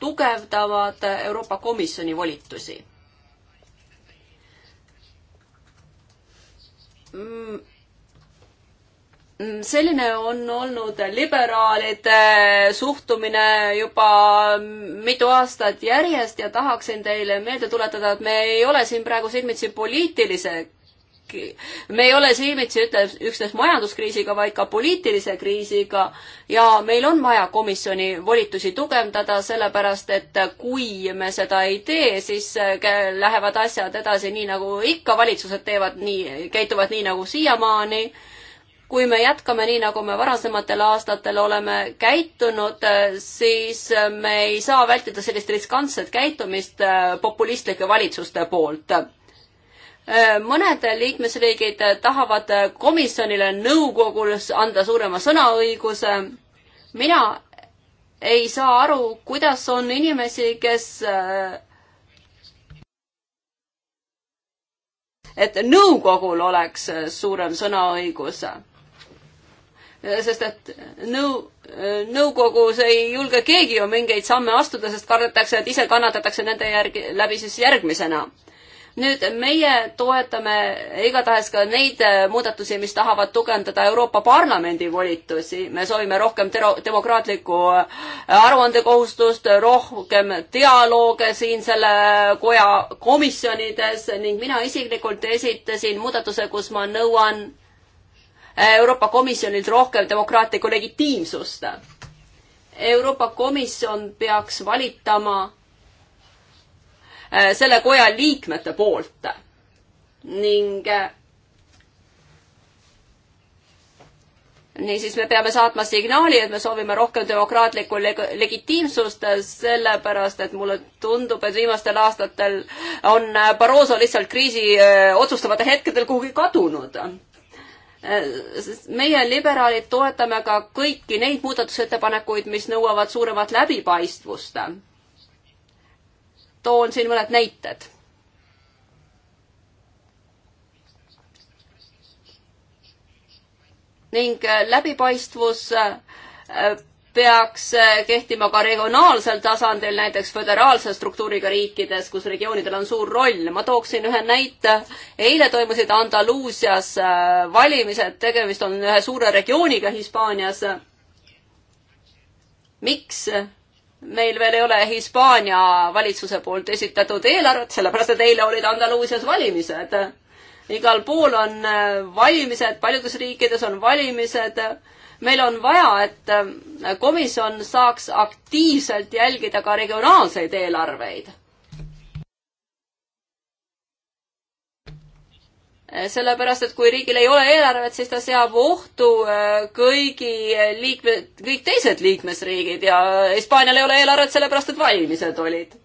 tugevdavad Euroopa Komisjoni volitusi Mm, selline on olnud liberaalide suhtumine juba mitu aastat järjest ja tahaksin teile meelde tuletada, et me ei ole siin praegu silmitsi poliitilise me ei ole silmitsi ütle, üksnes majanduskriisiga, vaid ka poliitilise kriisiga ja meil on vaja komisjoni volitusi tugevdada, sellepärast et kui me seda ei tee, siis äh, lähevad asjad edasi nii, nagu ikka valitsused teevad, nii, käituvad nii nagu siiamaani. kui me jätkame nii, nagu me varasematel aastatel oleme käitunud, äh, siis me ei saa vältida sellist riskantset käitumist äh, populistlike valitsuste poolt Äh, mõned liikmesriigid tahavad komisjonile nõukogus anda suurema sõnaõiguse. mina ei saa aru, kuidas on inimesi, kes äh, et nõukogul oleks suurem sõnaõigus. Äh, sest et nõu-, nõukogus ei julge keegi ju mingeid samme astuda, sest kardetakse, et ise kannatatakse nende järgi, läbi siis järgmisena nüüd meie toetame igatahes ka neid äh, muudatusi, mis tahavad tugevdada Euroopa Parlamendi volitusi. me soovime rohkem tero-, demokraatlikku äh, aruandekohustust, rohkem dialoog siin selle koja komisjonides ning mina isiklikult esitasin muudatuse, kus ma nõuan äh, Euroopa Komisjonilt rohkem demokraatlikku legitiimsust. Euroopa Komisjon peaks valitama Äh, selle koja liikmete poolt. ning äh, niisiis me peame saatma signaali, et me soovime rohkem demokraatlikku leg legitiimsust, sellepärast et mulle tundub, et viimastel aastatel on äh, Barroso lihtsalt kriisi otsustavate hetkedel kuhugi kadunud. meie liberaalid toetame ka kõiki neid muudatusettepanekuid, mis nõuavad suuremat läbipaistvust toon siin mõned näited. ning äh, läbipaistvus äh, peaks äh, kehtima ka regionaalsel tasandil, näiteks föderaalse struktuuriga riikides, kus regioonidel on suur roll. ma tooksin ühe näite. eile toimusid Andaluusias valimised, tegemist on ühe suure regiooniga Hispaanias. miks meil veel ei ole Hispaania valitsuse poolt esitatud eelarvet, sellepärast et eile olid Andaluusias valimised. igal pool on äh, valimised, paljudes riikides on valimised. meil on vaja, et äh, komisjon saaks aktiivselt jälgida ka regionaalseid eelarveid Eh, sellepärast, et kui riigil ei ole eelarvet, siis ta seab ohtu eh, kõigi eh, liikme, kõik teised liikmesriigid ja Hispaanial ei ole eelarvet sellepärast, et valimised olid.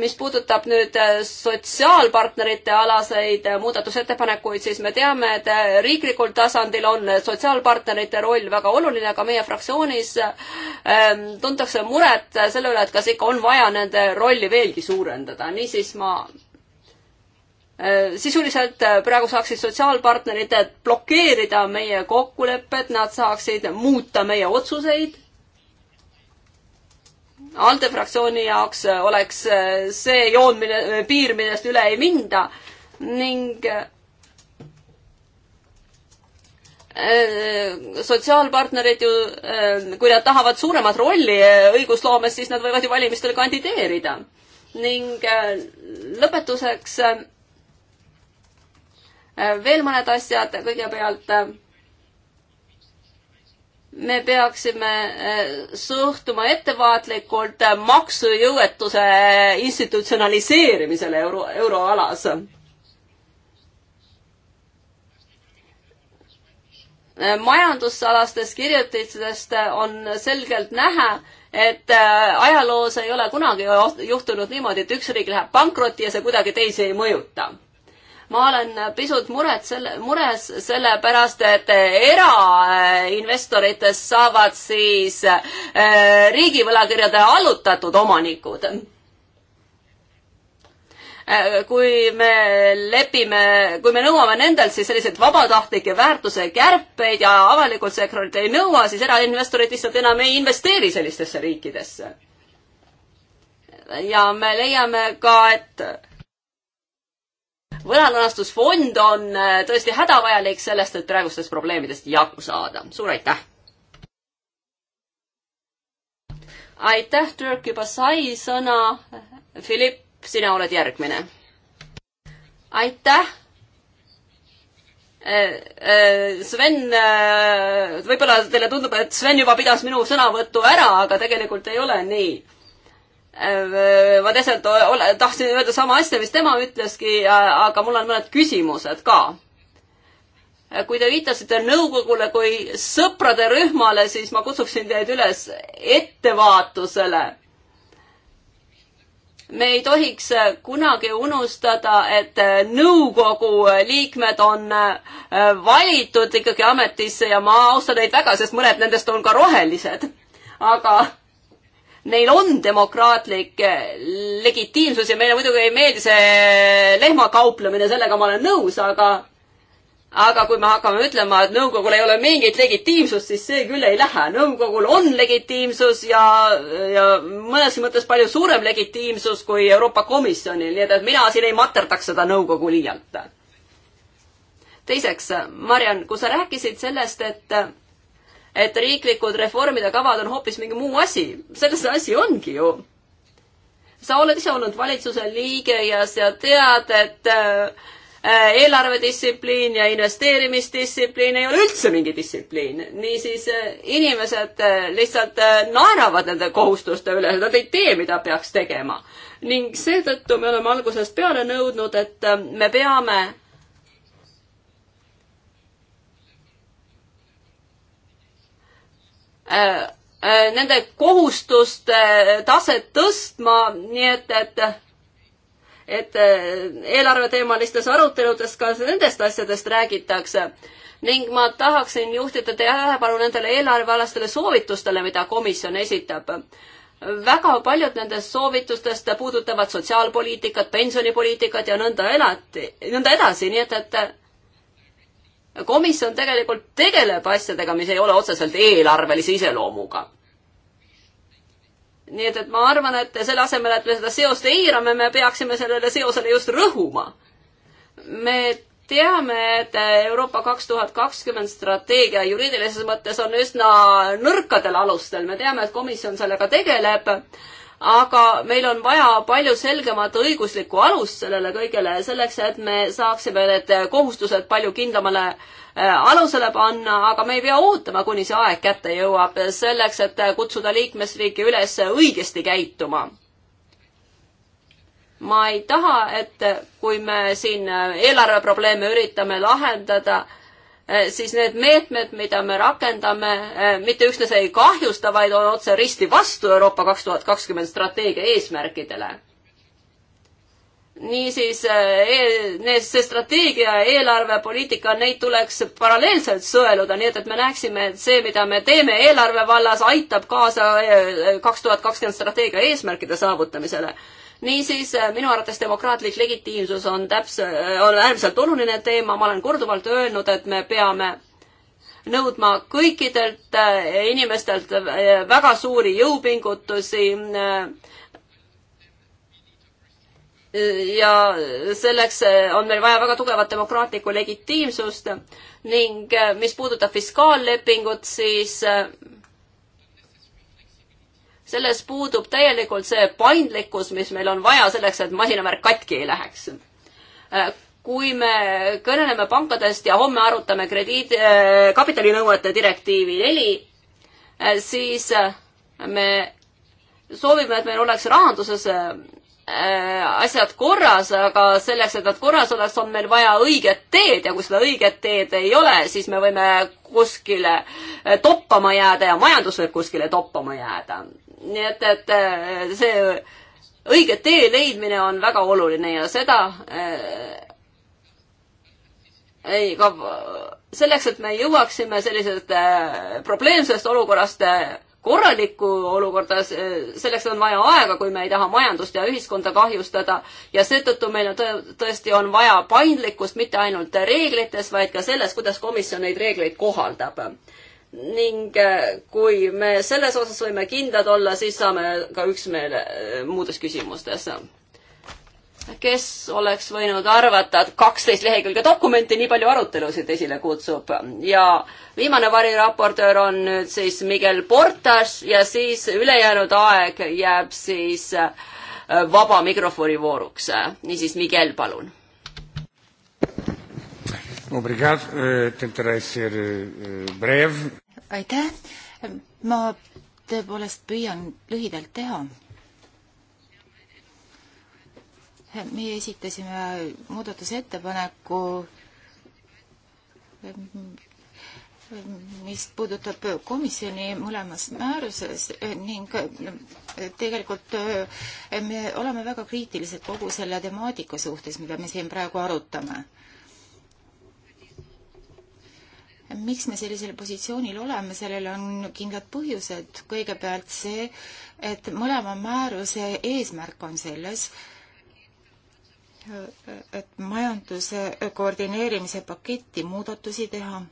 mis puudutab nüüd sotsiaalpartnerite alaseid muudatusettepanekuid, siis me teame, et riiklikul tasandil on sotsiaalpartnerite roll väga oluline, aga meie fraktsioonis tuntakse muret selle üle, et kas ikka on vaja nende rolli veelgi suurendada, niisiis ma Äh, sisuliselt äh, praegu saaksid sotsiaalpartnerid äh, blokeerida meie kokkulepped, nad saaksid muuta meie otsuseid. ALDE fraktsiooni jaoks oleks see joon, mille, piir, millest üle ei minda ning sotsiaalpartnerid ju, kui nad tahavad suuremat rolli õigusloomes, siis nad võivad ju valimistel kandideerida. ning lõpetuseks Äh, veel mõned asjad, kõigepealt äh, me peaksime äh, suhtuma ettevaatlikult maksujõuetuse institutsionaliseerimisele euro, euroalas majandusalastest kirjutistest on selgelt näha, et ajaloos ei ole kunagi juhtunud niimoodi, et üks riik läheb pankrotti ja see kuidagi teisi ei mõjuta ma olen pisut muret selle, mures sellepärast, et erainvestoritest saavad siis äh, riigivõlakirjade allutatud omanikud äh, kui me lepime, kui me nõuame nendelt siis selliseid vabatahtlikke väärtuse kärpeid ja avalikult sektorit ei nõua, siis erainvestorid lihtsalt enam ei investeeri sellistesse riikidesse. ja me leiame ka, et võlarahastusfond on äh, tõesti hädavajalik sellest, et praegustest probleemidest jagu saada. suur aitäh! aitäh, Dirk juba sai sõna. Philipp, sina oled järgmine. aitäh äh, äh, Sven, võib-olla teile tundub, et Sven juba pidas minu sõnavõttu ära, aga tegelikult ei ole nii. Äh, ma teisalt tahtsin öelda sama asja, mis tema ütleski, aga mul on mõned küsimused ka. Äh, kui te viitasite nõukogule kui sõprade rühmale, siis ma kutsuksin teid üles ettevaatusele. me ei tohiks äh, kunagi unustada, et nõukogu liikmed on valitud ikkagi ametisse ja ma austan neid väga, sest mõned nendest on ka rohelised. aga neil on demokraatlik eh, legitiimsus ja meile muidugi ei meeldi see lehmakauplemine, sellega ma olen nõus, aga aga kui me hakkame ütlema, et nõukogul ei ole mingit legitiimsust, siis see küll ei lähe. nõukogul on legitiimsus ja, ja mõnes mõttes palju suurem legitiimsus kui Euroopa Komisjonil, nii et, et mina siin ei materdaks seda nõukogu liialt. teiseks, Mariann, kui sa rääkisid sellest, et et riiklikud reformide kavad on hoopis mingi muu asi. selles asi ongi ju. sa oled ise olnud valitsuse liige ja sa tead, et äh, eelarvedistsipliin ja investeerimisdistsipliin ei ole üldse mingi distsipliin. niisiis äh, inimesed äh, lihtsalt naeravad nende kohustuste üle, nad ei tee, mida peaks tegema. ning seetõttu me oleme algusest peale nõudnud, et me peame Äh, äh, nende kohustuste äh, taset tõstma, nii et, et et eelarveteemalistes aruteludes ka nendest asjadest räägitakse ning ma tahaksin juhtida teie tähelepanu nendele eelarvealastele soovitustele, mida komisjon esitab. väga paljud nendest soovitustest puudutavad sotsiaalpoliitikat, pensionipoliitikat ja nõnda elati, nõnda edasi, nii et, et komisjon tegelikult tegeleb asjadega, mis ei ole otseselt eelarvelise iseloomuga. nii et, et ma arvan, et selle asemel, et me seda seost eirame, me peaksime sellele seosele just rõhuma. me teame, et Euroopa kaks tuhat kakskümmend strateegia juriidilises mõttes on üsna nõrkadel alustel, me teame, et komisjon sellega tegeleb aga meil on vaja palju selgemat õiguslikku alust sellele kõigele, selleks et me saaksime need kohustused palju kindlamale äh, alusele panna, aga me ei pea ootama, kuni see aeg kätte jõuab, selleks et kutsuda liikmesriike üles õigesti käituma. ma ei taha, et kui me siin äh, eelarveprobleeme üritame lahendada, Äh, siis need meetmed, mida me rakendame, äh, mitte üksnes ei kahjusta, vaid on otse risti vastu Euroopa kaks tuhat kakskümmend strateegia eesmärkidele. niisiis äh, e-, see strateegia ja eelarvepoliitika, neid tuleks paralleelselt sõeluda, nii et, et me näeksime, et see, mida me teeme eelarve vallas, aitab kaasa kaks tuhat kakskümmend strateegia eesmärkide saavutamisele niisiis, äh, minu arvates demokraatlik legitiimsus on täpse, äh, on äärmiselt oluline teema, ma olen korduvalt öelnud, et me peame nõudma kõikidelt äh, inimestelt väga suuri jõupingutusi ja selleks on meil vaja väga tugevat demokraatlikku legitiimsust ning mis puudutab fiskaallepingut, siis selles puudub täielikult see paindlikkus, mis meil on vaja selleks, et masinavärk katki ei läheks. Äh, kui me kõneleme pankadest ja homme arutame krediidi, äh, kapitalinõuete direktiivi neli, äh, siis me soovime, et meil oleks rahanduses asjad korras, aga selleks, et nad korras oleks, on meil vaja õiget teed ja kui seda õiget teed ei ole, siis me võime kuskile toppama jääda ja majandus võib kuskile toppama jääda nii et, et eh, see õige tee leidmine on väga oluline ja seda eh, ei ka selleks, et me jõuaksime sellisest eh, probleemsest olukorrast korralikku olukorda, selleks on vaja aega, kui me ei taha majandust ja ühiskonda kahjustada ja seetõttu meil on tõ tõesti on vaja paindlikkust mitte ainult reeglites, vaid ka selles, kuidas komisjon neid reegleid kohaldab ning äh, kui me selles osas võime kindlad olla, siis saame ka üksmeele äh, muudes küsimustes. kes oleks võinud arvata, et kaksteist lehekülge dokumenti nii palju arutelusid esile kutsub ja viimane variraportöör on nüüd siis Miguel Portas ja siis ülejäänud aeg jääb siis äh, vaba mikrofoni vooruks. niisiis, Miguel, palun Eh, eh, aitäh, ma tõepoolest püüan lühidalt teha. meie esitasime muudatusettepaneku, mis puudutab komisjoni mõlemas määruses ning tegelikult me oleme väga kriitilised kogu selle temaatika suhtes, mida me siin praegu arutame miks me sellisel positsioonil oleme, sellel on kindlad põhjused. kõigepealt see, et mõlema määruse eesmärk on selles, et majanduse koordineerimise paketti muudatusi teha.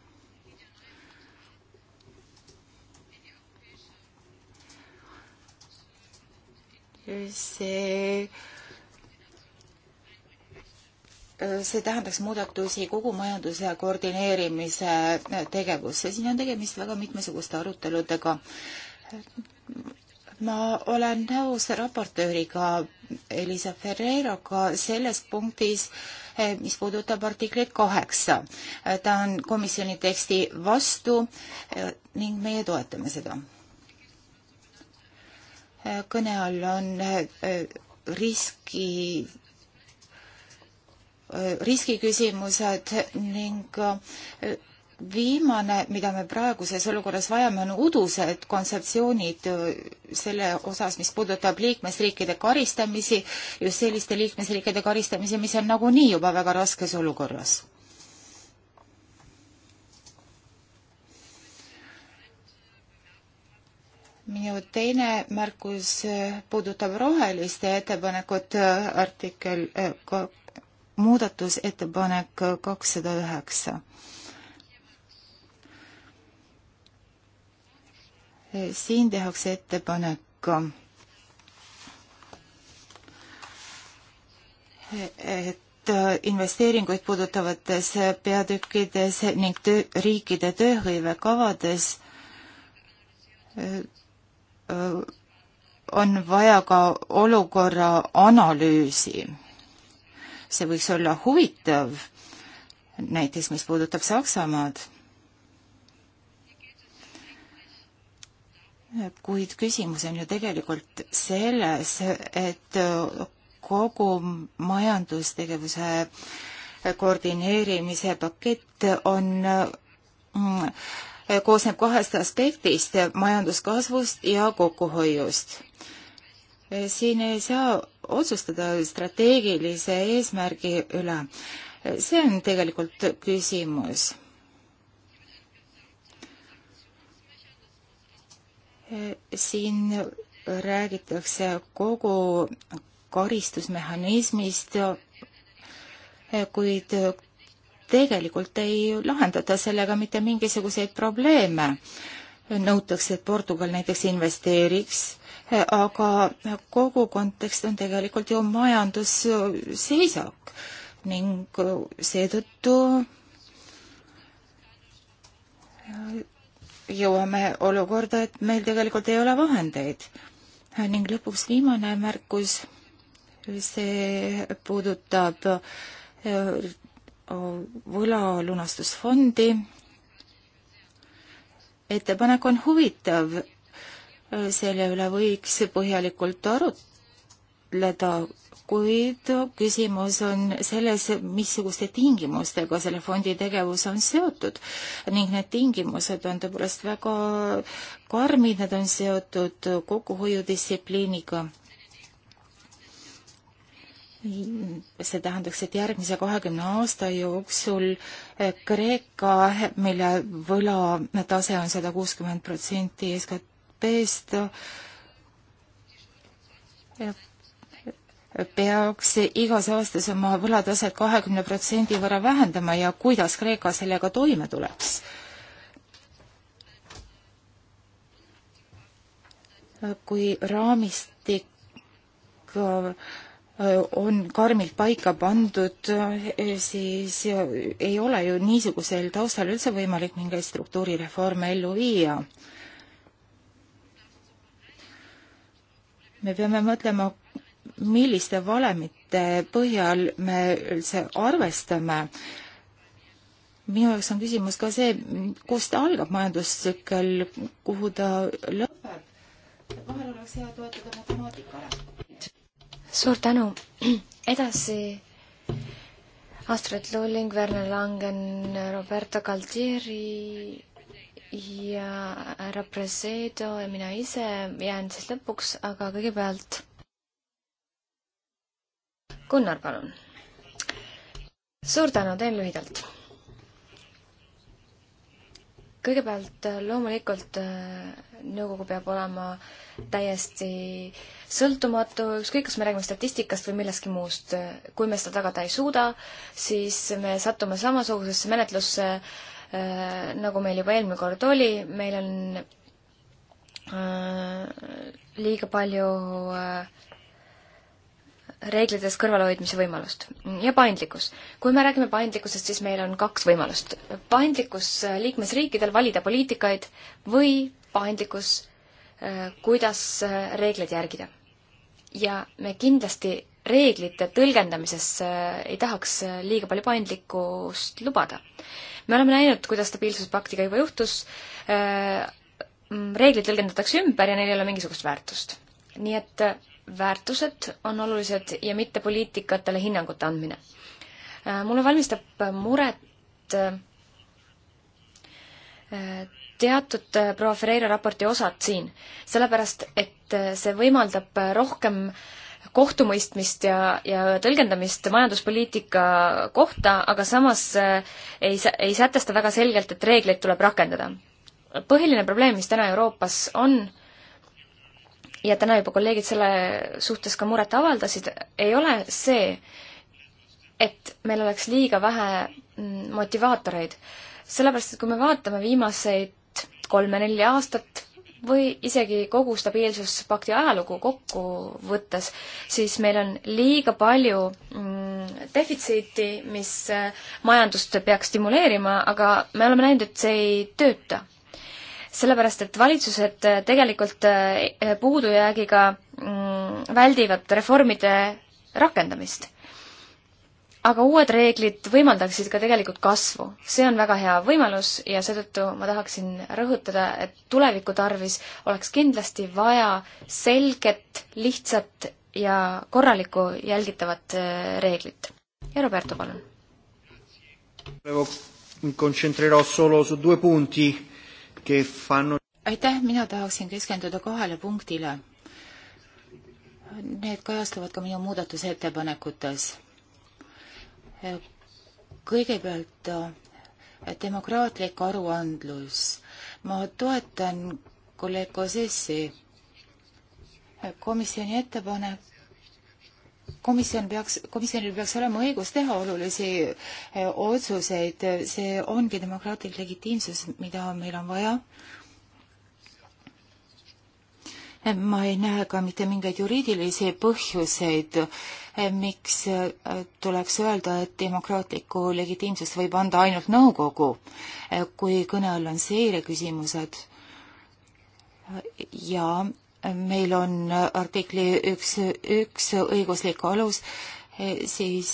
see see tähendaks muudatusi kogu majanduse koordineerimise tegevusse. siin on tegemist väga mitmesuguste aruteludega. ma olen nõus raportööriga Elisa Ferreiraga selles punktis, mis puudutab artiklit kaheksa. ta on komisjoni teksti vastu ning meie toetame seda. kõne all on riski Äh, riskiküsimused ning äh, viimane, mida me praeguses olukorras vajame, on udused kontseptsioonid äh, selle osas, mis puudutab liikmesriikide karistamisi, just selliste liikmesriikide karistamisi, mis on nagunii juba väga raskes olukorras. minu teine märkus puudutab roheliste ettepanekut artikkel muudatusettepanek kakssada üheksa. siin tehakse ettepanek et investeeringuid puudutavates peatükkides ning töö, riikide tööhõivekavades äh, on vaja ka olukorra analüüsi see võiks olla huvitav, näiteks mis puudutab Saksamaad. kuid küsimus on ju tegelikult selles, et kogu majandustegevuse koordineerimise pakett on mm, koosneb kahest aspektist, majanduskasvust ja kokkuhoiust. siin ei saa otsustada strateegilise eesmärgi üle. see on tegelikult küsimus. siin räägitakse kogu karistusmehhanismist, kuid tegelikult ei lahendata sellega mitte mingisuguseid probleeme. nõutakse, et Portugal näiteks investeeriks aga kogu kontekst on tegelikult ju majandusseisak ning seetõttu jõuame olukorda, et meil tegelikult ei ole vahendeid. ning lõpuks viimane märkus, see puudutab äh, võlalunastusfondi. ettepanek on huvitav selle üle võiks põhjalikult arutleda, kuid küsimus on selles, missuguste tingimustega selle fondi tegevus on seotud ning need tingimused on tõepoolest väga karmid, need on seotud kokkuhoiudistsipliiniga see tähendaks, et järgmise kahekümne aasta jooksul Kreeka, mille võlatase on sada kuuskümmend protsenti SKT-st, ÜPP-st peaks igas aastas oma võlataset kahekümne protsendi võrra vähendama ja kuidas Kreeka sellega toime tuleks? kui raamistik äh, on karmilt paika pandud, äh, siis äh, ei ole ju niisugusel taustal üldse võimalik mingeid struktuurireforme ellu viia me peame mõtlema, milliste valemite põhjal me üldse arvestame. minu jaoks on küsimus ka see, kust algab majandustsükkel, kuhu ta lõpeb. vahel oleks hea toetuda matemaatikale. suur tänu. edasi Astrid Lulling, Werner Langen, Roberto Galtieri ja härra Presedo ja mina ise jään siis lõpuks, aga kõigepealt Gunnar, palun. suur tänu, teen lühidalt. kõigepealt äh, loomulikult äh, nõukogu peab olema täiesti sõltumatu, ükskõik, kas me räägime statistikast või millestki muust. Äh, kui me seda tagada ei suuda, siis me satume samasugusesse menetlusse äh, Äh, nagu meil juba eelmine kord oli, meil on äh, liiga palju äh, reeglitest kõrvalehoidmise võimalust ja paindlikkus. kui me räägime paindlikkusest, siis meil on kaks võimalust. paindlikkus liikmesriikidel valida poliitikaid või paindlikkus, kuidas reegleid järgida. ja me kindlasti reeglite tõlgendamises ei tahaks liiga palju paindlikkust lubada me oleme näinud, kuidas stabiilsuspaktiga juba juhtus, äh, reeglid tõlgendatakse ümber ja neil ei ole mingisugust väärtust. nii et äh, väärtused on olulised ja mitte poliitikatele hinnangute andmine. Äh, mulle valmistab muret teatud proua Ferreira raporti osad siin, sellepärast et see võimaldab rohkem äh, kohtumõistmist ja, ja tõlgendamist majanduspoliitika kohta, aga samas eh, ei, ei sätesta väga selgelt, et reegleid tuleb rakendada. põhiline probleem, mis täna Euroopas on, ja täna juba kolleegid selle suhtes ka muret avaldasid, ei ole see, et meil oleks liiga vähe mm, motivaatoreid. sellepärast, et kui me vaatame viimaseid kolme-nelja aastat, või isegi kogu stabiilsuspakti ajalugu kokku võttes, siis meil on liiga palju mm, defitsiiti, mis äh, majandust peaks stimuleerima, aga me oleme näinud, et see ei tööta. sellepärast, et valitsused äh, tegelikult äh, puudujäägiga mm, väldivad reformide rakendamist aga uued reeglid võimaldaksid ka tegelikult kasvu. see on väga hea võimalus ja seetõttu ma tahaksin rõhutada, et tuleviku tarvis oleks kindlasti vaja selget, lihtsat ja korralikku jälgitavat äh, reeglit. ja Roberto, palun. aitäh, mina tahaksin keskenduda kahele punktile. Need kajastuvad ka minu muudatusettepanekutes kõigepealt äh, demokraatlik aruandlus. ma toetan kolleeg Kosessi komisjoni ettepanek komisjon peaks, komisjonil peaks olema õigus teha olulisi äh, otsuseid, see ongi demokraatlik legitiimsus, mida meil on vaja. Äh, ma ei näe ka mitte mingeid juriidilisi põhjuseid miks äh, tuleks öelda, et demokraatlikku legitiimsust võib anda ainult nõukogu, äh, kui kõne all on seire küsimused äh, ja meil on artikli üks, üks õiguslik alus, siis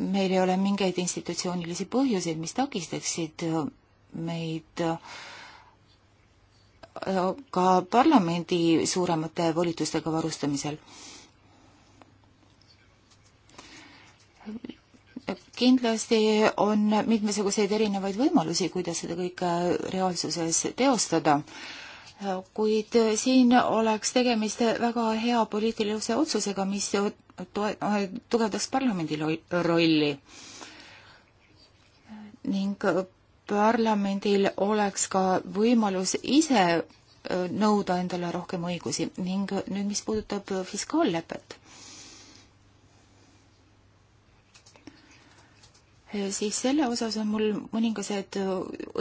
meil ei ole mingeid institutsioonilisi põhjuseid, mis takistaksid meid ka parlamendi suuremate volitustega varustamisel kindlasti on mitmesuguseid erinevaid võimalusi, kuidas seda kõike reaalsuses teostada. kuid siin oleks tegemist väga hea poliitilise otsusega, mis tugevdaks parlamendi rolli. ning parlamendil oleks ka võimalus ise nõuda endale rohkem õigusi ning nüüd, mis puudutab fiskaallepet Äh, siis selle osas on mul mõningased äh,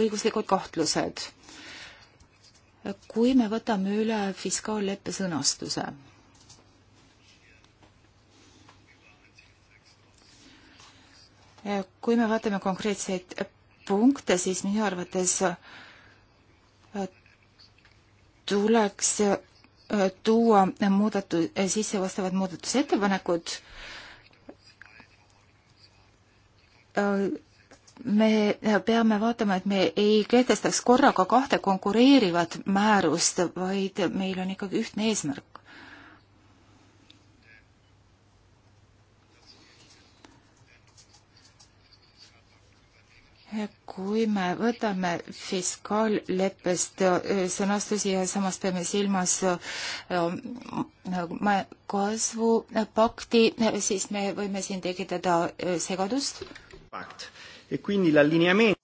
õiguslikud kahtlused. Äh, kui me võtame üle fiskaalleppe sõnastuse, kui me vaatame konkreetseid punkte, siis minu arvates tuleks tuua muudatu-, sisse vastavad muudatusettepanekud, me peame vaatama, et me ei kehtestaks korraga kahte konkureerivat määrust, vaid meil on ikkagi ühtne eesmärk. kui me võtame fiskaalleppest sõnastusi ja samas peame silmas äh, nagu kasvupakti, siis me võime siin tekitada äh, segadust Pact e quindi l'allineamento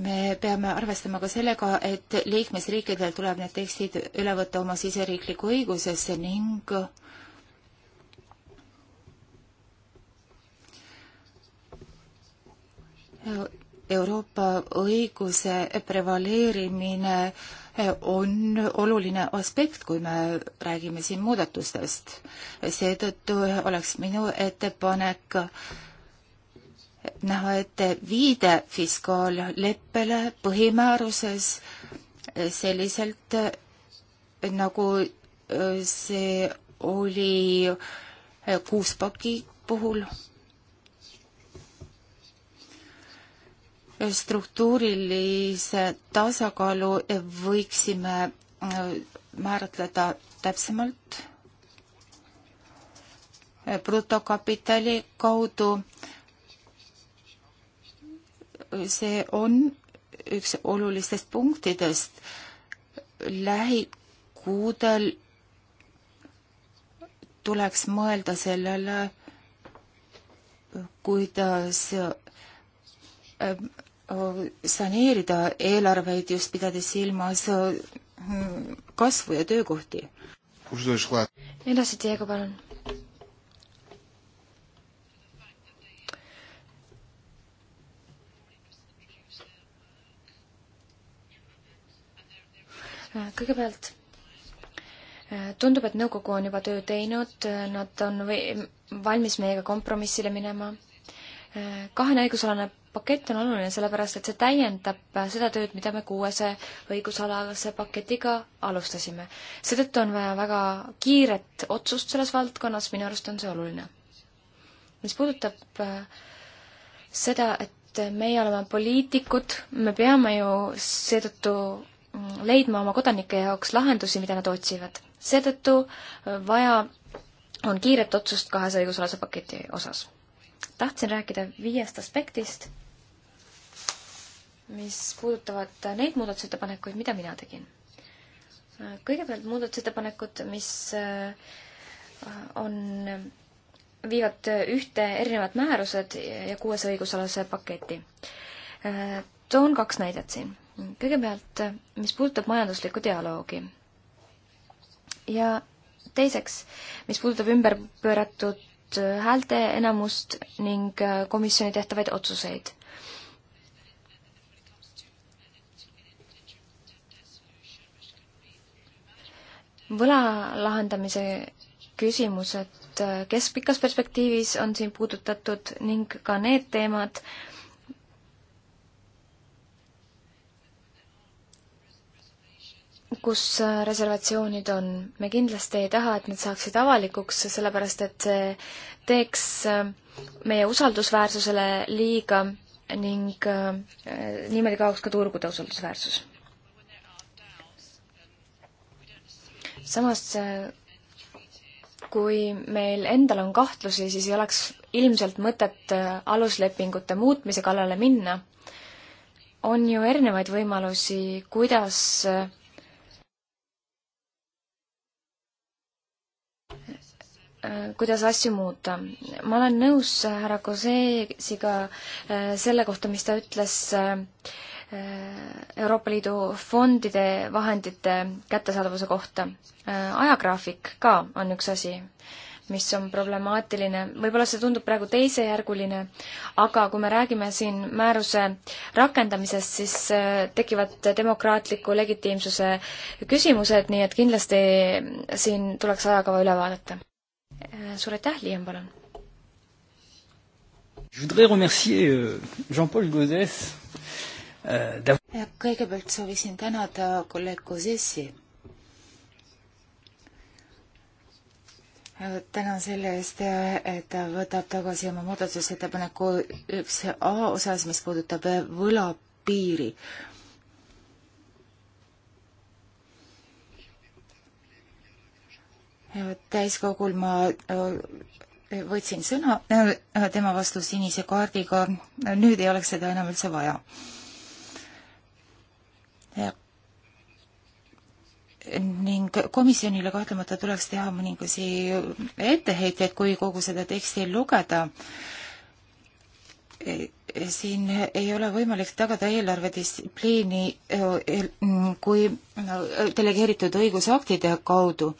me peame arvestama ka sellega, et liikmesriikidel tuleb need tekstid üle võtta oma siseriiklikku õigusesse ning Euroopa õiguse prevaleerimine eh, on oluline aspekt, kui me räägime siin muudatustest. seetõttu oleks minu ettepanek näha ette viide fiskaalleppele põhimääruses selliselt, eh, nagu eh, see oli kuuspaki puhul struktuurilise tasakaalu võiksime äh, määratleda täpsemalt brutokapitali kaudu. see on üks olulistest punktidest. lähikuudel tuleks mõelda sellele, kuidas Äh, saneerida eelarveid just pidades silmas äh, kasvu ja töökohti. edasi teiega, palun. Äh, kõigepealt tundub, et nõukogu on juba töö teinud, nad on valmis meiega kompromissile minema. kahene õigusalane pakett on oluline sellepärast, et see täiendab seda tööd, mida me kuuese õigusalase paketiga alustasime. seetõttu on vaja väga kiiret otsust selles valdkonnas, minu arust on see oluline. mis puudutab äh, seda, et meie oleme poliitikud, me peame ju seetõttu mm, leidma oma kodanike jaoks lahendusi, mida nad otsivad. seetõttu äh, vaja on kiiret otsust kahes õigusalase paketi osas tahtsin rääkida viiest aspektist, mis puudutavad neid muudatusettepanekuid, mida mina tegin. kõigepealt muudatusettepanekud, mis äh, on, viivad ühte erinevad määrused ja kuues õigusalase paketi. Äh, toon kaks näidet siin. kõigepealt, mis puudutab majanduslikku dialoogi. ja teiseks, mis puudutab ümberpööratud häälte enamust ning äh, komisjoni tehtavaid otsuseid võla lahendamise küsimused keskpikas perspektiivis on siin puudutatud ning ka need teemad, kus reservatsioonid on. me kindlasti ei taha, et need saaksid avalikuks, sellepärast et see teeks meie usaldusväärsusele liiga ning eh, niimoodi kaoks ka turgude usaldusväärsus samas kui meil endal on kahtlusi, siis ei oleks ilmselt mõtet äh, aluslepingute muutmise kallale minna. on ju erinevaid võimalusi, kuidas äh, kuidas asju muuta. ma olen nõus härra Koseesiga äh, selle kohta, mis ta ütles äh, Äh, Euroopa Liidu fondide vahendite kättesaadavuse kohta. Äh, ajagraafik ka on üks asi, mis on problemaatiline. võib-olla see tundub praegu teisejärguline, aga kui me räägime siin määruse rakendamisest, siis äh, tekivad demokraatliku legitiimsuse küsimused, nii et kindlasti siin tuleks ajakava üle vaadata. suur aitäh, Liian, palun! Je voudrais remercier euh, Jean-Paul Gauzès Äh, de... kõigepealt soovisin tänada kolleeg Kozessi. Äh, tänan selle eest, äh, et ta võtab tagasi oma muudatusettepaneku üks A osas, mis puudutab võlapiiri. täiskogul ma võtsin sõna tema vastu sinise kaardiga, nüüd ei oleks seda enam üldse vaja ning komisjonile kahtlemata tuleks teha mõningasi etteheitjaid, kui kogu seda teksti lugeda. E, siin ei ole võimalik tagada eelarvedistsipliini e, e, kui delegeeritud õigusaktide kaudu.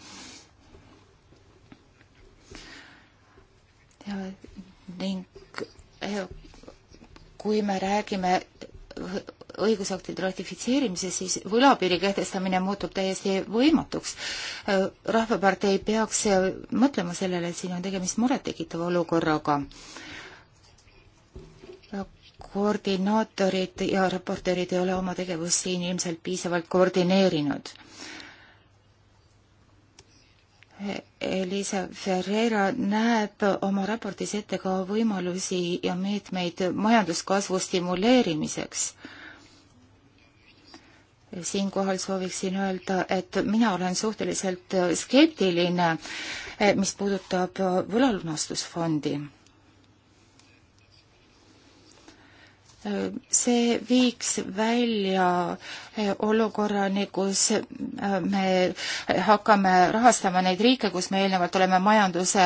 ning kui me räägime õigusaktide ratifitseerimise, siis võlapiiri kehtestamine muutub täiesti võimatuks. rahvapartei peaks mõtlema sellele, et siin on tegemist murettekitava olukorraga koordinaatorid ja raportöörid ei ole oma tegevust siin ilmselt piisavalt koordineerinud. Elisa Ferreira näeb oma raportis ette ka võimalusi ja meetmeid majanduskasvu stimuleerimiseks siinkohal sooviksin öelda, et mina olen suhteliselt äh, skeptiline, äh, mis puudutab äh, võlalunastusfondi. see viiks välja olukorrani, kus me hakkame rahastama neid riike, kus me eelnevalt oleme majanduse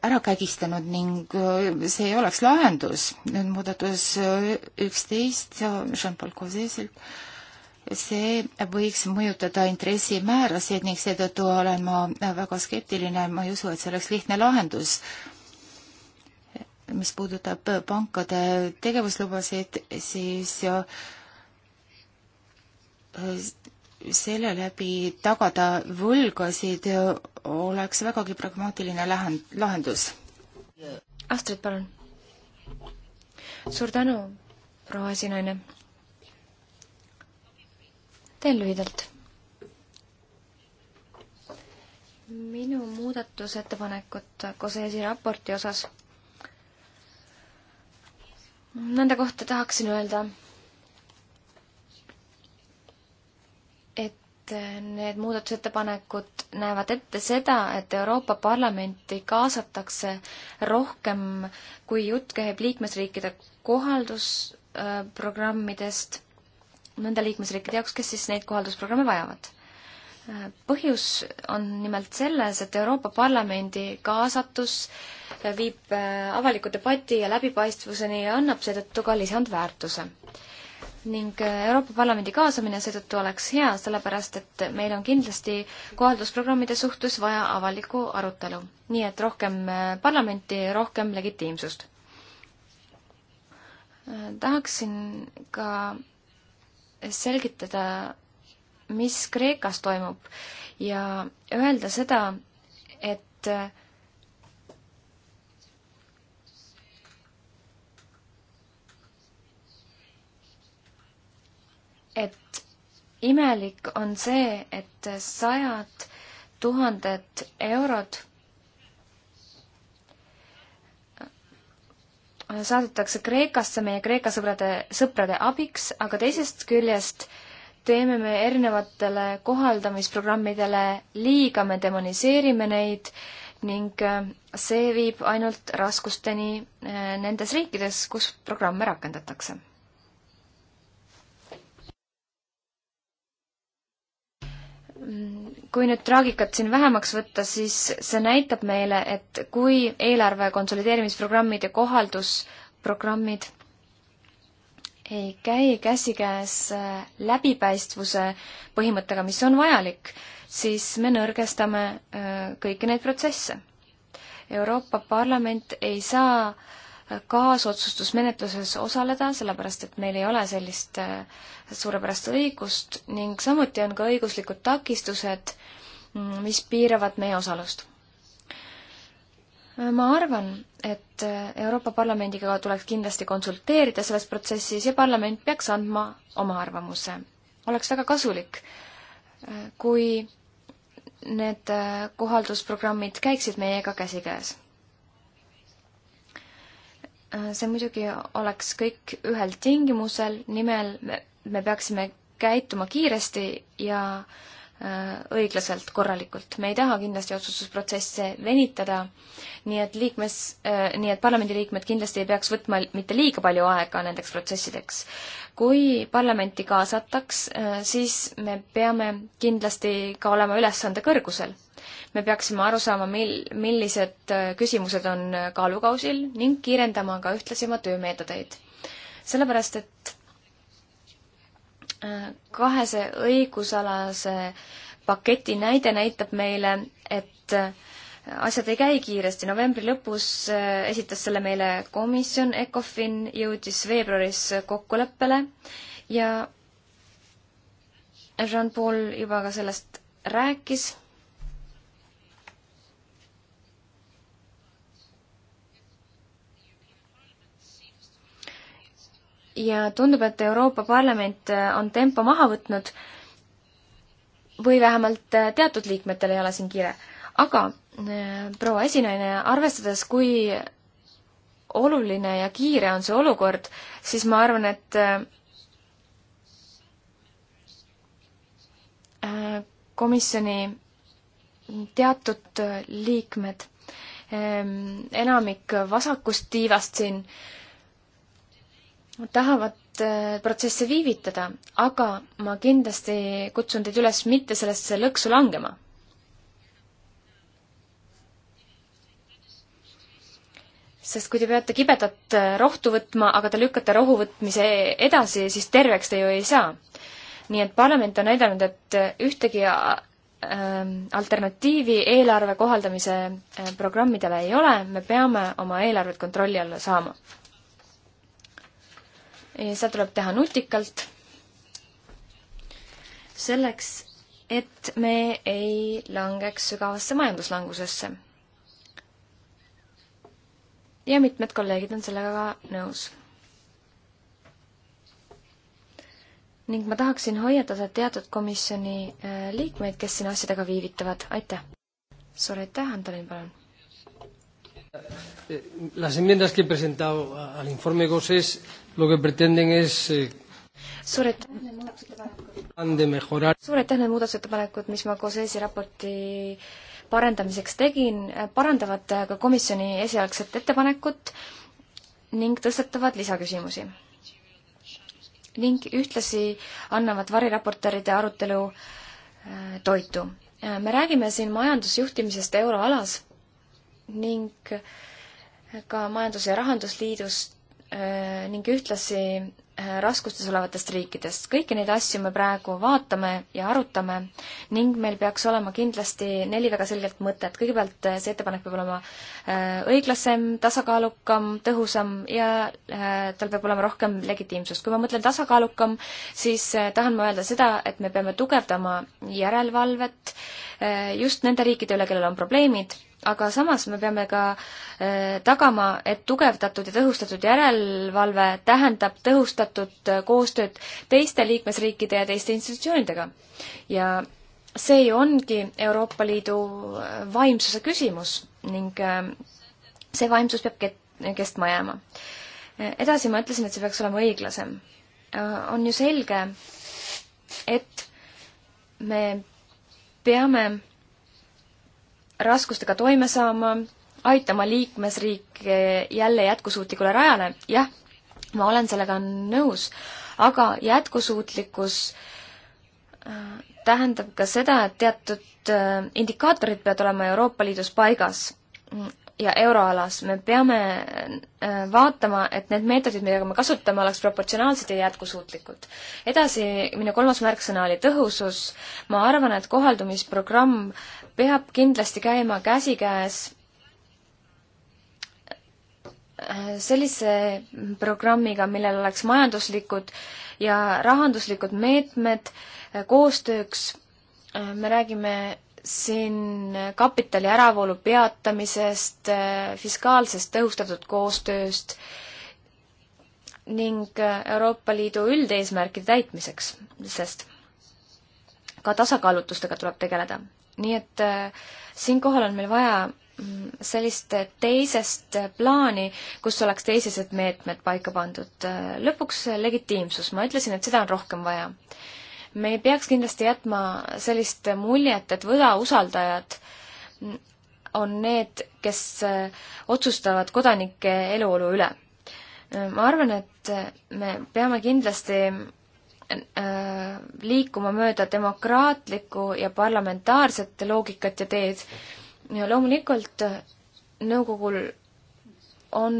ära kägistanud ning äh, see ei oleks lahendus. nüüd muudatus äh, üksteist Jean-Paul Causeesilt, see võiks mõjutada intressimäärasid ning seetõttu olen ma äh, väga skeptiline, ma ei usu, et see oleks lihtne lahendus mis puudutab pankade tegevuslubasid, siis selle läbi tagada võlgasid oleks vägagi pragmaatiline lähend-, lahendus. Astrid, palun. suur tänu, proua esinaine. teen lühidalt. minu muudatusettepanekut COSES-i raporti osas, nende kohta tahaksin öelda, need muudatusettepanekud näevad ette seda, et Euroopa Parlamenti kaasatakse rohkem, kui jutt käib liikmesriikide kohaldusprogrammidest nende liikmesriikide jaoks, kes siis neid kohaldusprogramme vajavad. põhjus on nimelt selles, et Euroopa Parlamendi kaasatus viib avaliku debati ja läbipaistvuseni ja annab seetõttu ka lisandväärtuse ning äh, Euroopa Parlamendi kaasamine seetõttu oleks hea, sellepärast et meil on kindlasti kohaldusprogrammide suhtes vaja avalikku arutelu. nii et rohkem äh, parlamenti, rohkem legitiimsust. Äh, tahaksin ka selgitada, mis Kreekas toimub ja öelda seda, et et imelik on see, et sajad tuhanded eurod saadetakse Kreekasse meie Kreeka sõbrade, sõprade abiks, aga teisest küljest teeme me erinevatele kohaldamisprogrammidele liiga, me demoniseerime neid ning äh, see viib ainult raskusteni äh, nendes riikides, kus programme rakendatakse. kui nüüd traagikat siin vähemaks võtta, siis see näitab meile, et kui eelarve konsolideerimisprogrammid ja kohaldusprogrammid ei käi käsikäes äh, läbipaistvuse põhimõttega, mis on vajalik, siis me nõrgestame äh, kõiki neid protsesse. Euroopa Parlament ei saa äh, kaasotsustusmenetluses osaleda, sellepärast et meil ei ole sellist äh, suurepärast õigust ning samuti on ka õiguslikud takistused, mm, mis piiravad meie osalust. ma arvan, et äh, Euroopa Parlamendiga tuleks kindlasti konsulteerida selles protsessis ja parlament peaks andma oma arvamuse. oleks väga kasulik, äh, kui need kohaldusprogrammid käiksid meiega käsikäes see muidugi oleks kõik ühel tingimusel, nimel me, me peaksime käituma kiiresti ja äh, õiglaselt, korralikult. me ei taha kindlasti otsustusprotsesse venitada, nii et liikmes, äh, nii et parlamendiliikmed kindlasti ei peaks võtma mitte liiga palju aega nendeks protsessideks. kui parlamenti kaasataks, äh, siis me peame kindlasti ka olema ülesande kõrgusel me peaksime aru saama, mil, millised äh, küsimused on äh, kaalukausil ning kiirendama ka ühtlasema töömeetodeid. sellepärast, et äh, kahese õigusalase paketi näide näitab meile, et asjad ei käi kiiresti, novembri lõpus esitas selle meile komisjon, ECOFIN jõudis veebruaris kokkuleppele ja Jean-Paul juba ka sellest rääkis ja tundub, et Euroopa Parlament äh, on tempo maha võtnud või vähemalt äh, teatud liikmetel ei ole siin kiire. aga äh, proua esinaine, arvestades, kui oluline ja kiire on see olukord, siis ma arvan, et komisjoni teatud liikmed, enamik vasakust tiivast siin äh, tahavad äh, protsesse viivitada, aga ma kindlasti kutsun teid üles mitte sellesse lõksu langema. sest kui te peate kibedat äh, rohtu võtma, aga te lükkate rohu võtmise edasi, siis terveks te ju ei saa. nii et parlament on näidanud, et äh, ühtegi alternatiivi eelarve kohaldamise programmidele ei ole, me peame oma eelarvet kontrolli alla saama seda tuleb teha nutikalt, selleks, et me ei langeks sügavasse majanduslangusesse. ja mitmed kolleegid on sellega ka nõus. ning ma tahaksin hoiatada teatud komisjoni äh, liikmeid, kes siin asjadega viivitavad, aitäh! suur aitäh, Antolin, palun! Eh, las enmiendas que he presentado al informe GOSES lo que pretenden es suur aitäh, need muudatusettepanekud. suur aitäh, need muudatusettepanekud, mis ma GOSES-i raporti parendamiseks tegin, eh, parandavad eh, ka komisjoni esialgset ettepanekut ning tõstatavad lisaküsimusi. ning ühtlasi annavad variraportööride arutelu toitu. me räägime siin majandusjuhtimisest euroalas ning ka Majandus- ja Rahandusliidust äh, ning ühtlasi äh, raskustes olevatest riikidest. kõiki neid asju me praegu vaatame ja arutame ning meil peaks olema kindlasti neli väga selgelt mõtet. kõigepealt äh, see ettepanek peab olema õiglasem, tasakaalukam, tõhusam ja tal peab olema rohkem legitiimsust. kui ma mõtlen tasakaalukam, siis tahan ma öelda seda, et me peame tugevdama järelevalvet just nende riikide üle, kellel on probleemid aga samas me peame ka äh, tagama, et tugevdatud ja tõhustatud järelevalve tähendab tõhustatud äh, koostööd teiste liikmesriikide ja teiste institutsioonidega. ja see ongi Euroopa Liidu äh, vaimsuse küsimus ning see vaimsus peab ket-, kestma jääma. edasi ma ütlesin, et see peaks olema õiglasem. on ju selge, et me peame raskustega toime saama, aitama liikmesriike jälle jätkusuutlikule rajale, jah, ma olen sellega nõus, aga jätkusuutlikkus äh, tähendab ka seda, et teatud äh, indikaatorid peavad olema Euroopa Liidus paigas ja euroalas. me peame äh, vaatama, et need meetodid, millega me kasutame, oleks proportsionaalsed ja jätkusuutlikud. edasi, minu kolmas märksõna oli tõhusus. ma arvan, et kohaldumisprogramm äh, peab kindlasti käima käsikäes äh, sellise programmiga, millel oleks majanduslikud ja rahanduslikud meetmed äh, koostööks. Äh, me räägime siin kapitali äravoolu peatamisest, fiskaalsest tõhustatud koostööst ning Euroopa Liidu üldeesmärkide täitmiseks, sest ka tasakaalutustega tuleb tegeleda nii et äh, siinkohal on meil vaja mm, sellist äh, teisest äh, plaani, kus oleks teised meetmed paika pandud. lõpuks legitiimsus, ma ütlesin, et seda on rohkem vaja. me ei peaks kindlasti jätma sellist muljet, et võlausaldajad mm, on need, kes otsustavad kodanike eluolu üle. ma arvan, et me peame kindlasti Äh, liikuma mööda demokraatlikku ja parlamentaarset loogikat ja teed. loomulikult nõukogul on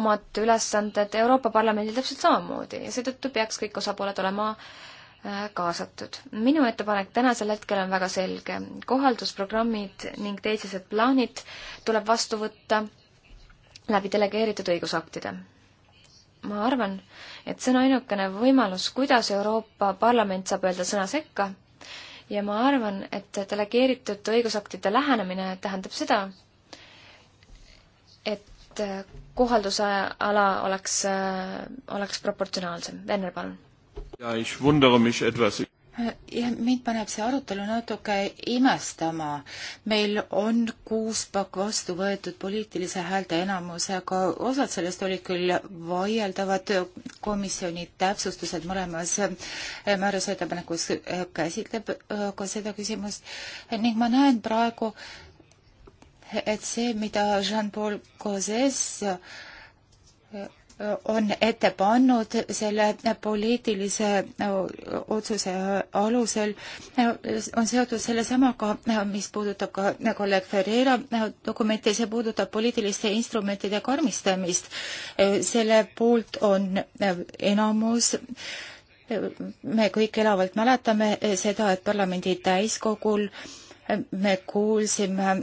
omad ülesanded Euroopa Parlamendil täpselt samamoodi ja seetõttu peaks kõik osapooled olema äh, kaasatud. minu ettepanek tänasel hetkel on väga selge. kohaldusprogrammid ning teised plaanid tuleb vastu võtta läbi delegeeritud õigusaktide ma arvan, et see on ainukene võimalus, kuidas Euroopa Parlament saab öelda sõna sekka ja ma arvan, et delegeeritud õigusaktide lähenemine tähendab seda, et kohalduse ala oleks, oleks proportsionaalsem. Werner, palun ja mind paneb see arutelu natuke imestama. meil on kuus pakk vastu võetud poliitilise häälteenamusega, osad sellest olid küll vaieldavad, komisjoni täpsustused mõlemas määruse ettepanekus käsitleb ka seda küsimust ning ma näen praegu, et see, mida Jean-Paul Gauzes on ette pannud selle poliitilise otsuse alusel, on seotud sellesamaga, mis puudutab ka kolleeg Ferreira dokumenti, see puudutab poliitiliste instrumentide karmistamist. selle poolt on enamus me kõik elavalt mäletame seda, et parlamendi täiskogul me kuulsime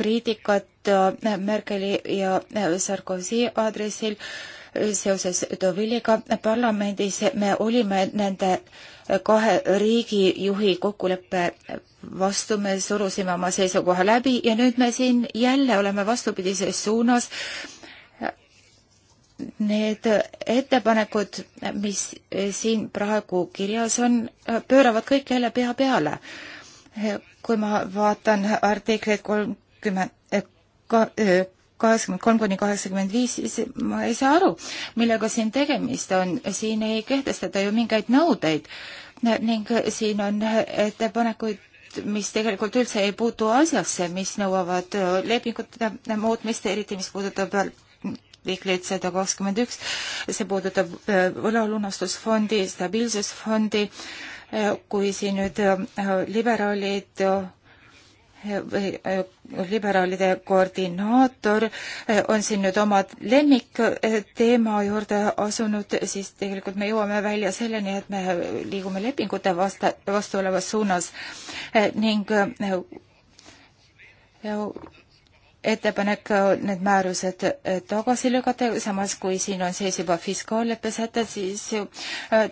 kriitikat äh, Merkeli ja äh, Sarkozy aadressil äh, seoses Doviliga parlamendis me olime nende kahe riigijuhi kokkuleppe vastu, me surusime oma seisukoha läbi ja nüüd me siin jälle oleme vastupidises suunas. Need ettepanekud, mis siin praegu kirjas on, pööravad kõik jälle pea peale. kui ma vaatan artiklit kolm kümme, eh, eh, kaheksakümmend kolm kuni kaheksakümmend viis, siis ma ei saa aru, millega siin tegemist on, siin ei kehtestata ju mingeid nõudeid ning siin on ettepanekuid mis tegelikult üldse ei puutu asjasse, mis nõuavad eh, lepingute muutmist, eriti mis puudutab artiklit sada kakskümmend üks, see puudutab võlalunastusfondi, stabiilsusfondi, kui siin nüüd liberaalid Äh, liberaalide koordinaator äh, on siin nüüd oma lemmikteema äh, juurde asunud, siis tegelikult me jõuame välja selleni, et me liigume lepingute vasta, vastu olevas suunas ning ettepanek need määrused tagasi lükata, samas kui siin on sees juba fiskaalleppe sätted, siis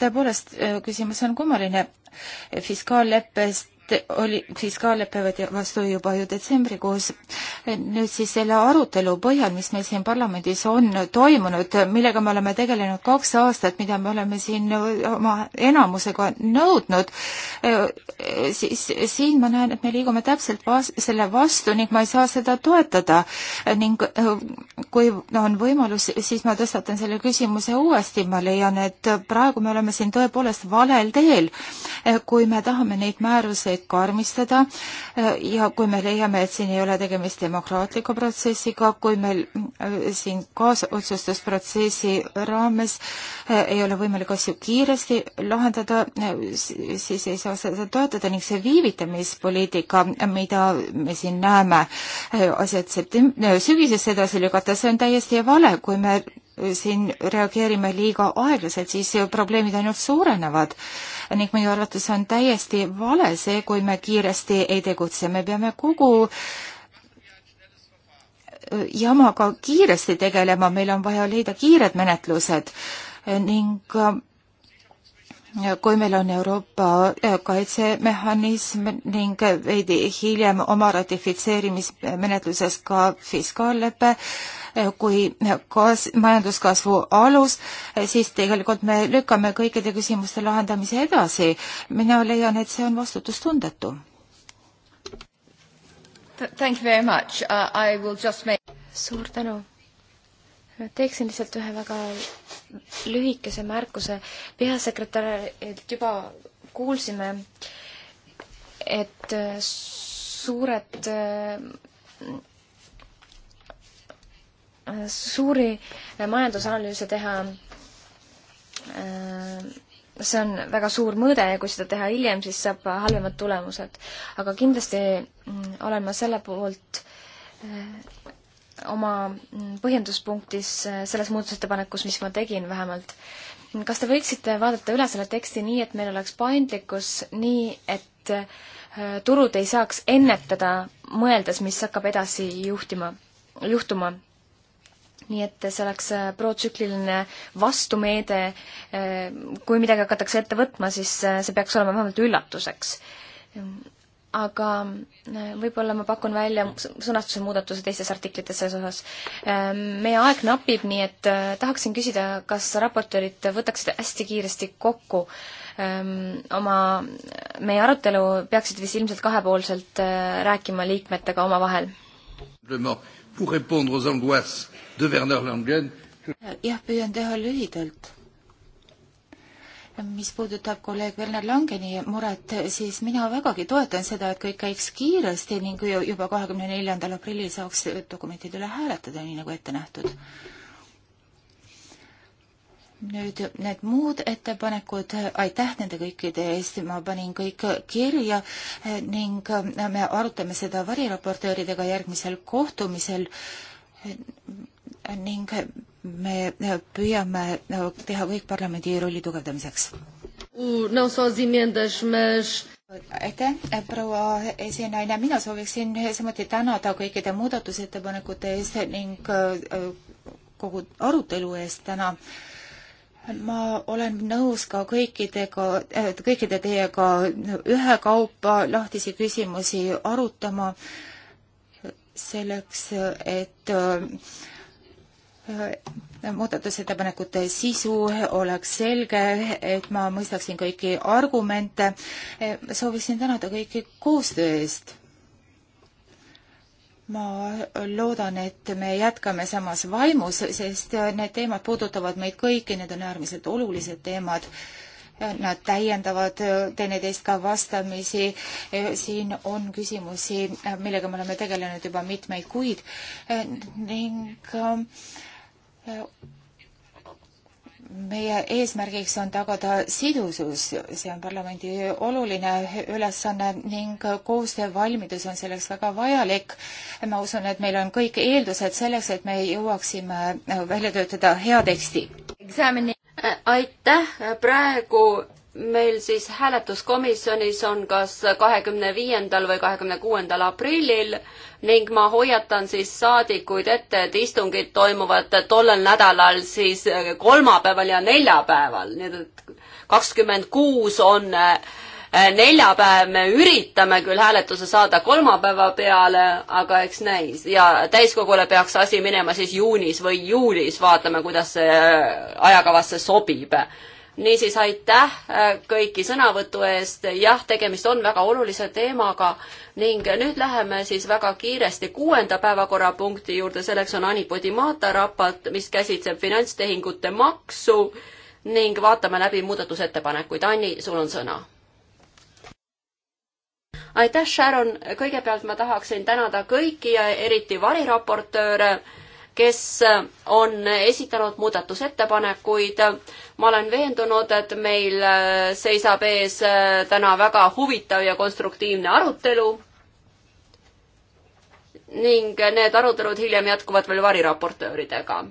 tõepoolest küsimus on kummaline. fiskaalleppest oli, fiskaallepe võeti vastu juba ju detsembrikuus. nüüd siis selle arutelu põhjal, mis meil siin parlamendis on toimunud, millega me oleme tegelenud kaks aastat, mida me oleme siin oma enamusega nõudnud, siis siin ma näen, et me liigume täpselt vas-, selle vastu ning ma ei saa seda toetada. ning kui on võimalus, siis ma tõstatan selle küsimuse uuesti, ma leian, et praegu me oleme siin tõepoolest valel teel. kui me tahame neid määruseid reegleid karmistada äh, ja kui me leiame, et siin ei ole tegemist demokraatliku protsessiga, kui meil äh, siin kaasotsustusprotsessi raames äh, ei ole võimalik asju kiiresti lahendada, siis ei saa seda toetada ning see viivitamispoliitika, mida me siin näeme, asjad septem-, sügisesse edasi lükata, see on täiesti vale, kui me siin reageerime liiga aeglaselt, siis probleemid ainult suurenevad ning meie arvates on täiesti vale see, kui me kiiresti ei tegutse, me peame kogu äh, jamaga kiiresti tegelema, meil on vaja leida kiired menetlused ning äh, kui meil on Euroopa äh, kaitsemehhanism ning veidi hiljem oma ratifitseerimismenetluses ka fiskaallepe, kui kas-, majanduskasvu alus, siis tegelikult me lükkame kõikide küsimuste lahendamise edasi. mina leian, et see on vastutustundetu. Thank you very much uh,, I will just make suur tänu teeksin lihtsalt ühe väga lühikese märkuse. peasekretärilt juba kuulsime, et suured suuri majandusanalüüse teha, see on väga suur mõõde ja kui seda teha hiljem, siis saab halvemad tulemused. aga kindlasti mm, olen ma selle poolt eh, oma mm, põhjenduspunktis eh, selles muudatusettepanekus, mis ma tegin vähemalt. kas te võiksite vaadata üle selle teksti nii, et meil oleks paindlikkus, nii et eh, turud ei saaks ennetada, mõeldes, mis hakkab edasi juhtima, juhtuma nii et see oleks äh, protsükliline vastumeede, äh, kui midagi hakatakse ette võtma, siis äh, see peaks olema vähemalt üllatuseks. aga võib-olla ma pakun välja sõnastuse muudatuse teistes artiklites selles osas. meie aeg napib, nii et tahaksin küsida, kas raportöörid võtaksid hästi kiiresti kokku ähm, oma, meie arutelu peaksid vist ilmselt kahepoolselt rääkima liikmetega omavahel. Pour répondre aux angoisses de Werner Langen. jah, püüan teha lühidalt. mis puudutab kolleeg Werner Langeni muret, siis mina vägagi toetan seda, et kõik käiks kiiresti ning juba kahekümne neljandal aprillil saaks dokumentide üle hääletada, nii nagu ette nähtud nüüd need muud ettepanekud, aitäh nende kõikide eest, ma panin kõik kirja ning me arutame seda variraportööridega järgmisel kohtumisel ning me püüame teha kõik parlamendi rolli tugevdamiseks. aitäh, proua esinaine, mina sooviksin samuti tänada kõikide muudatusettepanekute eest ning äh, kogu arutelu eest täna ma olen nõus ka kõikidega, äh, kõikide teiega ühekaupa lahtisi küsimusi arutama selleks, et äh, Äh, muudatusettepanekute sisu oleks selge, et ma mõistaksin kõiki argumente. Äh, soovisin tänada kõiki koostöö eest. ma loodan, et me jätkame samas vaimus, sest need teemad puudutavad meid kõiki, need on äärmiselt olulised teemad. Nad täiendavad teineteist ka vastamisi. Äh, siin on küsimusi, millega me oleme tegelenud juba mitmeid kuid ning meie eesmärgiks on tagada sidusus, see on parlamendi oluline ülesanne ning koostöövalmidus on selleks väga vajalik. ma usun, et meil on kõik eeldused selleks, et me jõuaksime välja töötada hea teksti aitäh, praegu meil siis hääletuskomisjonis on kas kahekümne viiendal või kahekümne kuuendal aprillil ning ma hoiatan siis saadikuid ette, et istungid toimuvad tollel nädalal siis kolmapäeval ja neljapäeval, nii et kakskümmend kuus on äh, Äh, neljapäev me üritame küll hääletuse saada kolmapäeva peale, aga eks näis ja täiskogule peaks asi minema siis juunis või juulis, vaatame, kuidas see äh, ajakavasse sobib. niisiis aitäh äh, kõiki sõnavõtu eest, jah, tegemist on väga olulise teemaga ning nüüd läheme siis väga kiiresti kuuenda päevakorrapunkti juurde, selleks on Ani Podimata raport, mis käsitleb finantstehingute maksu ning vaatame läbi muudatusettepanekuid. Anni, sul on sõna aitäh, Sharon, kõigepealt ma tahaksin tänada kõiki ja eriti variraportööre, kes on esitanud muudatusettepanekuid. ma olen veendunud, et meil seisab ees täna väga huvitav ja konstruktiivne arutelu. ning need arutelud hiljem jätkuvad veel variraportööridega.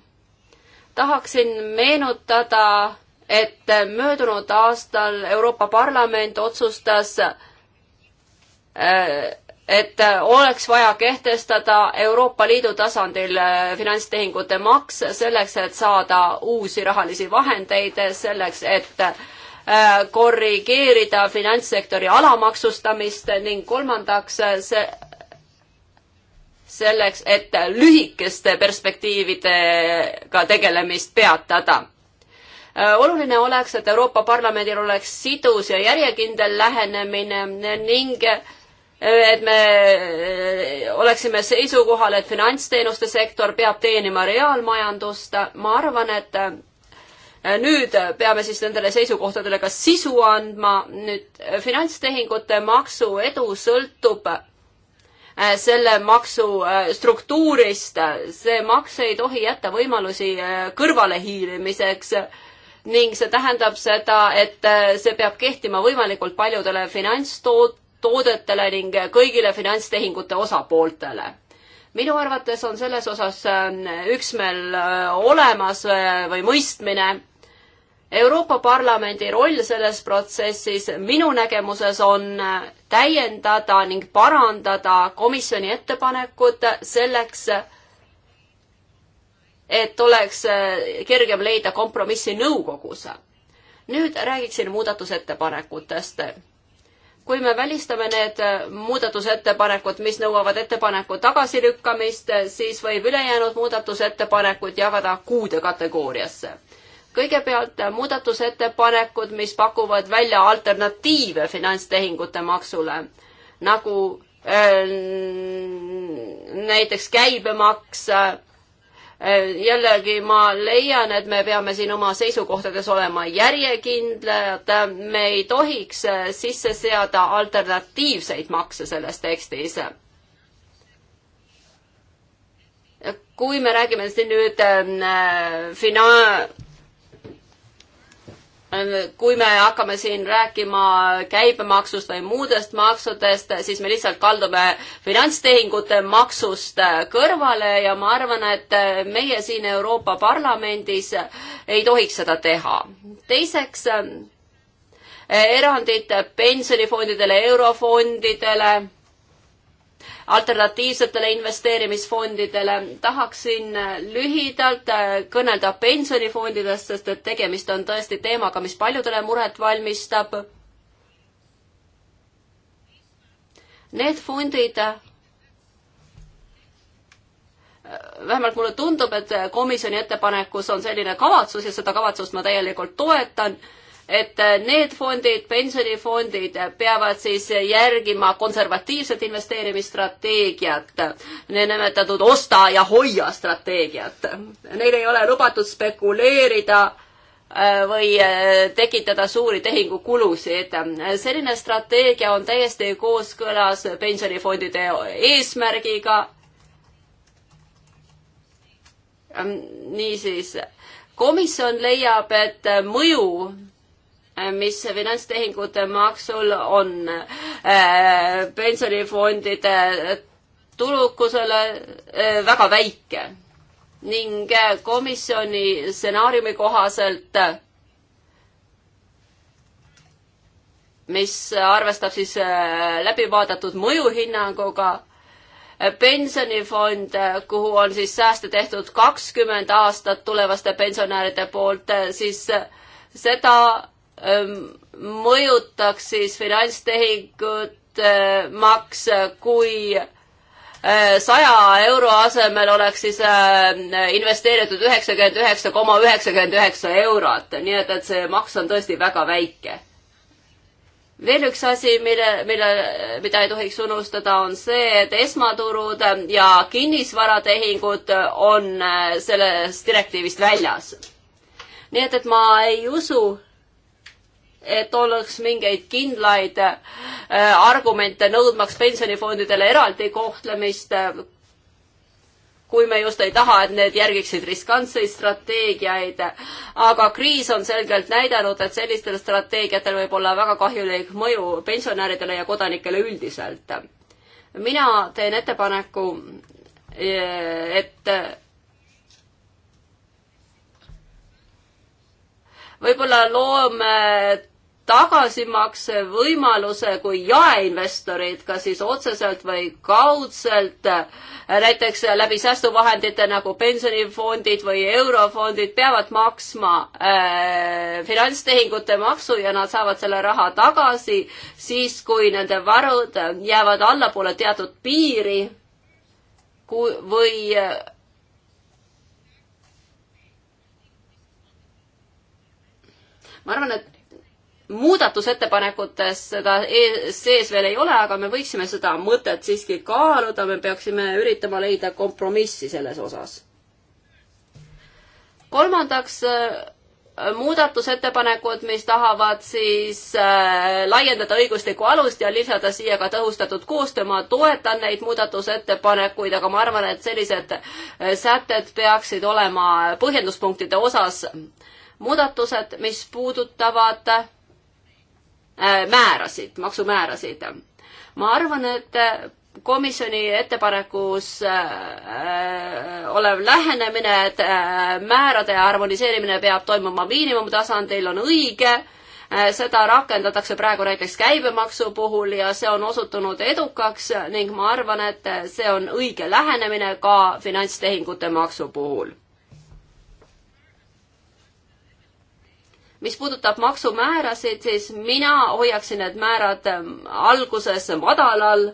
tahaksin meenutada, et möödunud aastal Euroopa Parlament otsustas et oleks vaja kehtestada Euroopa Liidu tasandil äh, finantstehingute maks selleks, et saada uusi rahalisi vahendeid, selleks, et äh, korrigeerida finantssektori alamaksustamist ning kolmandaks äh, see, selleks, et lühikeste perspektiividega tegelemist peatada oluline oleks, et Euroopa Parlamendil oleks sidus ja järjekindel lähenemine ning äh, et me äh, oleksime seisukohal, et finantsteenuste sektor peab teenima reaalmajandust, ma arvan, et äh, nüüd peame siis nendele seisukohtadele ka sisu andma, nüüd äh, finantstehingute maksu edu sõltub selle maksu struktuurist, see maks ei tohi jätta võimalusi kõrvalehiilimiseks ning see tähendab seda, et see peab kehtima võimalikult paljudele finantstoot-, toodetele ning kõigile finantstehingute osapooltele. minu arvates on selles osas äh, üksmeel äh, olemas äh, või mõistmine. Euroopa Parlamendi roll selles protsessis minu nägemuses on täiendada ning parandada komisjoni ettepanekut selleks, et oleks kergem leida kompromissi nõukogus. nüüd räägiksin muudatusettepanekutest kui me välistame need äh, muudatusettepanekud, mis nõuavad ettepaneku tagasilükkamist, äh, siis võib ülejäänud muudatusettepanekud jagada kuude kategooriasse. kõigepealt äh, muudatusettepanekud, mis pakuvad välja alternatiive finantstehingute maksule, nagu äh, näiteks käibemaks äh,, Eh, jällegi ma leian, et me peame siin oma seisukohtades olema järjekindlad, me ei tohiks eh, sisse seada alternatiivseid makse selles tekstis. kui me räägime siin nüüd eh, fina-, Äh, kui me hakkame siin rääkima käibemaksust või muudest maksudest, siis me lihtsalt kaldume finantstehingute maksust äh, kõrvale ja ma arvan, et äh, meie siin Euroopa Parlamendis ei tohiks seda teha. teiseks, erandid pensionifondidele, eurofondidele alternatiivsetele investeerimisfondidele. tahaksin lühidalt äh, kõnelda pensionifondidest, sest et tegemist on tõesti teemaga, mis paljudele muret valmistab. Need fondid äh, vähemalt mulle tundub, et komisjoni ettepanekus on selline kavatsus ja seda kavatsust ma täielikult toetan et äh, need fondid, pensionifondid peavad siis järgima konservatiivset investeerimisstrateegiat, niinimetatud osta ja hoia strateegiat. Neil ei ole lubatud spekuleerida äh, või äh, tekitada suuri tehingukulusid. selline strateegia on täiesti kooskõlas pensionifondide eesmärgiga. niisiis, komisjon leiab, et mõju mis finantstehingute maksul on äh, pensionifondide tulukusele äh, väga väike ning äh, komisjoni stsenaariumi kohaselt, mis arvestab siis läbivaadatud mõjuhinnanguga, pensionifond, kuhu on siis sääste tehtud kakskümmend aastat tulevaste pensionäride poolt, siis seda Ähm, mõjutaks siis finantstehingut äh, maks, kui äh, saja euro asemel oleks siis äh, investeeritud üheksakümmend üheksa koma üheksakümmend üheksa eurot, nii et, et see maks on tõesti väga väike. veel üks asi, mille, mille, mida ei tohiks unustada, on see, et esmaturud ja kinnisvaratehingud on sellest direktiivist väljas. nii et, et ma ei usu, et oleks mingeid kindlaid äh, argumente nõudmaks pensionifondidele eraldi kohtlemist, äh, kui me just ei taha, et need järgiksid riskantseid strateegiaid. aga kriis on selgelt näidanud, et sellistel strateegiatel võib olla väga kahjulik mõju pensionäridele ja kodanikele üldiselt. mina teen ettepaneku, äh, et võib-olla loome tagasimakse võimaluse, kui jaeinvestorid, kas siis otseselt või kaudselt, äh, näiteks läbi säästuvahendite nagu pensionifondid või eurofondid, peavad maksma äh, finantstehingute maksu ja nad saavad selle raha tagasi siis, kui nende varud jäävad allapoole teatud piiri kui, või äh, ma arvan, et muudatusettepanekutes seda e-, sees veel ei ole, aga me võiksime seda mõtet siiski kaaluda, me peaksime üritama leida kompromissi selles osas. kolmandaks, äh, muudatusettepanekud, mis tahavad siis äh, laiendada õiguslikku alust ja lisada siia ka tõhustatud koostöö, ma toetan neid muudatusettepanekuid, aga ma arvan, et sellised äh, sätted peaksid olema põhjenduspunktide osas muudatused, mis puudutavad äh, Äh, määrasid, maksumäärasid. ma arvan, et komisjoni ettepanekus äh, olev lähenemine, et äh, määrade harmoniseerimine peab toimuma miinimumtasandil, on õige äh,. seda rakendatakse praegu näiteks käibemaksu puhul ja see on osutunud edukaks ning ma arvan, et see on õige lähenemine ka finantstehingute maksu puhul mis puudutab maksumäärasid, siis mina hoiaksin need määrad ähm, alguses madalal.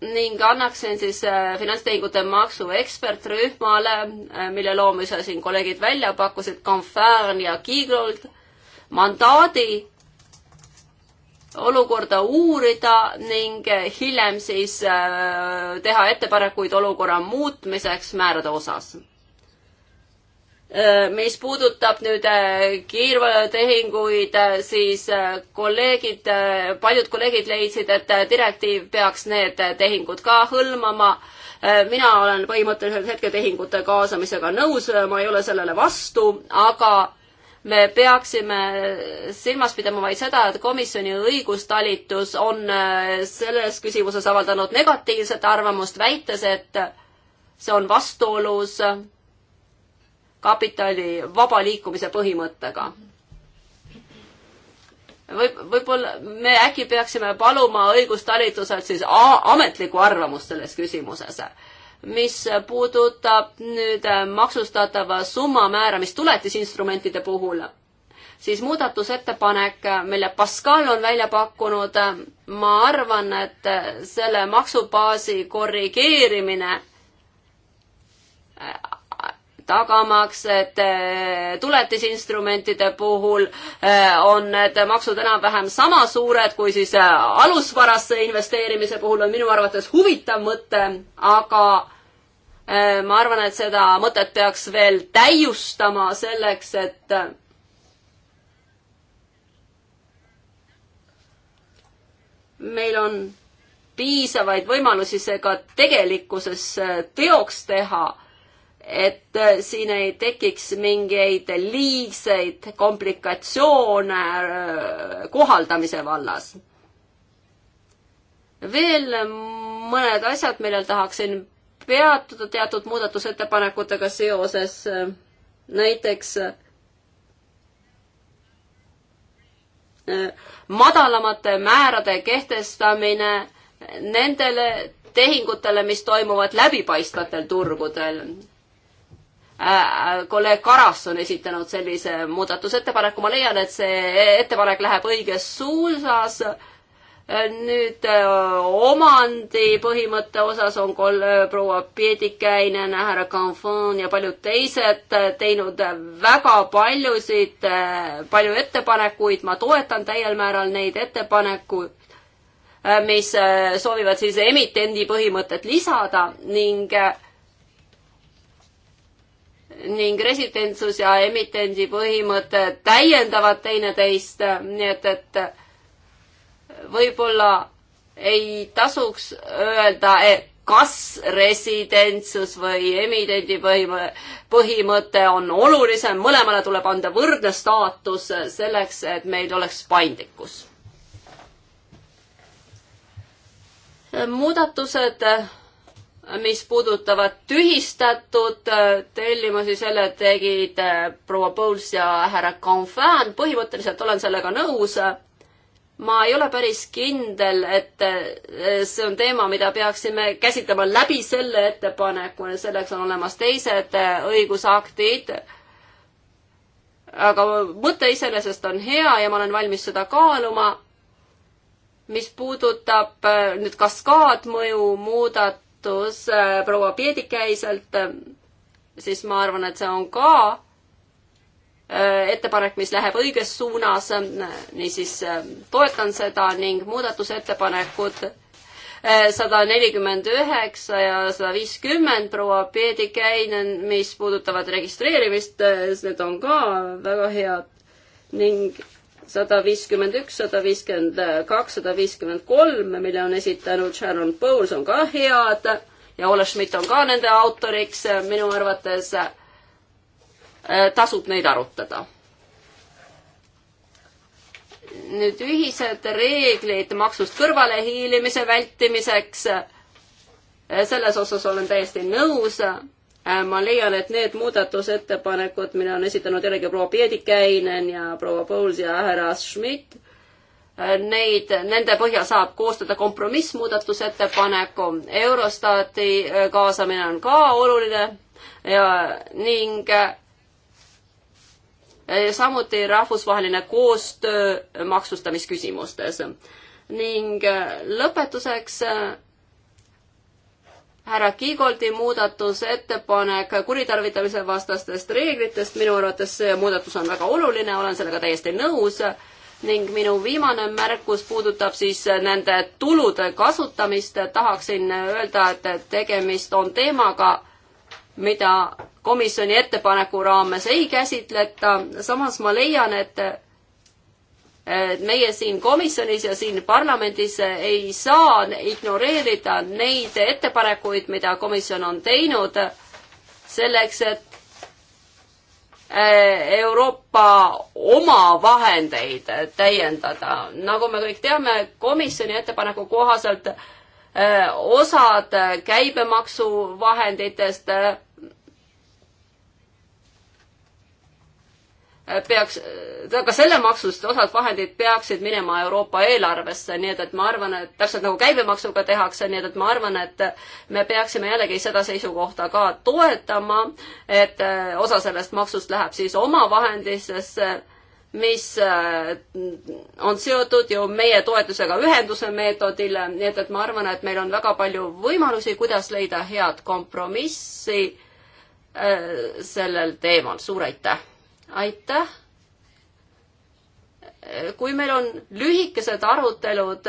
ning annaksin siis äh, finantstehingute maksu ekspertrühmale, äh, mille loomise siin kolleegid välja pakkusid, Confern ja Kiigold, mandaadi olukorda uurida ning hiljem siis äh, teha ettepanekuid olukorra muutmiseks määrade osas. Äh, mis puudutab nüüd äh, kiirtehinguid, siis kolleegid, paljud kolleegid leidsid, et direktiiv peaks need tehingud ka hõlmama mina olen põhimõtteliselt hetketehingute kaasamisega nõus, ma ei ole sellele vastu, aga me peaksime silmas pidama vaid seda, et komisjoni õigustalitus on äh, selles küsimuses avaldanud negatiivset arvamust, väites, et see on vastuolus kapitali vaba liikumise põhimõttega võib, võib-olla me äkki peaksime paluma õigustalituselt siis ametlikku arvamust selles küsimuses mis puudutab nüüd äh, maksustatava summa määramist tuletisinstrumentide puhul, siis muudatusettepanek, äh, mille Pascal on välja pakkunud, äh, ma arvan, et selle maksubaasi korrigeerimine tagamaks, et eh, tuletisinstrumentide puhul eh, on need maksud enam-vähem sama suured kui siis eh, alusvarasse investeerimise puhul on minu arvates huvitav mõte, aga ma arvan, et seda mõtet peaks veel täiustama selleks, et meil on piisavaid võimalusi see ka tegelikkuses teoks teha et äh, siin ei tekiks mingeid liigseid komplikatsioone äh, kohaldamise vallas. veel mõned asjad, millel tahaksin peatuda teatud muudatusettepanekutega seoses. Äh, näiteks madalamate määrade kehtestamine nendele tehingutele, mis toimuvad läbipaistvatel turgudel Äh, kolleeg Karas on esitanud sellise muudatusettepaneku, ma leian, et see ettepanek läheb õiges suunas. Äh, nüüd äh, omandipõhimõtte osas on kol-, proua Piedikäinen, härra Canfon ja paljud teised teinud väga paljusid, palju ettepanekuid, ma toetan täiel määral neid ettepanekuid mis soovivad sellise emitendi põhimõtet lisada ning äh, ning residentsus ja emitendi põhimõte täiendavad teineteist, nii et, et võib-olla ei tasuks öelda, et kas residentsus või emitendi põhimõte on olulisem, mõlemale tuleb anda võrdne staatus selleks, et meil oleks paindlikkus. muudatused mis puudutavad tühistatud äh, tellimusi, selle tegid äh, proua Pouls ja härra Confin, põhimõtteliselt olen sellega nõus. ma ei ole päris kindel, et äh, see on teema, mida peaksime käsitlema läbi selle ettepaneku, selleks on olemas teised õigusaktid. aga mõte iseenesest on hea ja ma olen valmis seda kaaluma mis puudutab nüüd kaskaadmõju muudat-, algatus äh, proua Piedikäiselt, äh, siis ma arvan, et see on ka äh, ettepanek, mis läheb õiges suunas, niisiis toetan seda ning muudatusettepanekud sada nelikümmend üheksa ja sada viiskümmend proua Peedikäinen, mis puudutavad registreerimist, need on ka väga head ning sada viiskümmend üks, sada viiskümmend kaks, sada viiskümmend kolm, mille on esitanud Sharon Bowles, on ka head ja Ole Schmidt on ka nende autoriks, minu arvates äh, tasub neid arutada. nüüd ühised reeglid maksust kõrvalehiilimise vältimiseks äh, selles osas olen täiesti nõus. Äh, ma leian, et need muudatusettepanekud, mille on esitanud jällegi proua Piedikäinen ja proua Pouls ja härra Schmidt, äh, neid, nende põhjal saab koostada kompromissmuudatusettepaneku. Eurostati äh, kaasamine on ka oluline ja ning samuti rahvusvaheline koostöö maksustamisküsimustes. ning lõpetuseks härra Kiigoldi muudatusettepanek kuritarvitamise vastastest reeglitest, minu arvates see muudatus on väga oluline, olen sellega täiesti nõus ning minu viimane märkus puudutab siis nende tulude kasutamist, tahaksin öelda, et tegemist on teemaga, mida komisjoni ettepaneku raames ei käsitleta, samas ma leian, et meie siin komisjonis ja siin parlamendis ei saa ignoreerida neid ettepanekuid, mida komisjon on teinud selleks, et eh, Euroopa omavahendeid täiendada. nagu me kõik teame, komisjoni ettepaneku kohaselt eh, osad käibemaksuvahenditest Äh, peaks, äh, ka selle maksust osad vahendid peaksid minema Euroopa eelarvesse, nii et, et ma arvan, et täpselt nagu käibemaksuga tehakse, nii et, et ma arvan, et me peaksime jällegi seda seisukohta ka toetama, et äh, osa sellest maksust läheb siis omavahenditesse, mis on seotud ju meie toetusega ühenduse meetodile, nii et, et ma arvan, et meil on väga palju võimalusi, kuidas leida head kompromissi sellel teemal, suur aitäh! aitäh. kui meil on lühikesed arutelud,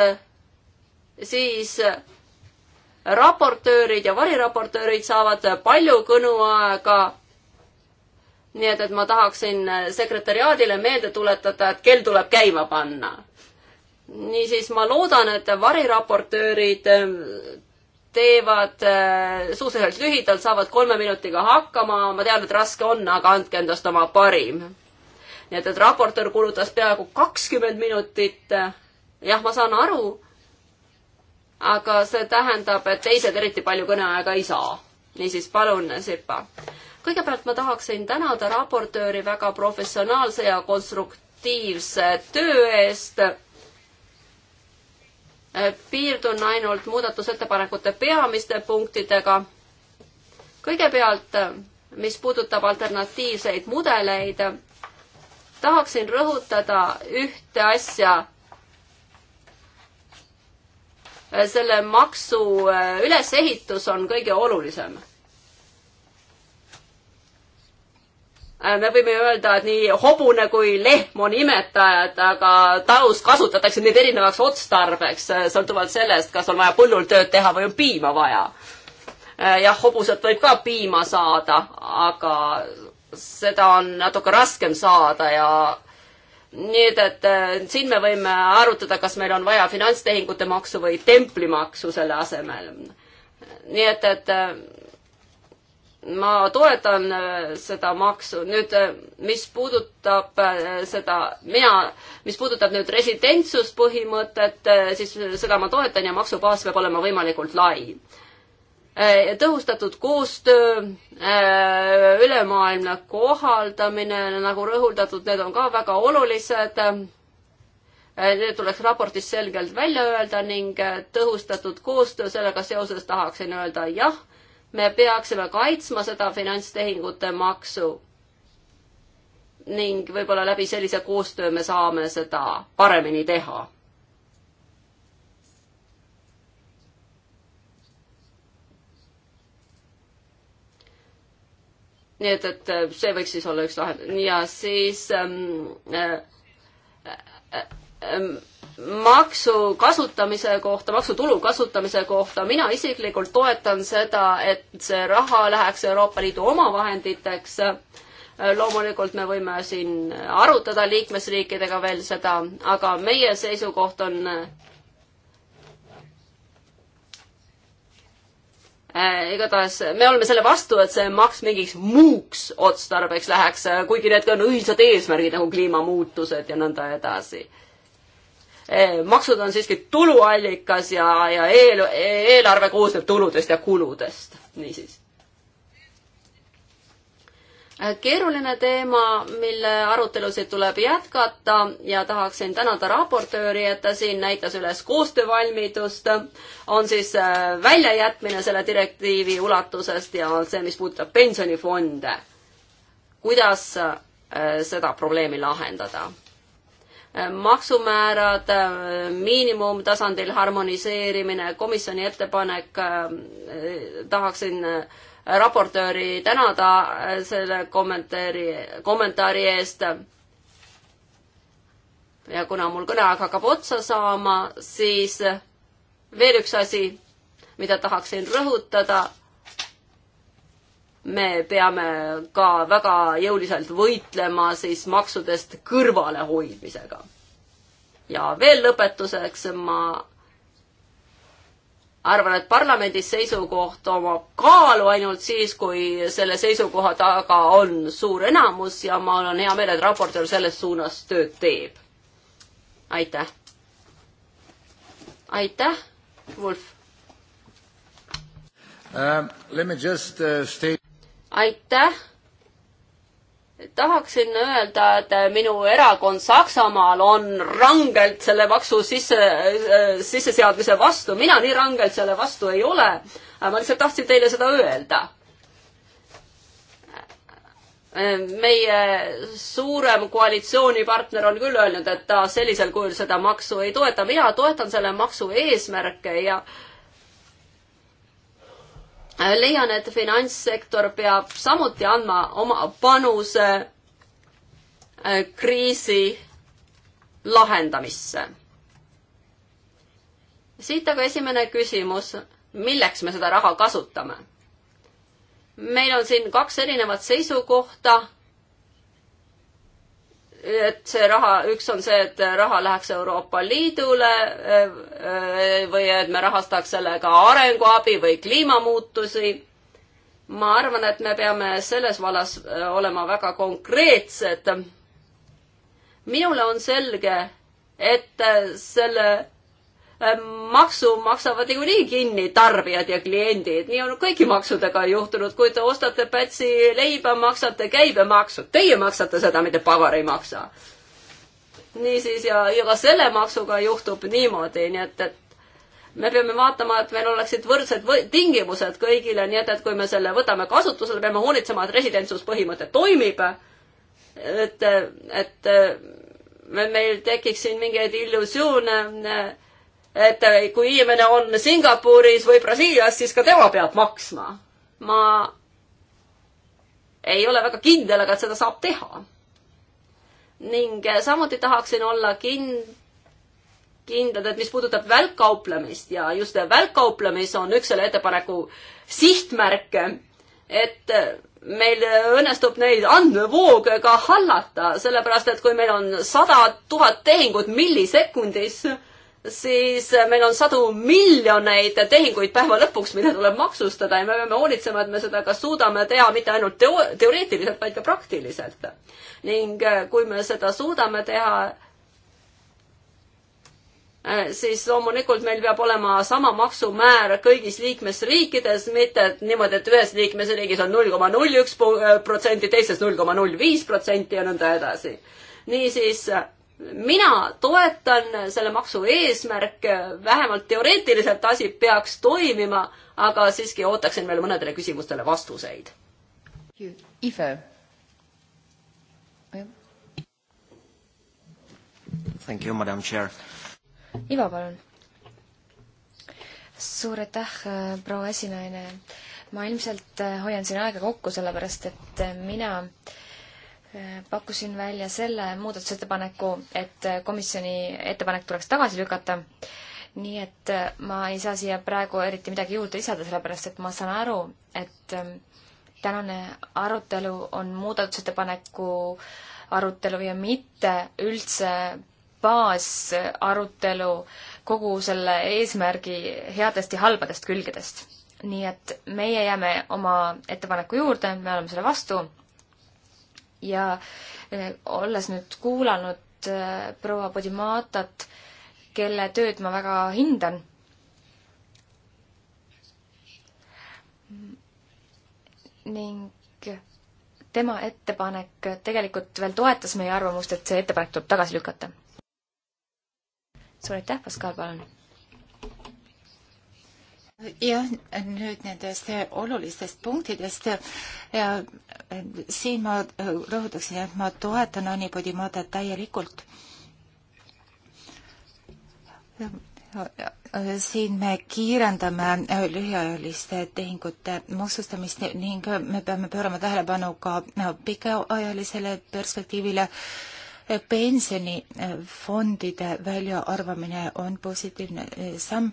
siis raportöörid ja variraportöörid saavad palju kõnuaega nii et, et ma tahaksin sekretäriaadile meelde tuletada, et kell tuleb käima panna. niisiis ma loodan, et variraportöörid teevad äh, suhteliselt lühidalt, saavad kolme minutiga hakkama, ma tean, et raske on, aga andke endast oma parim. nii et, et raportöör kulutas peaaegu kakskümmend minutit. jah, ma saan aru, aga see tähendab, et teised eriti palju kõneaega ei saa. niisiis, palun, Sipa. kõigepealt ma tahaksin tänada raportööri väga professionaalse ja konstruktiivse töö eest Äh, piirdun ainult muudatusettepanekute peamiste punktidega. kõigepealt, äh, mis puudutab alternatiivseid mudeleid, tahaksin rõhutada ühte asja. Äh, selle maksu ülesehitus on kõige olulisem Äh, me võime öelda, et nii hobune kui lehm on imetajad, aga talus kasutatakse neid erinevaks otstarbeks, äh, sõltuvalt sellest, kas on vaja põllul tööd teha või on piima vaja. Äh, jah, hobuselt võib ka piima saada, aga seda on natuke raskem saada ja nii et, et siin me võime arutada, kas meil on vaja finantstehingute maksu või templimaksu selle asemel. nii et, et ma toetan äh, seda maksu. nüüd, äh, mis puudutab äh, seda, mina, mis puudutab nüüd residentsuspõhimõtet, siis seda ma toetan ja maksubaas peab olema võimalikult lai. tõhustatud koostöö, ülemaailmne kohaldamine, nagu rõhutatud, need on ka väga olulised. Need tuleks raportis selgelt välja öelda ning tõhustatud koostöö, sellega seoses tahaksin öelda jah me peaksime kaitsma seda finantstehingute maksu ning võib-olla läbi sellise koostöö me saame seda paremini teha. nii et, et see võiks siis olla üks lahendus ja siis ähm, äh, äh, äh, maksu kasutamise kohta, maksutulu kasutamise kohta, mina isiklikult toetan seda, et see raha läheks Euroopa Liidu omavahenditeks. loomulikult me võime siin arutada liikmesriikidega veel seda, aga meie seisukoht on eh, igatahes me oleme selle vastu, et see maks mingiks muuks otstarbeks läheks, eh, kuigi need on õilsad eesmärgid nagu kliimamuutused ja nõnda edasi Eh, maksud on siiski tuluallikas ja, ja eel, eelarve koosneb tuludest ja kuludest, niisiis. Eh, keeruline teema, mille arutelusid tuleb jätkata ja tahaksin tänada raportööri, et ta siin näitas üles koostöövalmidust, on siis eh, väljajätmine selle direktiivi ulatusest ja see, mis puudutab pensionifonde. kuidas seda probleemi lahendada? Äh, maksumäärad, äh, miinimumtasandil harmoniseerimine, komisjoni ettepanek, äh, tahaksin raportööri tänada selle kommentaari, kommentaari eest. ja kuna mul kõneaeg hakkab otsa saama, siis veel üks asi, mida tahaksin rõhutada me peame ka väga jõuliselt võitlema siis maksudest kõrvalehoidmisega. ja veel lõpetuseks ma arvan, et parlamendis seisukoht omab kaalu ainult siis, kui selle seisukoha taga on suur enamus ja ma olen hea meel, et raportöör selles suunas tööd teeb. aitäh. aitäh, Wolf Uh, let me just uh, state aitäh. tahaksin öelda, et minu erakond Saksamaal on rangelt selle maksu sisse, äh, sisseseadmise vastu, mina nii rangelt selle vastu ei ole. ma lihtsalt tahtsin teile seda öelda meie suurem koalitsioonipartner on küll öelnud, et ta sellisel kujul seda maksu ei toeta, mina toetan selle maksu eesmärke ja äh, leian, et finantssektor peab samuti andma oma panuse äh, kriisi lahendamisse. siit aga esimene küsimus, milleks me seda raha kasutame? meil on siin kaks erinevat seisukohta et see raha, üks on see, et raha läheks Euroopa Liidule äh, või et me rahastaks sellega arenguabi või kliimamuutusi. ma arvan, et me peame selles vallas äh, olema väga konkreetsed. minule on selge, et äh, selle Äh, maksu maksavad niikuinii kinni tarbijad ja kliendid, nii on kõigi maksudega juhtunud, kui te ostate Pätsi leiba, maksate käibemaksu, teie maksate seda, mitte pagar ei maksa. niisiis ja, ja ka selle maksuga juhtub niimoodi, nii et, et me peame vaatama, et meil oleksid võrdsed või tingimused kõigile, nii et, et kui me selle võtame kasutusele, peame hoolitsema, et residentsuspõhimõte toimib. et, et me, meil tekiks siin mingeid illusioone et äh, kui inimene on Singapuris või Brasiilias, siis ka tema peab maksma. ma ei ole väga kindel, aga seda saab teha. ning äh, samuti tahaksin olla kind-, kindlad, et mis puudutab välkkauplemist ja just äh, välkkauplemis on üks selle ettepaneku sihtmärke, et meil õnnestub neid andmevooge ka hallata, sellepärast et kui meil on sada tuhat tehingut millisekundis, siis meil on sadu miljoneid tehinguid päeva lõpuks, mida tuleb maksustada ja me peame hoolitsema, et me seda ka suudame teha mitte ainult teo-, teoreetiliselt, vaid ka praktiliselt. ning äh, kui me seda suudame teha, äh, siis loomulikult meil peab olema sama maksumäär kõigis liikmesriikides, mitte et niimoodi, et ühes liikmesriigis on null koma null üks äh, protsenti, teises null koma null viis protsenti ja nõnda edasi. niisiis mina toetan selle maksu eesmärke, vähemalt teoreetiliselt asi peaks toimima, aga siiski ootaksin veel mõnedele küsimustele vastuseid. Ivo. Thank you, madam chair. Ivo, palun. suur aitäh, proua esinaine. ma ilmselt hoian siin aega kokku, sellepärast et mina äh, pakkusin välja selle muudatusettepaneku, et komisjoni ettepanek tuleks tagasi lükata. nii et äh, ma ei saa siia praegu eriti midagi juurde lisada, sellepärast et ma saan aru, et ähm, tänane arutelu on muudatusettepaneku arutelu ja mitte üldse baasarutelu kogu selle eesmärgi headest ja halbadest külgedest. nii et meie jääme oma ettepaneku juurde, me oleme selle vastu ja eh, olles nüüd kuulanud eh, proua Podimatat, kelle tööd ma väga hindan, ning tema ettepanek tegelikult veel toetas meie arvamust, et see ettepanek tuleb tagasi lükata. suur aitäh, Pascal, palun! jah, nüüd nendest olulistest punktidest ja siin ma äh, rõhutaksin, et ma toetan Anipodi mõõdet täielikult. siin me kiirendame äh, lühiajaliste tehingute maksustamist ning me peame pöörama tähelepanu ka äh, pikaajalisele perspektiivile pensionifondide väljaarvamine on positiivne samm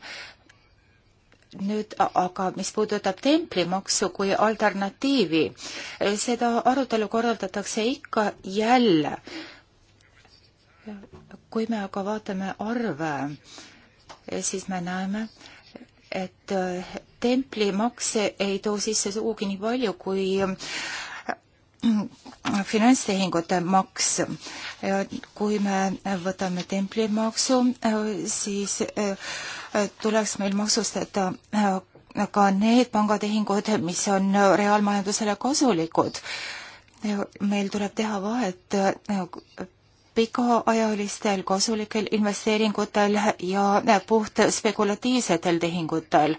nüüd aga, mis puudutab templimaksu kui alternatiivi, seda arutelu korraldatakse ikka jälle. kui me aga vaatame arve, siis me näeme, et templimakse ei too sisse sugugi nii palju, kui finantstehingute maks. kui me võtame templimaksu, siis tuleks meil maksustada äh, ka need pangatehingud, mis on äh, reaalmajandusele kasulikud. meil tuleb teha vahet äh, pikaajalistel kasulikel investeeringutel ja puht spekulatiivsetel tehingutel.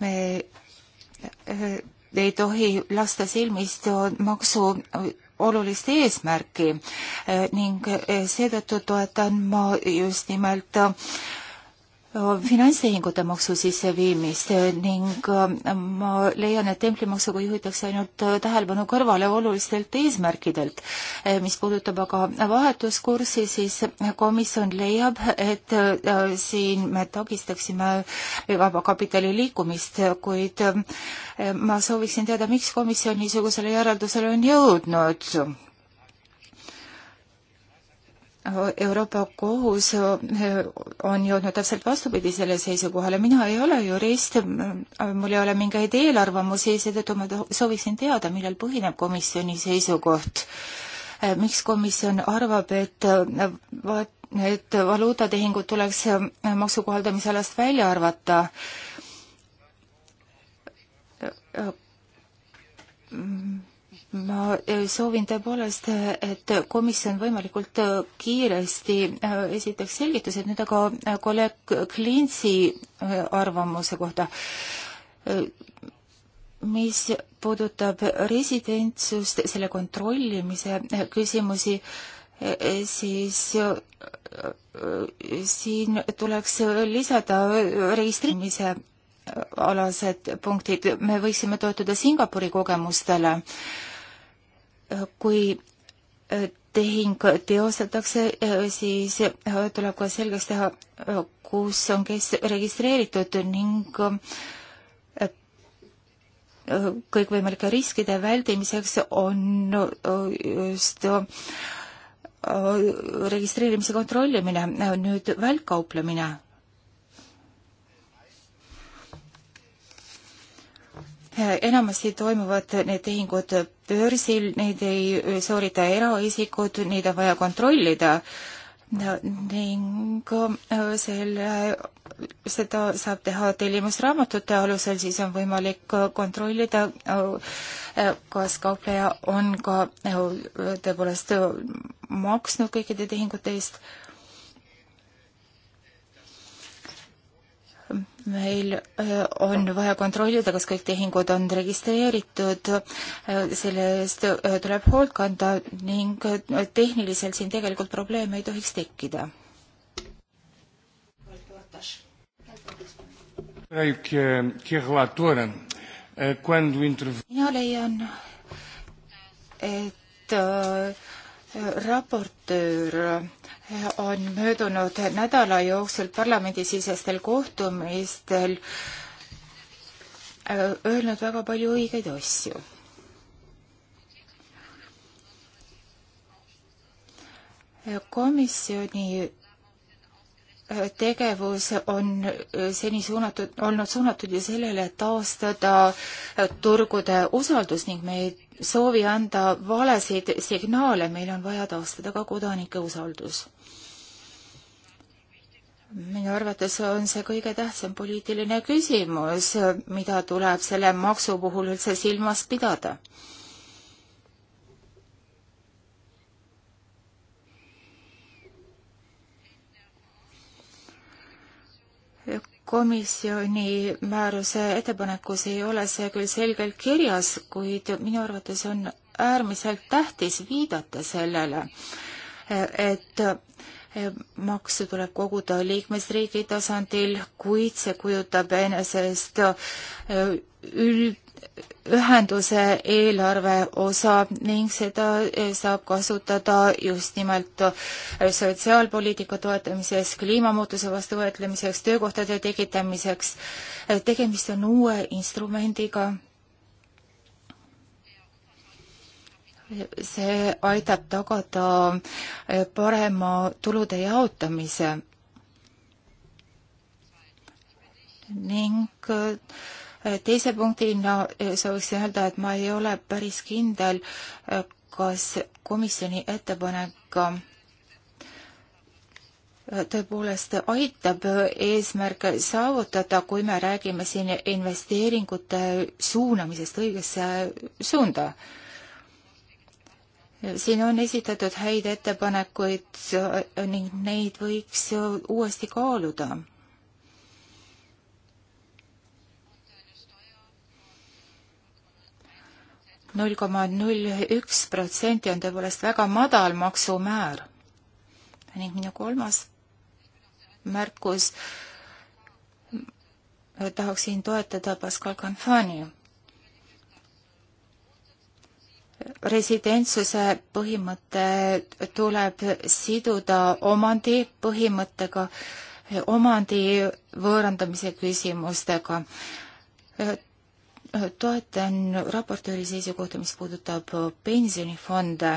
me ei tohi lasta silmist maksu olulist eesmärki eh, ning eh, seetõttu toetan ma just nimelt eh, finantstehingute maksu sisseviimist ning äh, ma leian, et templimaksuga juhitakse ainult äh, tähelepanu kõrvale olulistelt eesmärkidelt. Äh, mis puudutab aga vahetuskurssi, siis komisjon leiab, et siin me takistaksime vabakapitali liikumist, kuid ma sooviksin teada, miks komisjon niisugusele järeldusele on jõudnud Euroopa Kohus äh, on jõudnud täpselt vastupidisele seisukohale, mina ei ole jurist, äh, mul ei ole mingeid eelarvamusi, seetõttu ma sooviksin teada, millel põhineb komisjoni seisukoht. Äh, miks komisjon arvab, et vaat-, et valuutatehingud tuleks maksukohaldamisalast välja arvata? ma e, soovin tõepoolest, et komisjon võimalikult e, kiiresti e, esitaks selgitused nüüd aga kolleeg Klintsi arvamuse kohta, mis puudutab residentsust, selle kontrollimise küsimusi, siis siin tuleks lisada registreerimise alased punktid, me võiksime toetuda Singapuri kogemustele kui äh, tehing teostatakse, äh, siis äh, tuleb ka selgeks teha, kus on kes registreeritud ning kõikvõimalike riskide väldimiseks on just registreerimise kontrollimine, nüüd välkkauplemine. enamasti toimuvad need tehingud börsil, neid ei soorita eraisikud, neid on vaja kontrollida ning äh, selle, seda saab teha tellimusraamatute alusel, siis on võimalik äh, kontrollida, äh, kas kaupleja on ka tõepoolest maksnud kõikide tehingute eest meil äh, on vaja kontrollida, kas kõik tehingud on registreeritud, äh, selle eest äh, tuleb hoolt kanda ning tehniliselt siin tegelikult probleeme ei tohiks tekkida. Eh, mina leian, et raportöör on möödunud nädala jooksul parlamendisisestel kohtumistel äh, öelnud väga palju õigeid asju. komisjoni äh, tegevus on äh, seni suunatud, olnud suunatud ju sellele, et taastada turgude usaldus ning me ei soovi anda valesid signaale, meil on vaja taastada ka kodanike usaldus. minu arvates on see kõige tähtsam poliitiline küsimus, mida tuleb selle maksu puhul üldse silmas pidada komisjoni määruse ettepanekus ei ole see küll selgelt kirjas, kuid minu arvates on äärmiselt tähtis viidata sellele, et Eh, makse tuleb koguda liikmesriigi tasandil, kuid see kujutab enesest eh, üld, ühenduse eelarve osa ning seda eh, saab kasutada just nimelt sotsiaalpoliitika toetamiseks, kliimamuutuse vastu võitlemiseks, töökohtade tekitamiseks. tegemist on uue instrumendiga see aitab tagada äh, parema tulude jaotamise ning äh, teise punktina äh, sooviks öelda, et ma ei ole päris kindel, kas komisjoni ettepanek tõepoolest aitab eesmärke saavutada, kui me räägime siin investeeringute suunamisest õigesse suunda siin on esitatud häid ettepanekuid ning neid võiks uuesti kaaluda. null koma null üks protsenti on tõepoolest väga madal maksumäär ning minu kolmas märkus tahaksin toetada Pascal Canfani residentsuse põhimõte tuleb siduda omandi põhimõttega, omandi võõrandamise küsimustega. toetan raportööri seisukohta, mis puudutab pensionifonde.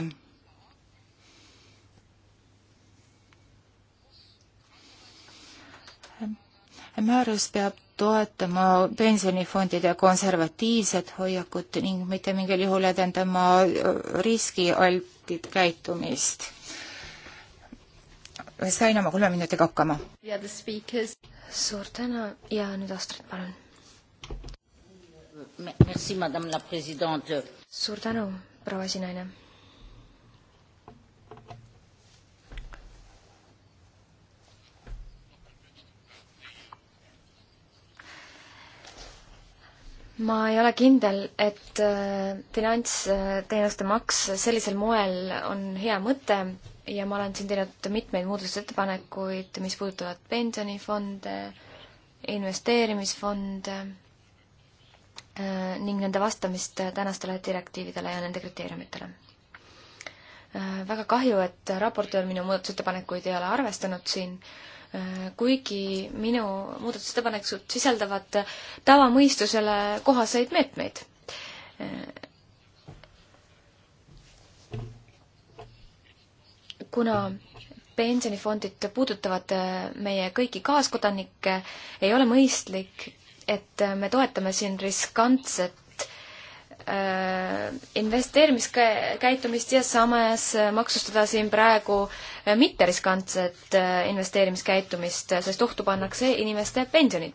määrus peab toetama pensionifondide konservatiivset hoiakut ning mitte mingil juhul edendama riskialtit käitumist. sain oma kolme minutiga hakkama. suur tänu ja nüüd Astrid, palun. suur tänu, proua esinaine ma ei ole kindel, et äh, finantsteenuste maks sellisel moel on hea mõte ja ma olen siin teinud mitmeid muudatusettepanekuid, mis puudutavad pensionifonde, investeerimisfonde äh, ning nende vastamist tänastele direktiividele ja nende kriteeriumitele. Äh, väga kahju, et raportöör minu muudatusettepanekuid ei ole arvestanud siin äh, kuigi minu muudatusettepanekud sisaldavad tavamõistusele kohaseid meetmeid. kuna pensionifondid puudutavad meie kõiki kaaskodanikke, ei ole mõistlik, et me toetame siin riskantset Äh, investeerimiskäitumist ja samas maksustada siin praegu äh, mitteriskantset äh, investeerimiskäitumist, sest ohtu pannakse inimeste pensionid.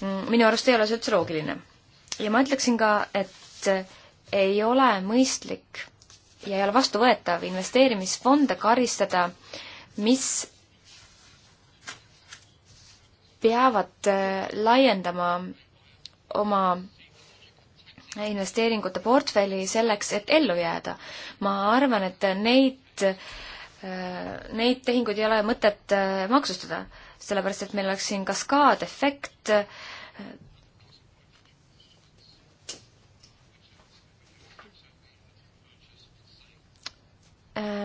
Mm, minu arust ei ole see üldse loogiline. ja ma ütleksin ka, et ei ole mõistlik ja ei ole vastuvõetav investeerimisfonde karistada, mis peavad laiendama oma investeeringute portfelli selleks, et ellu jääda. ma arvan, et neid, äh, neid tehinguid ei ole mõtet äh, maksustada, sellepärast et meil oleks siin kaskaadefekt, äh,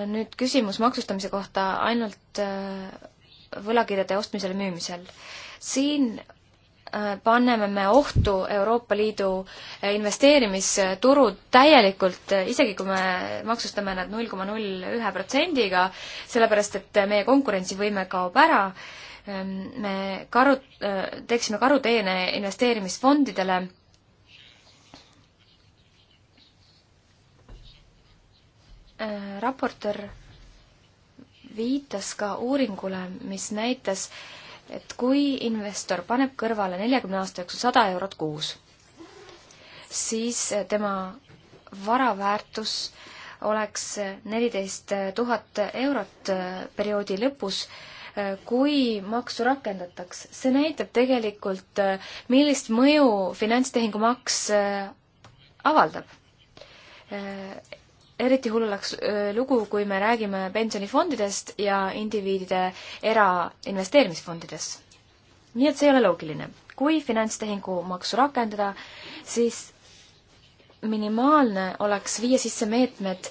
nüüd küsimus maksustamise kohta ainult võlakirjade ostmisel ja müümisel. siin Äh, paneme me ohtu Euroopa Liidu äh, investeerimisturud täielikult, äh, isegi kui me maksustame nad null koma null ühe protsendiga, sellepärast et meie konkurentsivõime kaob ära, ähm, me karu, teeksime karuteene investeerimisfondidele, raportöör viitas ka uuringule, mis näitas, et kui investor paneb kõrvale neljakümne aasta jooksul sada eurot kuus, siis tema vara väärtus oleks neliteist tuhat eurot äh, perioodi lõpus, äh, kui maksu rakendataks. see näitab tegelikult, äh, millist mõju finantstehingumaks avaldab eriti hull oleks äh, lugu, kui me räägime pensionifondidest ja indiviidide erainvesteerimisfondidest. nii et see ei ole loogiline. kui finantstehingu maksu rakendada, siis minimaalne oleks viia sisse meetmed,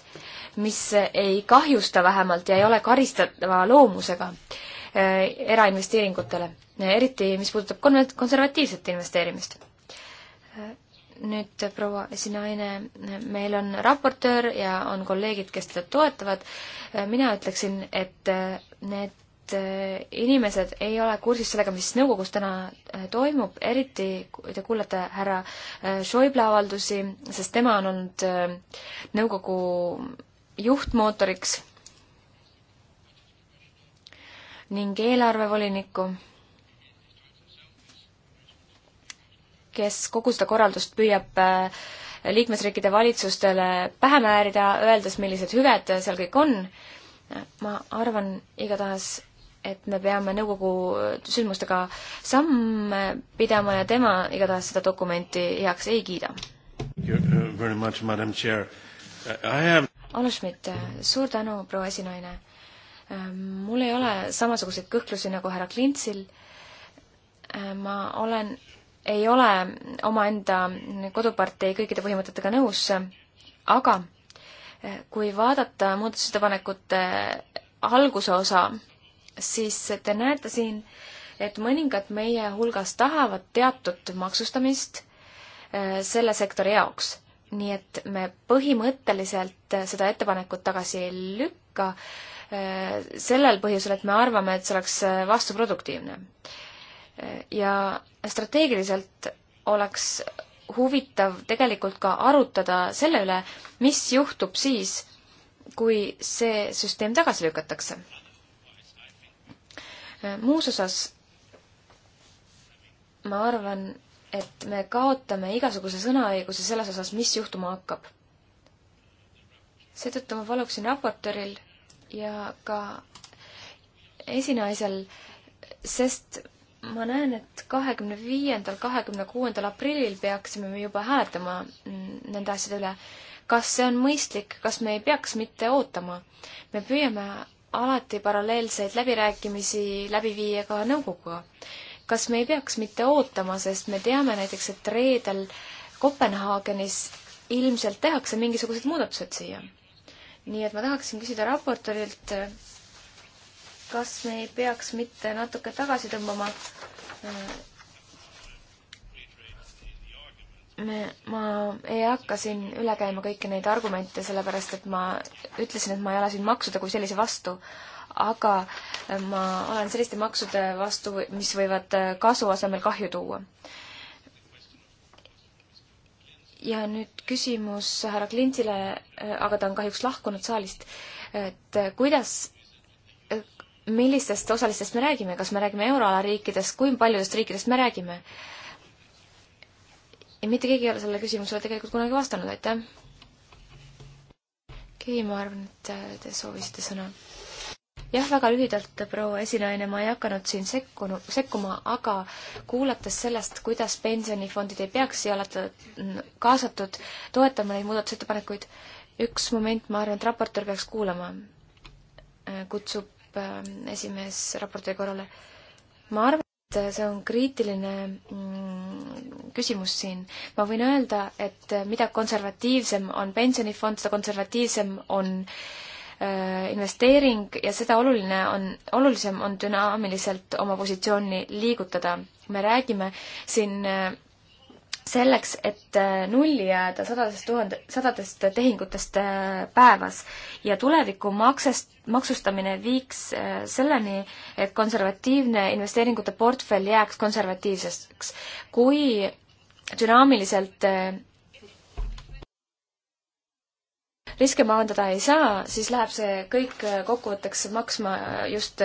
mis ei kahjusta vähemalt ja ei ole karistatava loomusega äh, erainvesteeringutele, eriti mis puudutab konservatiivset investeerimist nüüd proua Sinaine, meil on raportöör ja on kolleegid, kes teda toetavad. mina ütleksin, et need inimesed ei ole kursis sellega, mis nõukogus täna äh, toimub, eriti kui te kuulete härra äh, Schäuble avaldusi, sest tema on olnud äh, nõukogu juhtmootoriks ning eelarvevolinikku kes kogu seda korraldust püüab äh, liikmesriikide valitsustele pähe määrida, öeldes, millised hüved seal kõik on. ma arvan igatahes, et me peame nõukogu sündmustega samme pidama ja tema igatahes seda dokumenti heaks ei kiida. Alo uh, uh, Schmidt, suur tänu, proua esinaine. Uh, mul ei ole samasuguseid kõhklusi nagu härra Klintsil ma olen ei ole omaenda kodupartei kõikide põhimõtetega nõus, aga eh, kui vaadata muudatusettepanekute eh, alguse osa, siis te näete siin, et mõningad meie hulgas tahavad teatud maksustamist eh, selle sektori jaoks. nii et me põhimõtteliselt seda ettepanekut tagasi ei lükka sellel põhjusel, et me arvame, et see oleks vastuproduktiivne ja strateegiliselt oleks huvitav tegelikult ka arutada selle üle, mis juhtub siis, kui see süsteem tagasi lükatakse. muus osas ma arvan, et me kaotame igasuguse sõnaõiguse selles osas, mis juhtuma hakkab. seetõttu ma paluksin raportööril ja ka esinaisel, sest ma näen, et kahekümne viiendal, kahekümne kuuendal aprillil peaksime me juba hääletama mm, nende asjade üle. kas see on mõistlik, kas me ei peaks mitte ootama? me püüame alati paralleelseid läbirääkimisi läbi viia ka nõukoguga. kas me ei peaks mitte ootama, sest me teame näiteks, et reedel Kopenhaagenis ilmselt tehakse mingisugused muudatused siia. nii et ma tahaksin küsida raportorilt kas me ei peaks mitte natuke tagasi tõmbama? me, ma ei hakka siin üle käima kõiki neid argumente, sellepärast et ma ütlesin, et ma ei ole siin maksude kui sellise vastu, aga ma olen selliste maksude vastu, mis võivad kasu asemel kahju tuua. ja nüüd küsimus härra Klintsile, aga ta on kahjuks lahkunud saalist, et kuidas millistest osalistest me räägime, kas me räägime euroala riikidest, kui paljudest riikidest me räägime? ja mitte keegi ei ole sellele küsimusele tegelikult kunagi vastanud, aitäh. Kei, ma arvan, et äh, te soovisite sõna. jah, väga lühidalt, proua esinaine, ma ei hakanud siin sekkunu, sekkuma, aga kuulates sellest, kuidas pensionifondid ei peaks siia alati kaasatud, toetama neid muudatusettepanekuid, üks moment, ma arvan, et raportöör peaks kuulama, äh, kutsub ütleb äh, esimees raporti korrale. ma arvan, et see on kriitiline mm, küsimus siin. ma võin öelda, et mida konservatiivsem on pensionifond, seda konservatiivsem on äh, investeering ja seda oluline on, olulisem on dünaamiliselt oma positsiooni liigutada. me räägime siin äh, selleks, et äh, nulli jääda sadadest tuhande, sadadest tehingutest äh, päevas. ja tuleviku maksest, maksustamine viiks äh, selleni, et konservatiivne investeeringute portfell jääks konservatiivseks. kui dünaamiliselt riske maandada ei saa, siis läheb see kõik kokkuvõtteks maksma just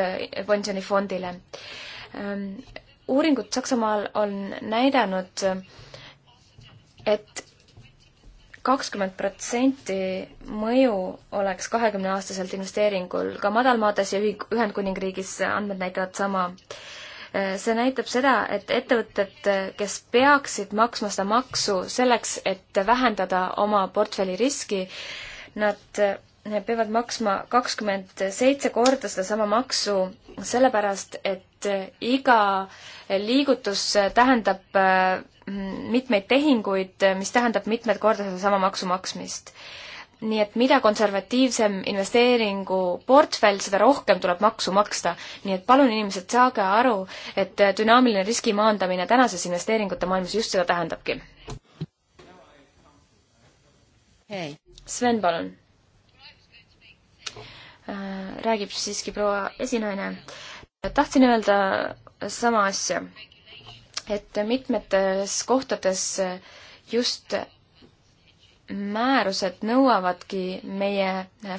pensionifondile. Ähm, uuringud Saksamaal on näidanud, et kakskümmend protsenti mõju oleks kahekümneaastaselt investeeringul, ka madalmaades ja Ühendkuningriigis andmed näitavad sama. see näitab seda, et ettevõtted, kes peaksid maksma seda maksu selleks, et vähendada oma portfelli riski, nad peavad maksma kakskümmend seitse korda sedasama maksu, sellepärast et iga liigutus tähendab äh, mitmeid tehinguid, mis tähendab mitmed korda sedasama maksu maksmist. nii et mida konservatiivsem investeeringuportfell, seda rohkem tuleb maksu maksta. nii et palun, inimesed, saage aru, et dünaamiline riski maandamine tänases investeeringute maailmas just seda tähendabki. Sven, palun. Äh, räägib siiski proua esinaine. tahtsin öelda sama asja et mitmetes kohtades just määrused nõuavadki meie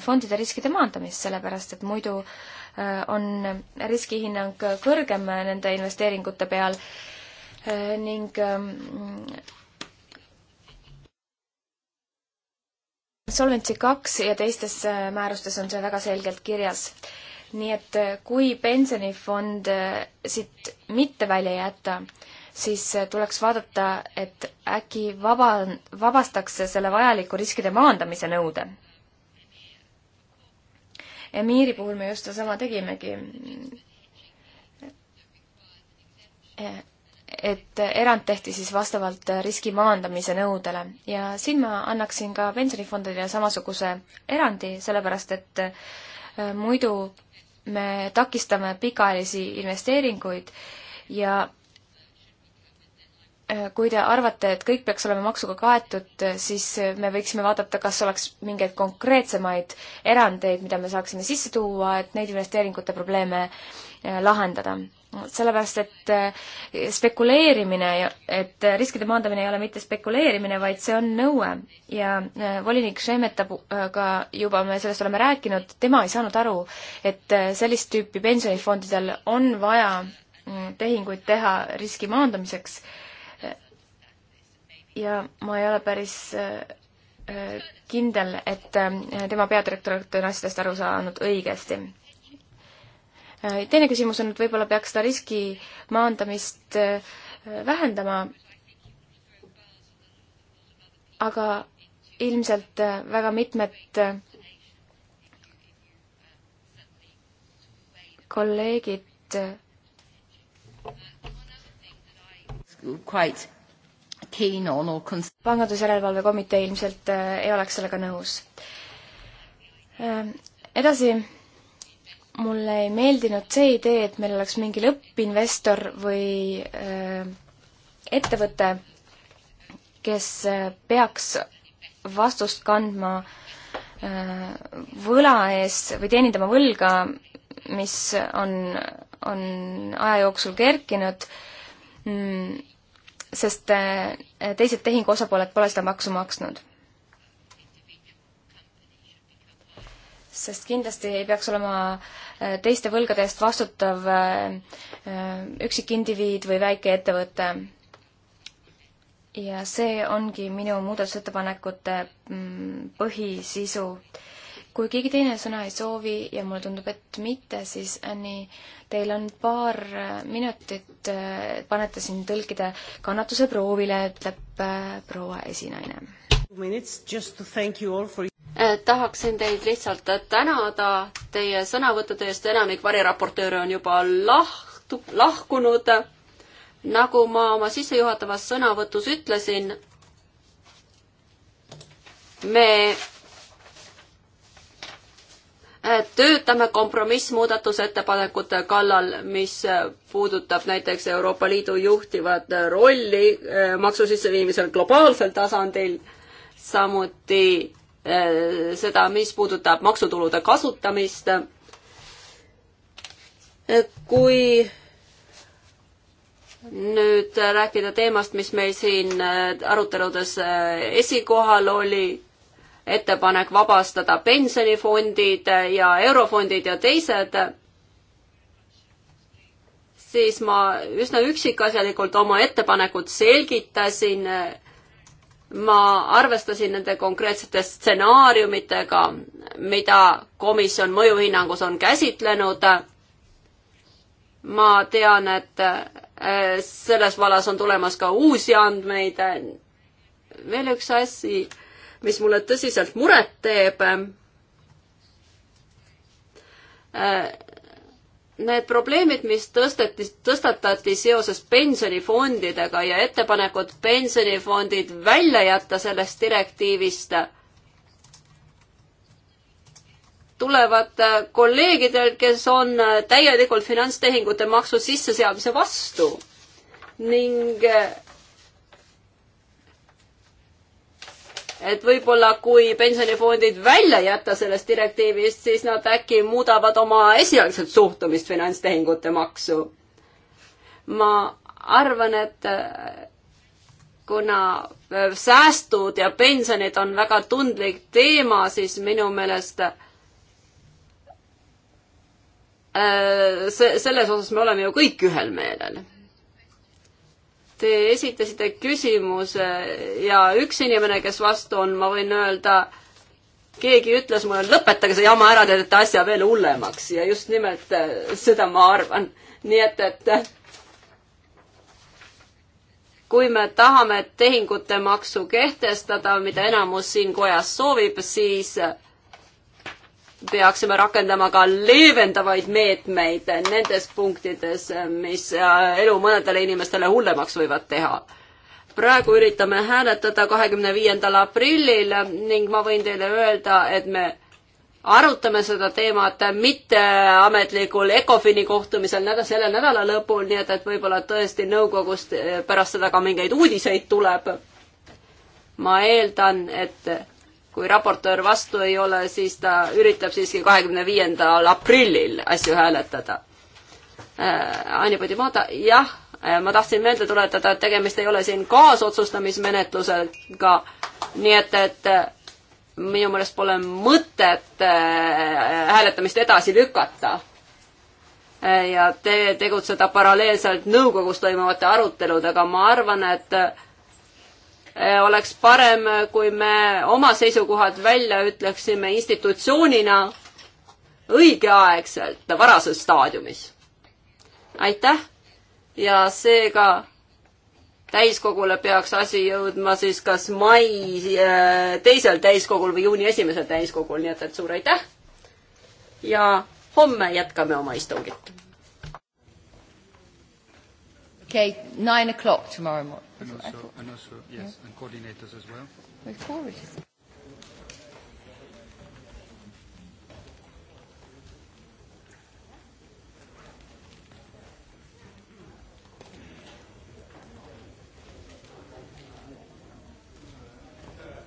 fondide riskide maandamist, sellepärast et muidu äh, on riskihinnang kõrgem nende investeeringute peal äh, ning ähm, Solvency kaks ja teistes äh, määrustes on see väga selgelt kirjas. nii et kui pensionifond siit mitte välja jätta, siis eh, tuleks vaadata, et äkki vaba, vabastaks selle vajaliku riskide maandamise nõude. Emiiri puhul me just sedasama tegimegi. Eh, et erand tehti siis vastavalt riski maandamise nõudele ja siin ma annaksin ka pensionifondidele samasuguse erandi, sellepärast et eh, muidu me takistame pikaajalisi investeeringuid ja Äh, kui te arvate, et kõik peaks olema maksuga kaetud, äh, siis äh, me võiksime vaadata, kas oleks mingeid konkreetsemaid erandeid, mida me saaksime sisse tuua, et neid investeeringute probleeme lahendada. sellepärast, et spekuleerimine, et riskide maandamine ei ole mitte spekuleerimine, vaid see on nõue. ja volinik Šemetaga juba me sellest oleme rääkinud, tema ei saanud aru, et sellist tüüpi pensionifondidel on vaja mm, tehinguid teha riski maandamiseks ja ma ei ole päris äh, äh, kindel, et äh, tema peadirektor on asjadest aru saanud õigesti. teine küsimus on, et võib-olla peaks seda riski maandamist vähendama, aga ilmselt väga mitmed kolleegid quite keen on or cons-. pangandusjärelevalve komitee ilmselt äh, ei oleks sellega nõus. Äh, edasi, mulle ei meeldinud see idee, et meil oleks mingi lõppinvestor või äh, ettevõte, kes peaks vastust kandma võla ees või teenindama võlga, mis on, on aja jooksul kerkinud mm sest eh, teised tehingu osapooled pole seda maksu maksnud. sest kindlasti ei peaks olema eh, teiste võlgade eest vastutav eh, üksikindiviid või väikeettevõte. ja see ongi minu muudatusettepanekute mm, põhisisu kui keegi teine sõna ei soovi ja mulle tundub, et mitte, siis Anni, äh, teil on paar äh, minutit, äh, panete siin tõlkida kannatuse proovile, ütleb proua esinaine. For... tahaksin teid lihtsalt tänada teie sõnavõttude eest, enamik variraportööre on juba lahtu, lahkunud. nagu ma oma sissejuhatavas sõnavõtus ütlesin, me töötame kompromissmuudatusettepanekute kallal, mis puudutab näiteks Euroopa Liidu juhtivat rolli äh, maksu sisseviimisel globaalsel tasandil, samuti äh, seda, mis puudutab maksutulude kasutamist. kui nüüd rääkida teemast, mis meil siin äh, aruteludes esikohal oli ettepanek vabastada pensionifondid ja eurofondid ja teised, siis ma üsna üksikasjalikult oma ettepanekut selgitasin. ma arvestasin nende konkreetsete stsenaariumitega, mida komisjon mõjuhinnangus on käsitlenud. ma tean, et eh, selles vallas on tulemas ka uusi andmeid. veel üks asi mis mulle tõsiselt muret teeb. Need probleemid, mis tõsteti, tõstatati seoses pensionifondidega ja ettepanekud pensionifondid välja jätta sellest direktiivist tulevad kolleegidel, kes on täielikult finantstehingute maksu sisseseadmise vastu ning et võib-olla kui pensionifondid välja jätta sellest direktiivist, siis nad äkki muudavad oma esialgset suhtumist finantstehingute maksu. ma arvan, et äh, kuna äh, säästud ja pensionid on väga tundlik teema, siis minu meelest äh, see, selles osas me oleme ju kõik ühel meelel Te esitasite küsimuse ja üks inimene, kes vastu on, ma võin öelda, keegi ütles mulle, lõpetage see jama ära, te teete asja veel hullemaks ja just nimelt äh, seda ma arvan. nii et, et äh, kui me tahame tehingute maksu kehtestada, mida enamus siin kojas soovib, siis äh, peaksime rakendama ka leevendavaid meetmeid nendes punktides, mis äh, elu mõnedele inimestele hullemaks võivad teha. praegu üritame hääletada kahekümne viiendal aprillil ning ma võin teile öelda, et me arutame seda teemat mitteametlikul ECOFIN-i kohtumisel nädal, selle nädala lõpul, nii et, et võib-olla tõesti nõukogust äh, pärast seda ka mingeid uudiseid tuleb. ma eeldan, et kui raportöör vastu ei ole, siis ta üritab siiski kahekümne viiendal aprillil asju hääletada äh,. Anja Padimata, jah äh,, ma tahtsin meelde tuletada, et tegemist ei ole siin kaasotsustamismenetlusega, nii et, et äh, minu meelest pole mõtet äh, hääletamist edasi lükata äh, ja te, tegutseda paralleelselt nõukogus toimuvate aruteludega, ma arvan, et äh, Äh, oleks parem, kui me oma seisukohad välja ütleksime institutsioonina õigeaegselt, varases staadiumis. aitäh ja seega täiskogule peaks asi jõudma siis kas mai äh, teisel täiskogul või juuni esimesel täiskogul, nii et, et suur aitäh ja homme jätkame oma istungit. Okay, nine o'clock tomorrow morning. And also, and also yes, yeah. and coordinators as well. With four, it is.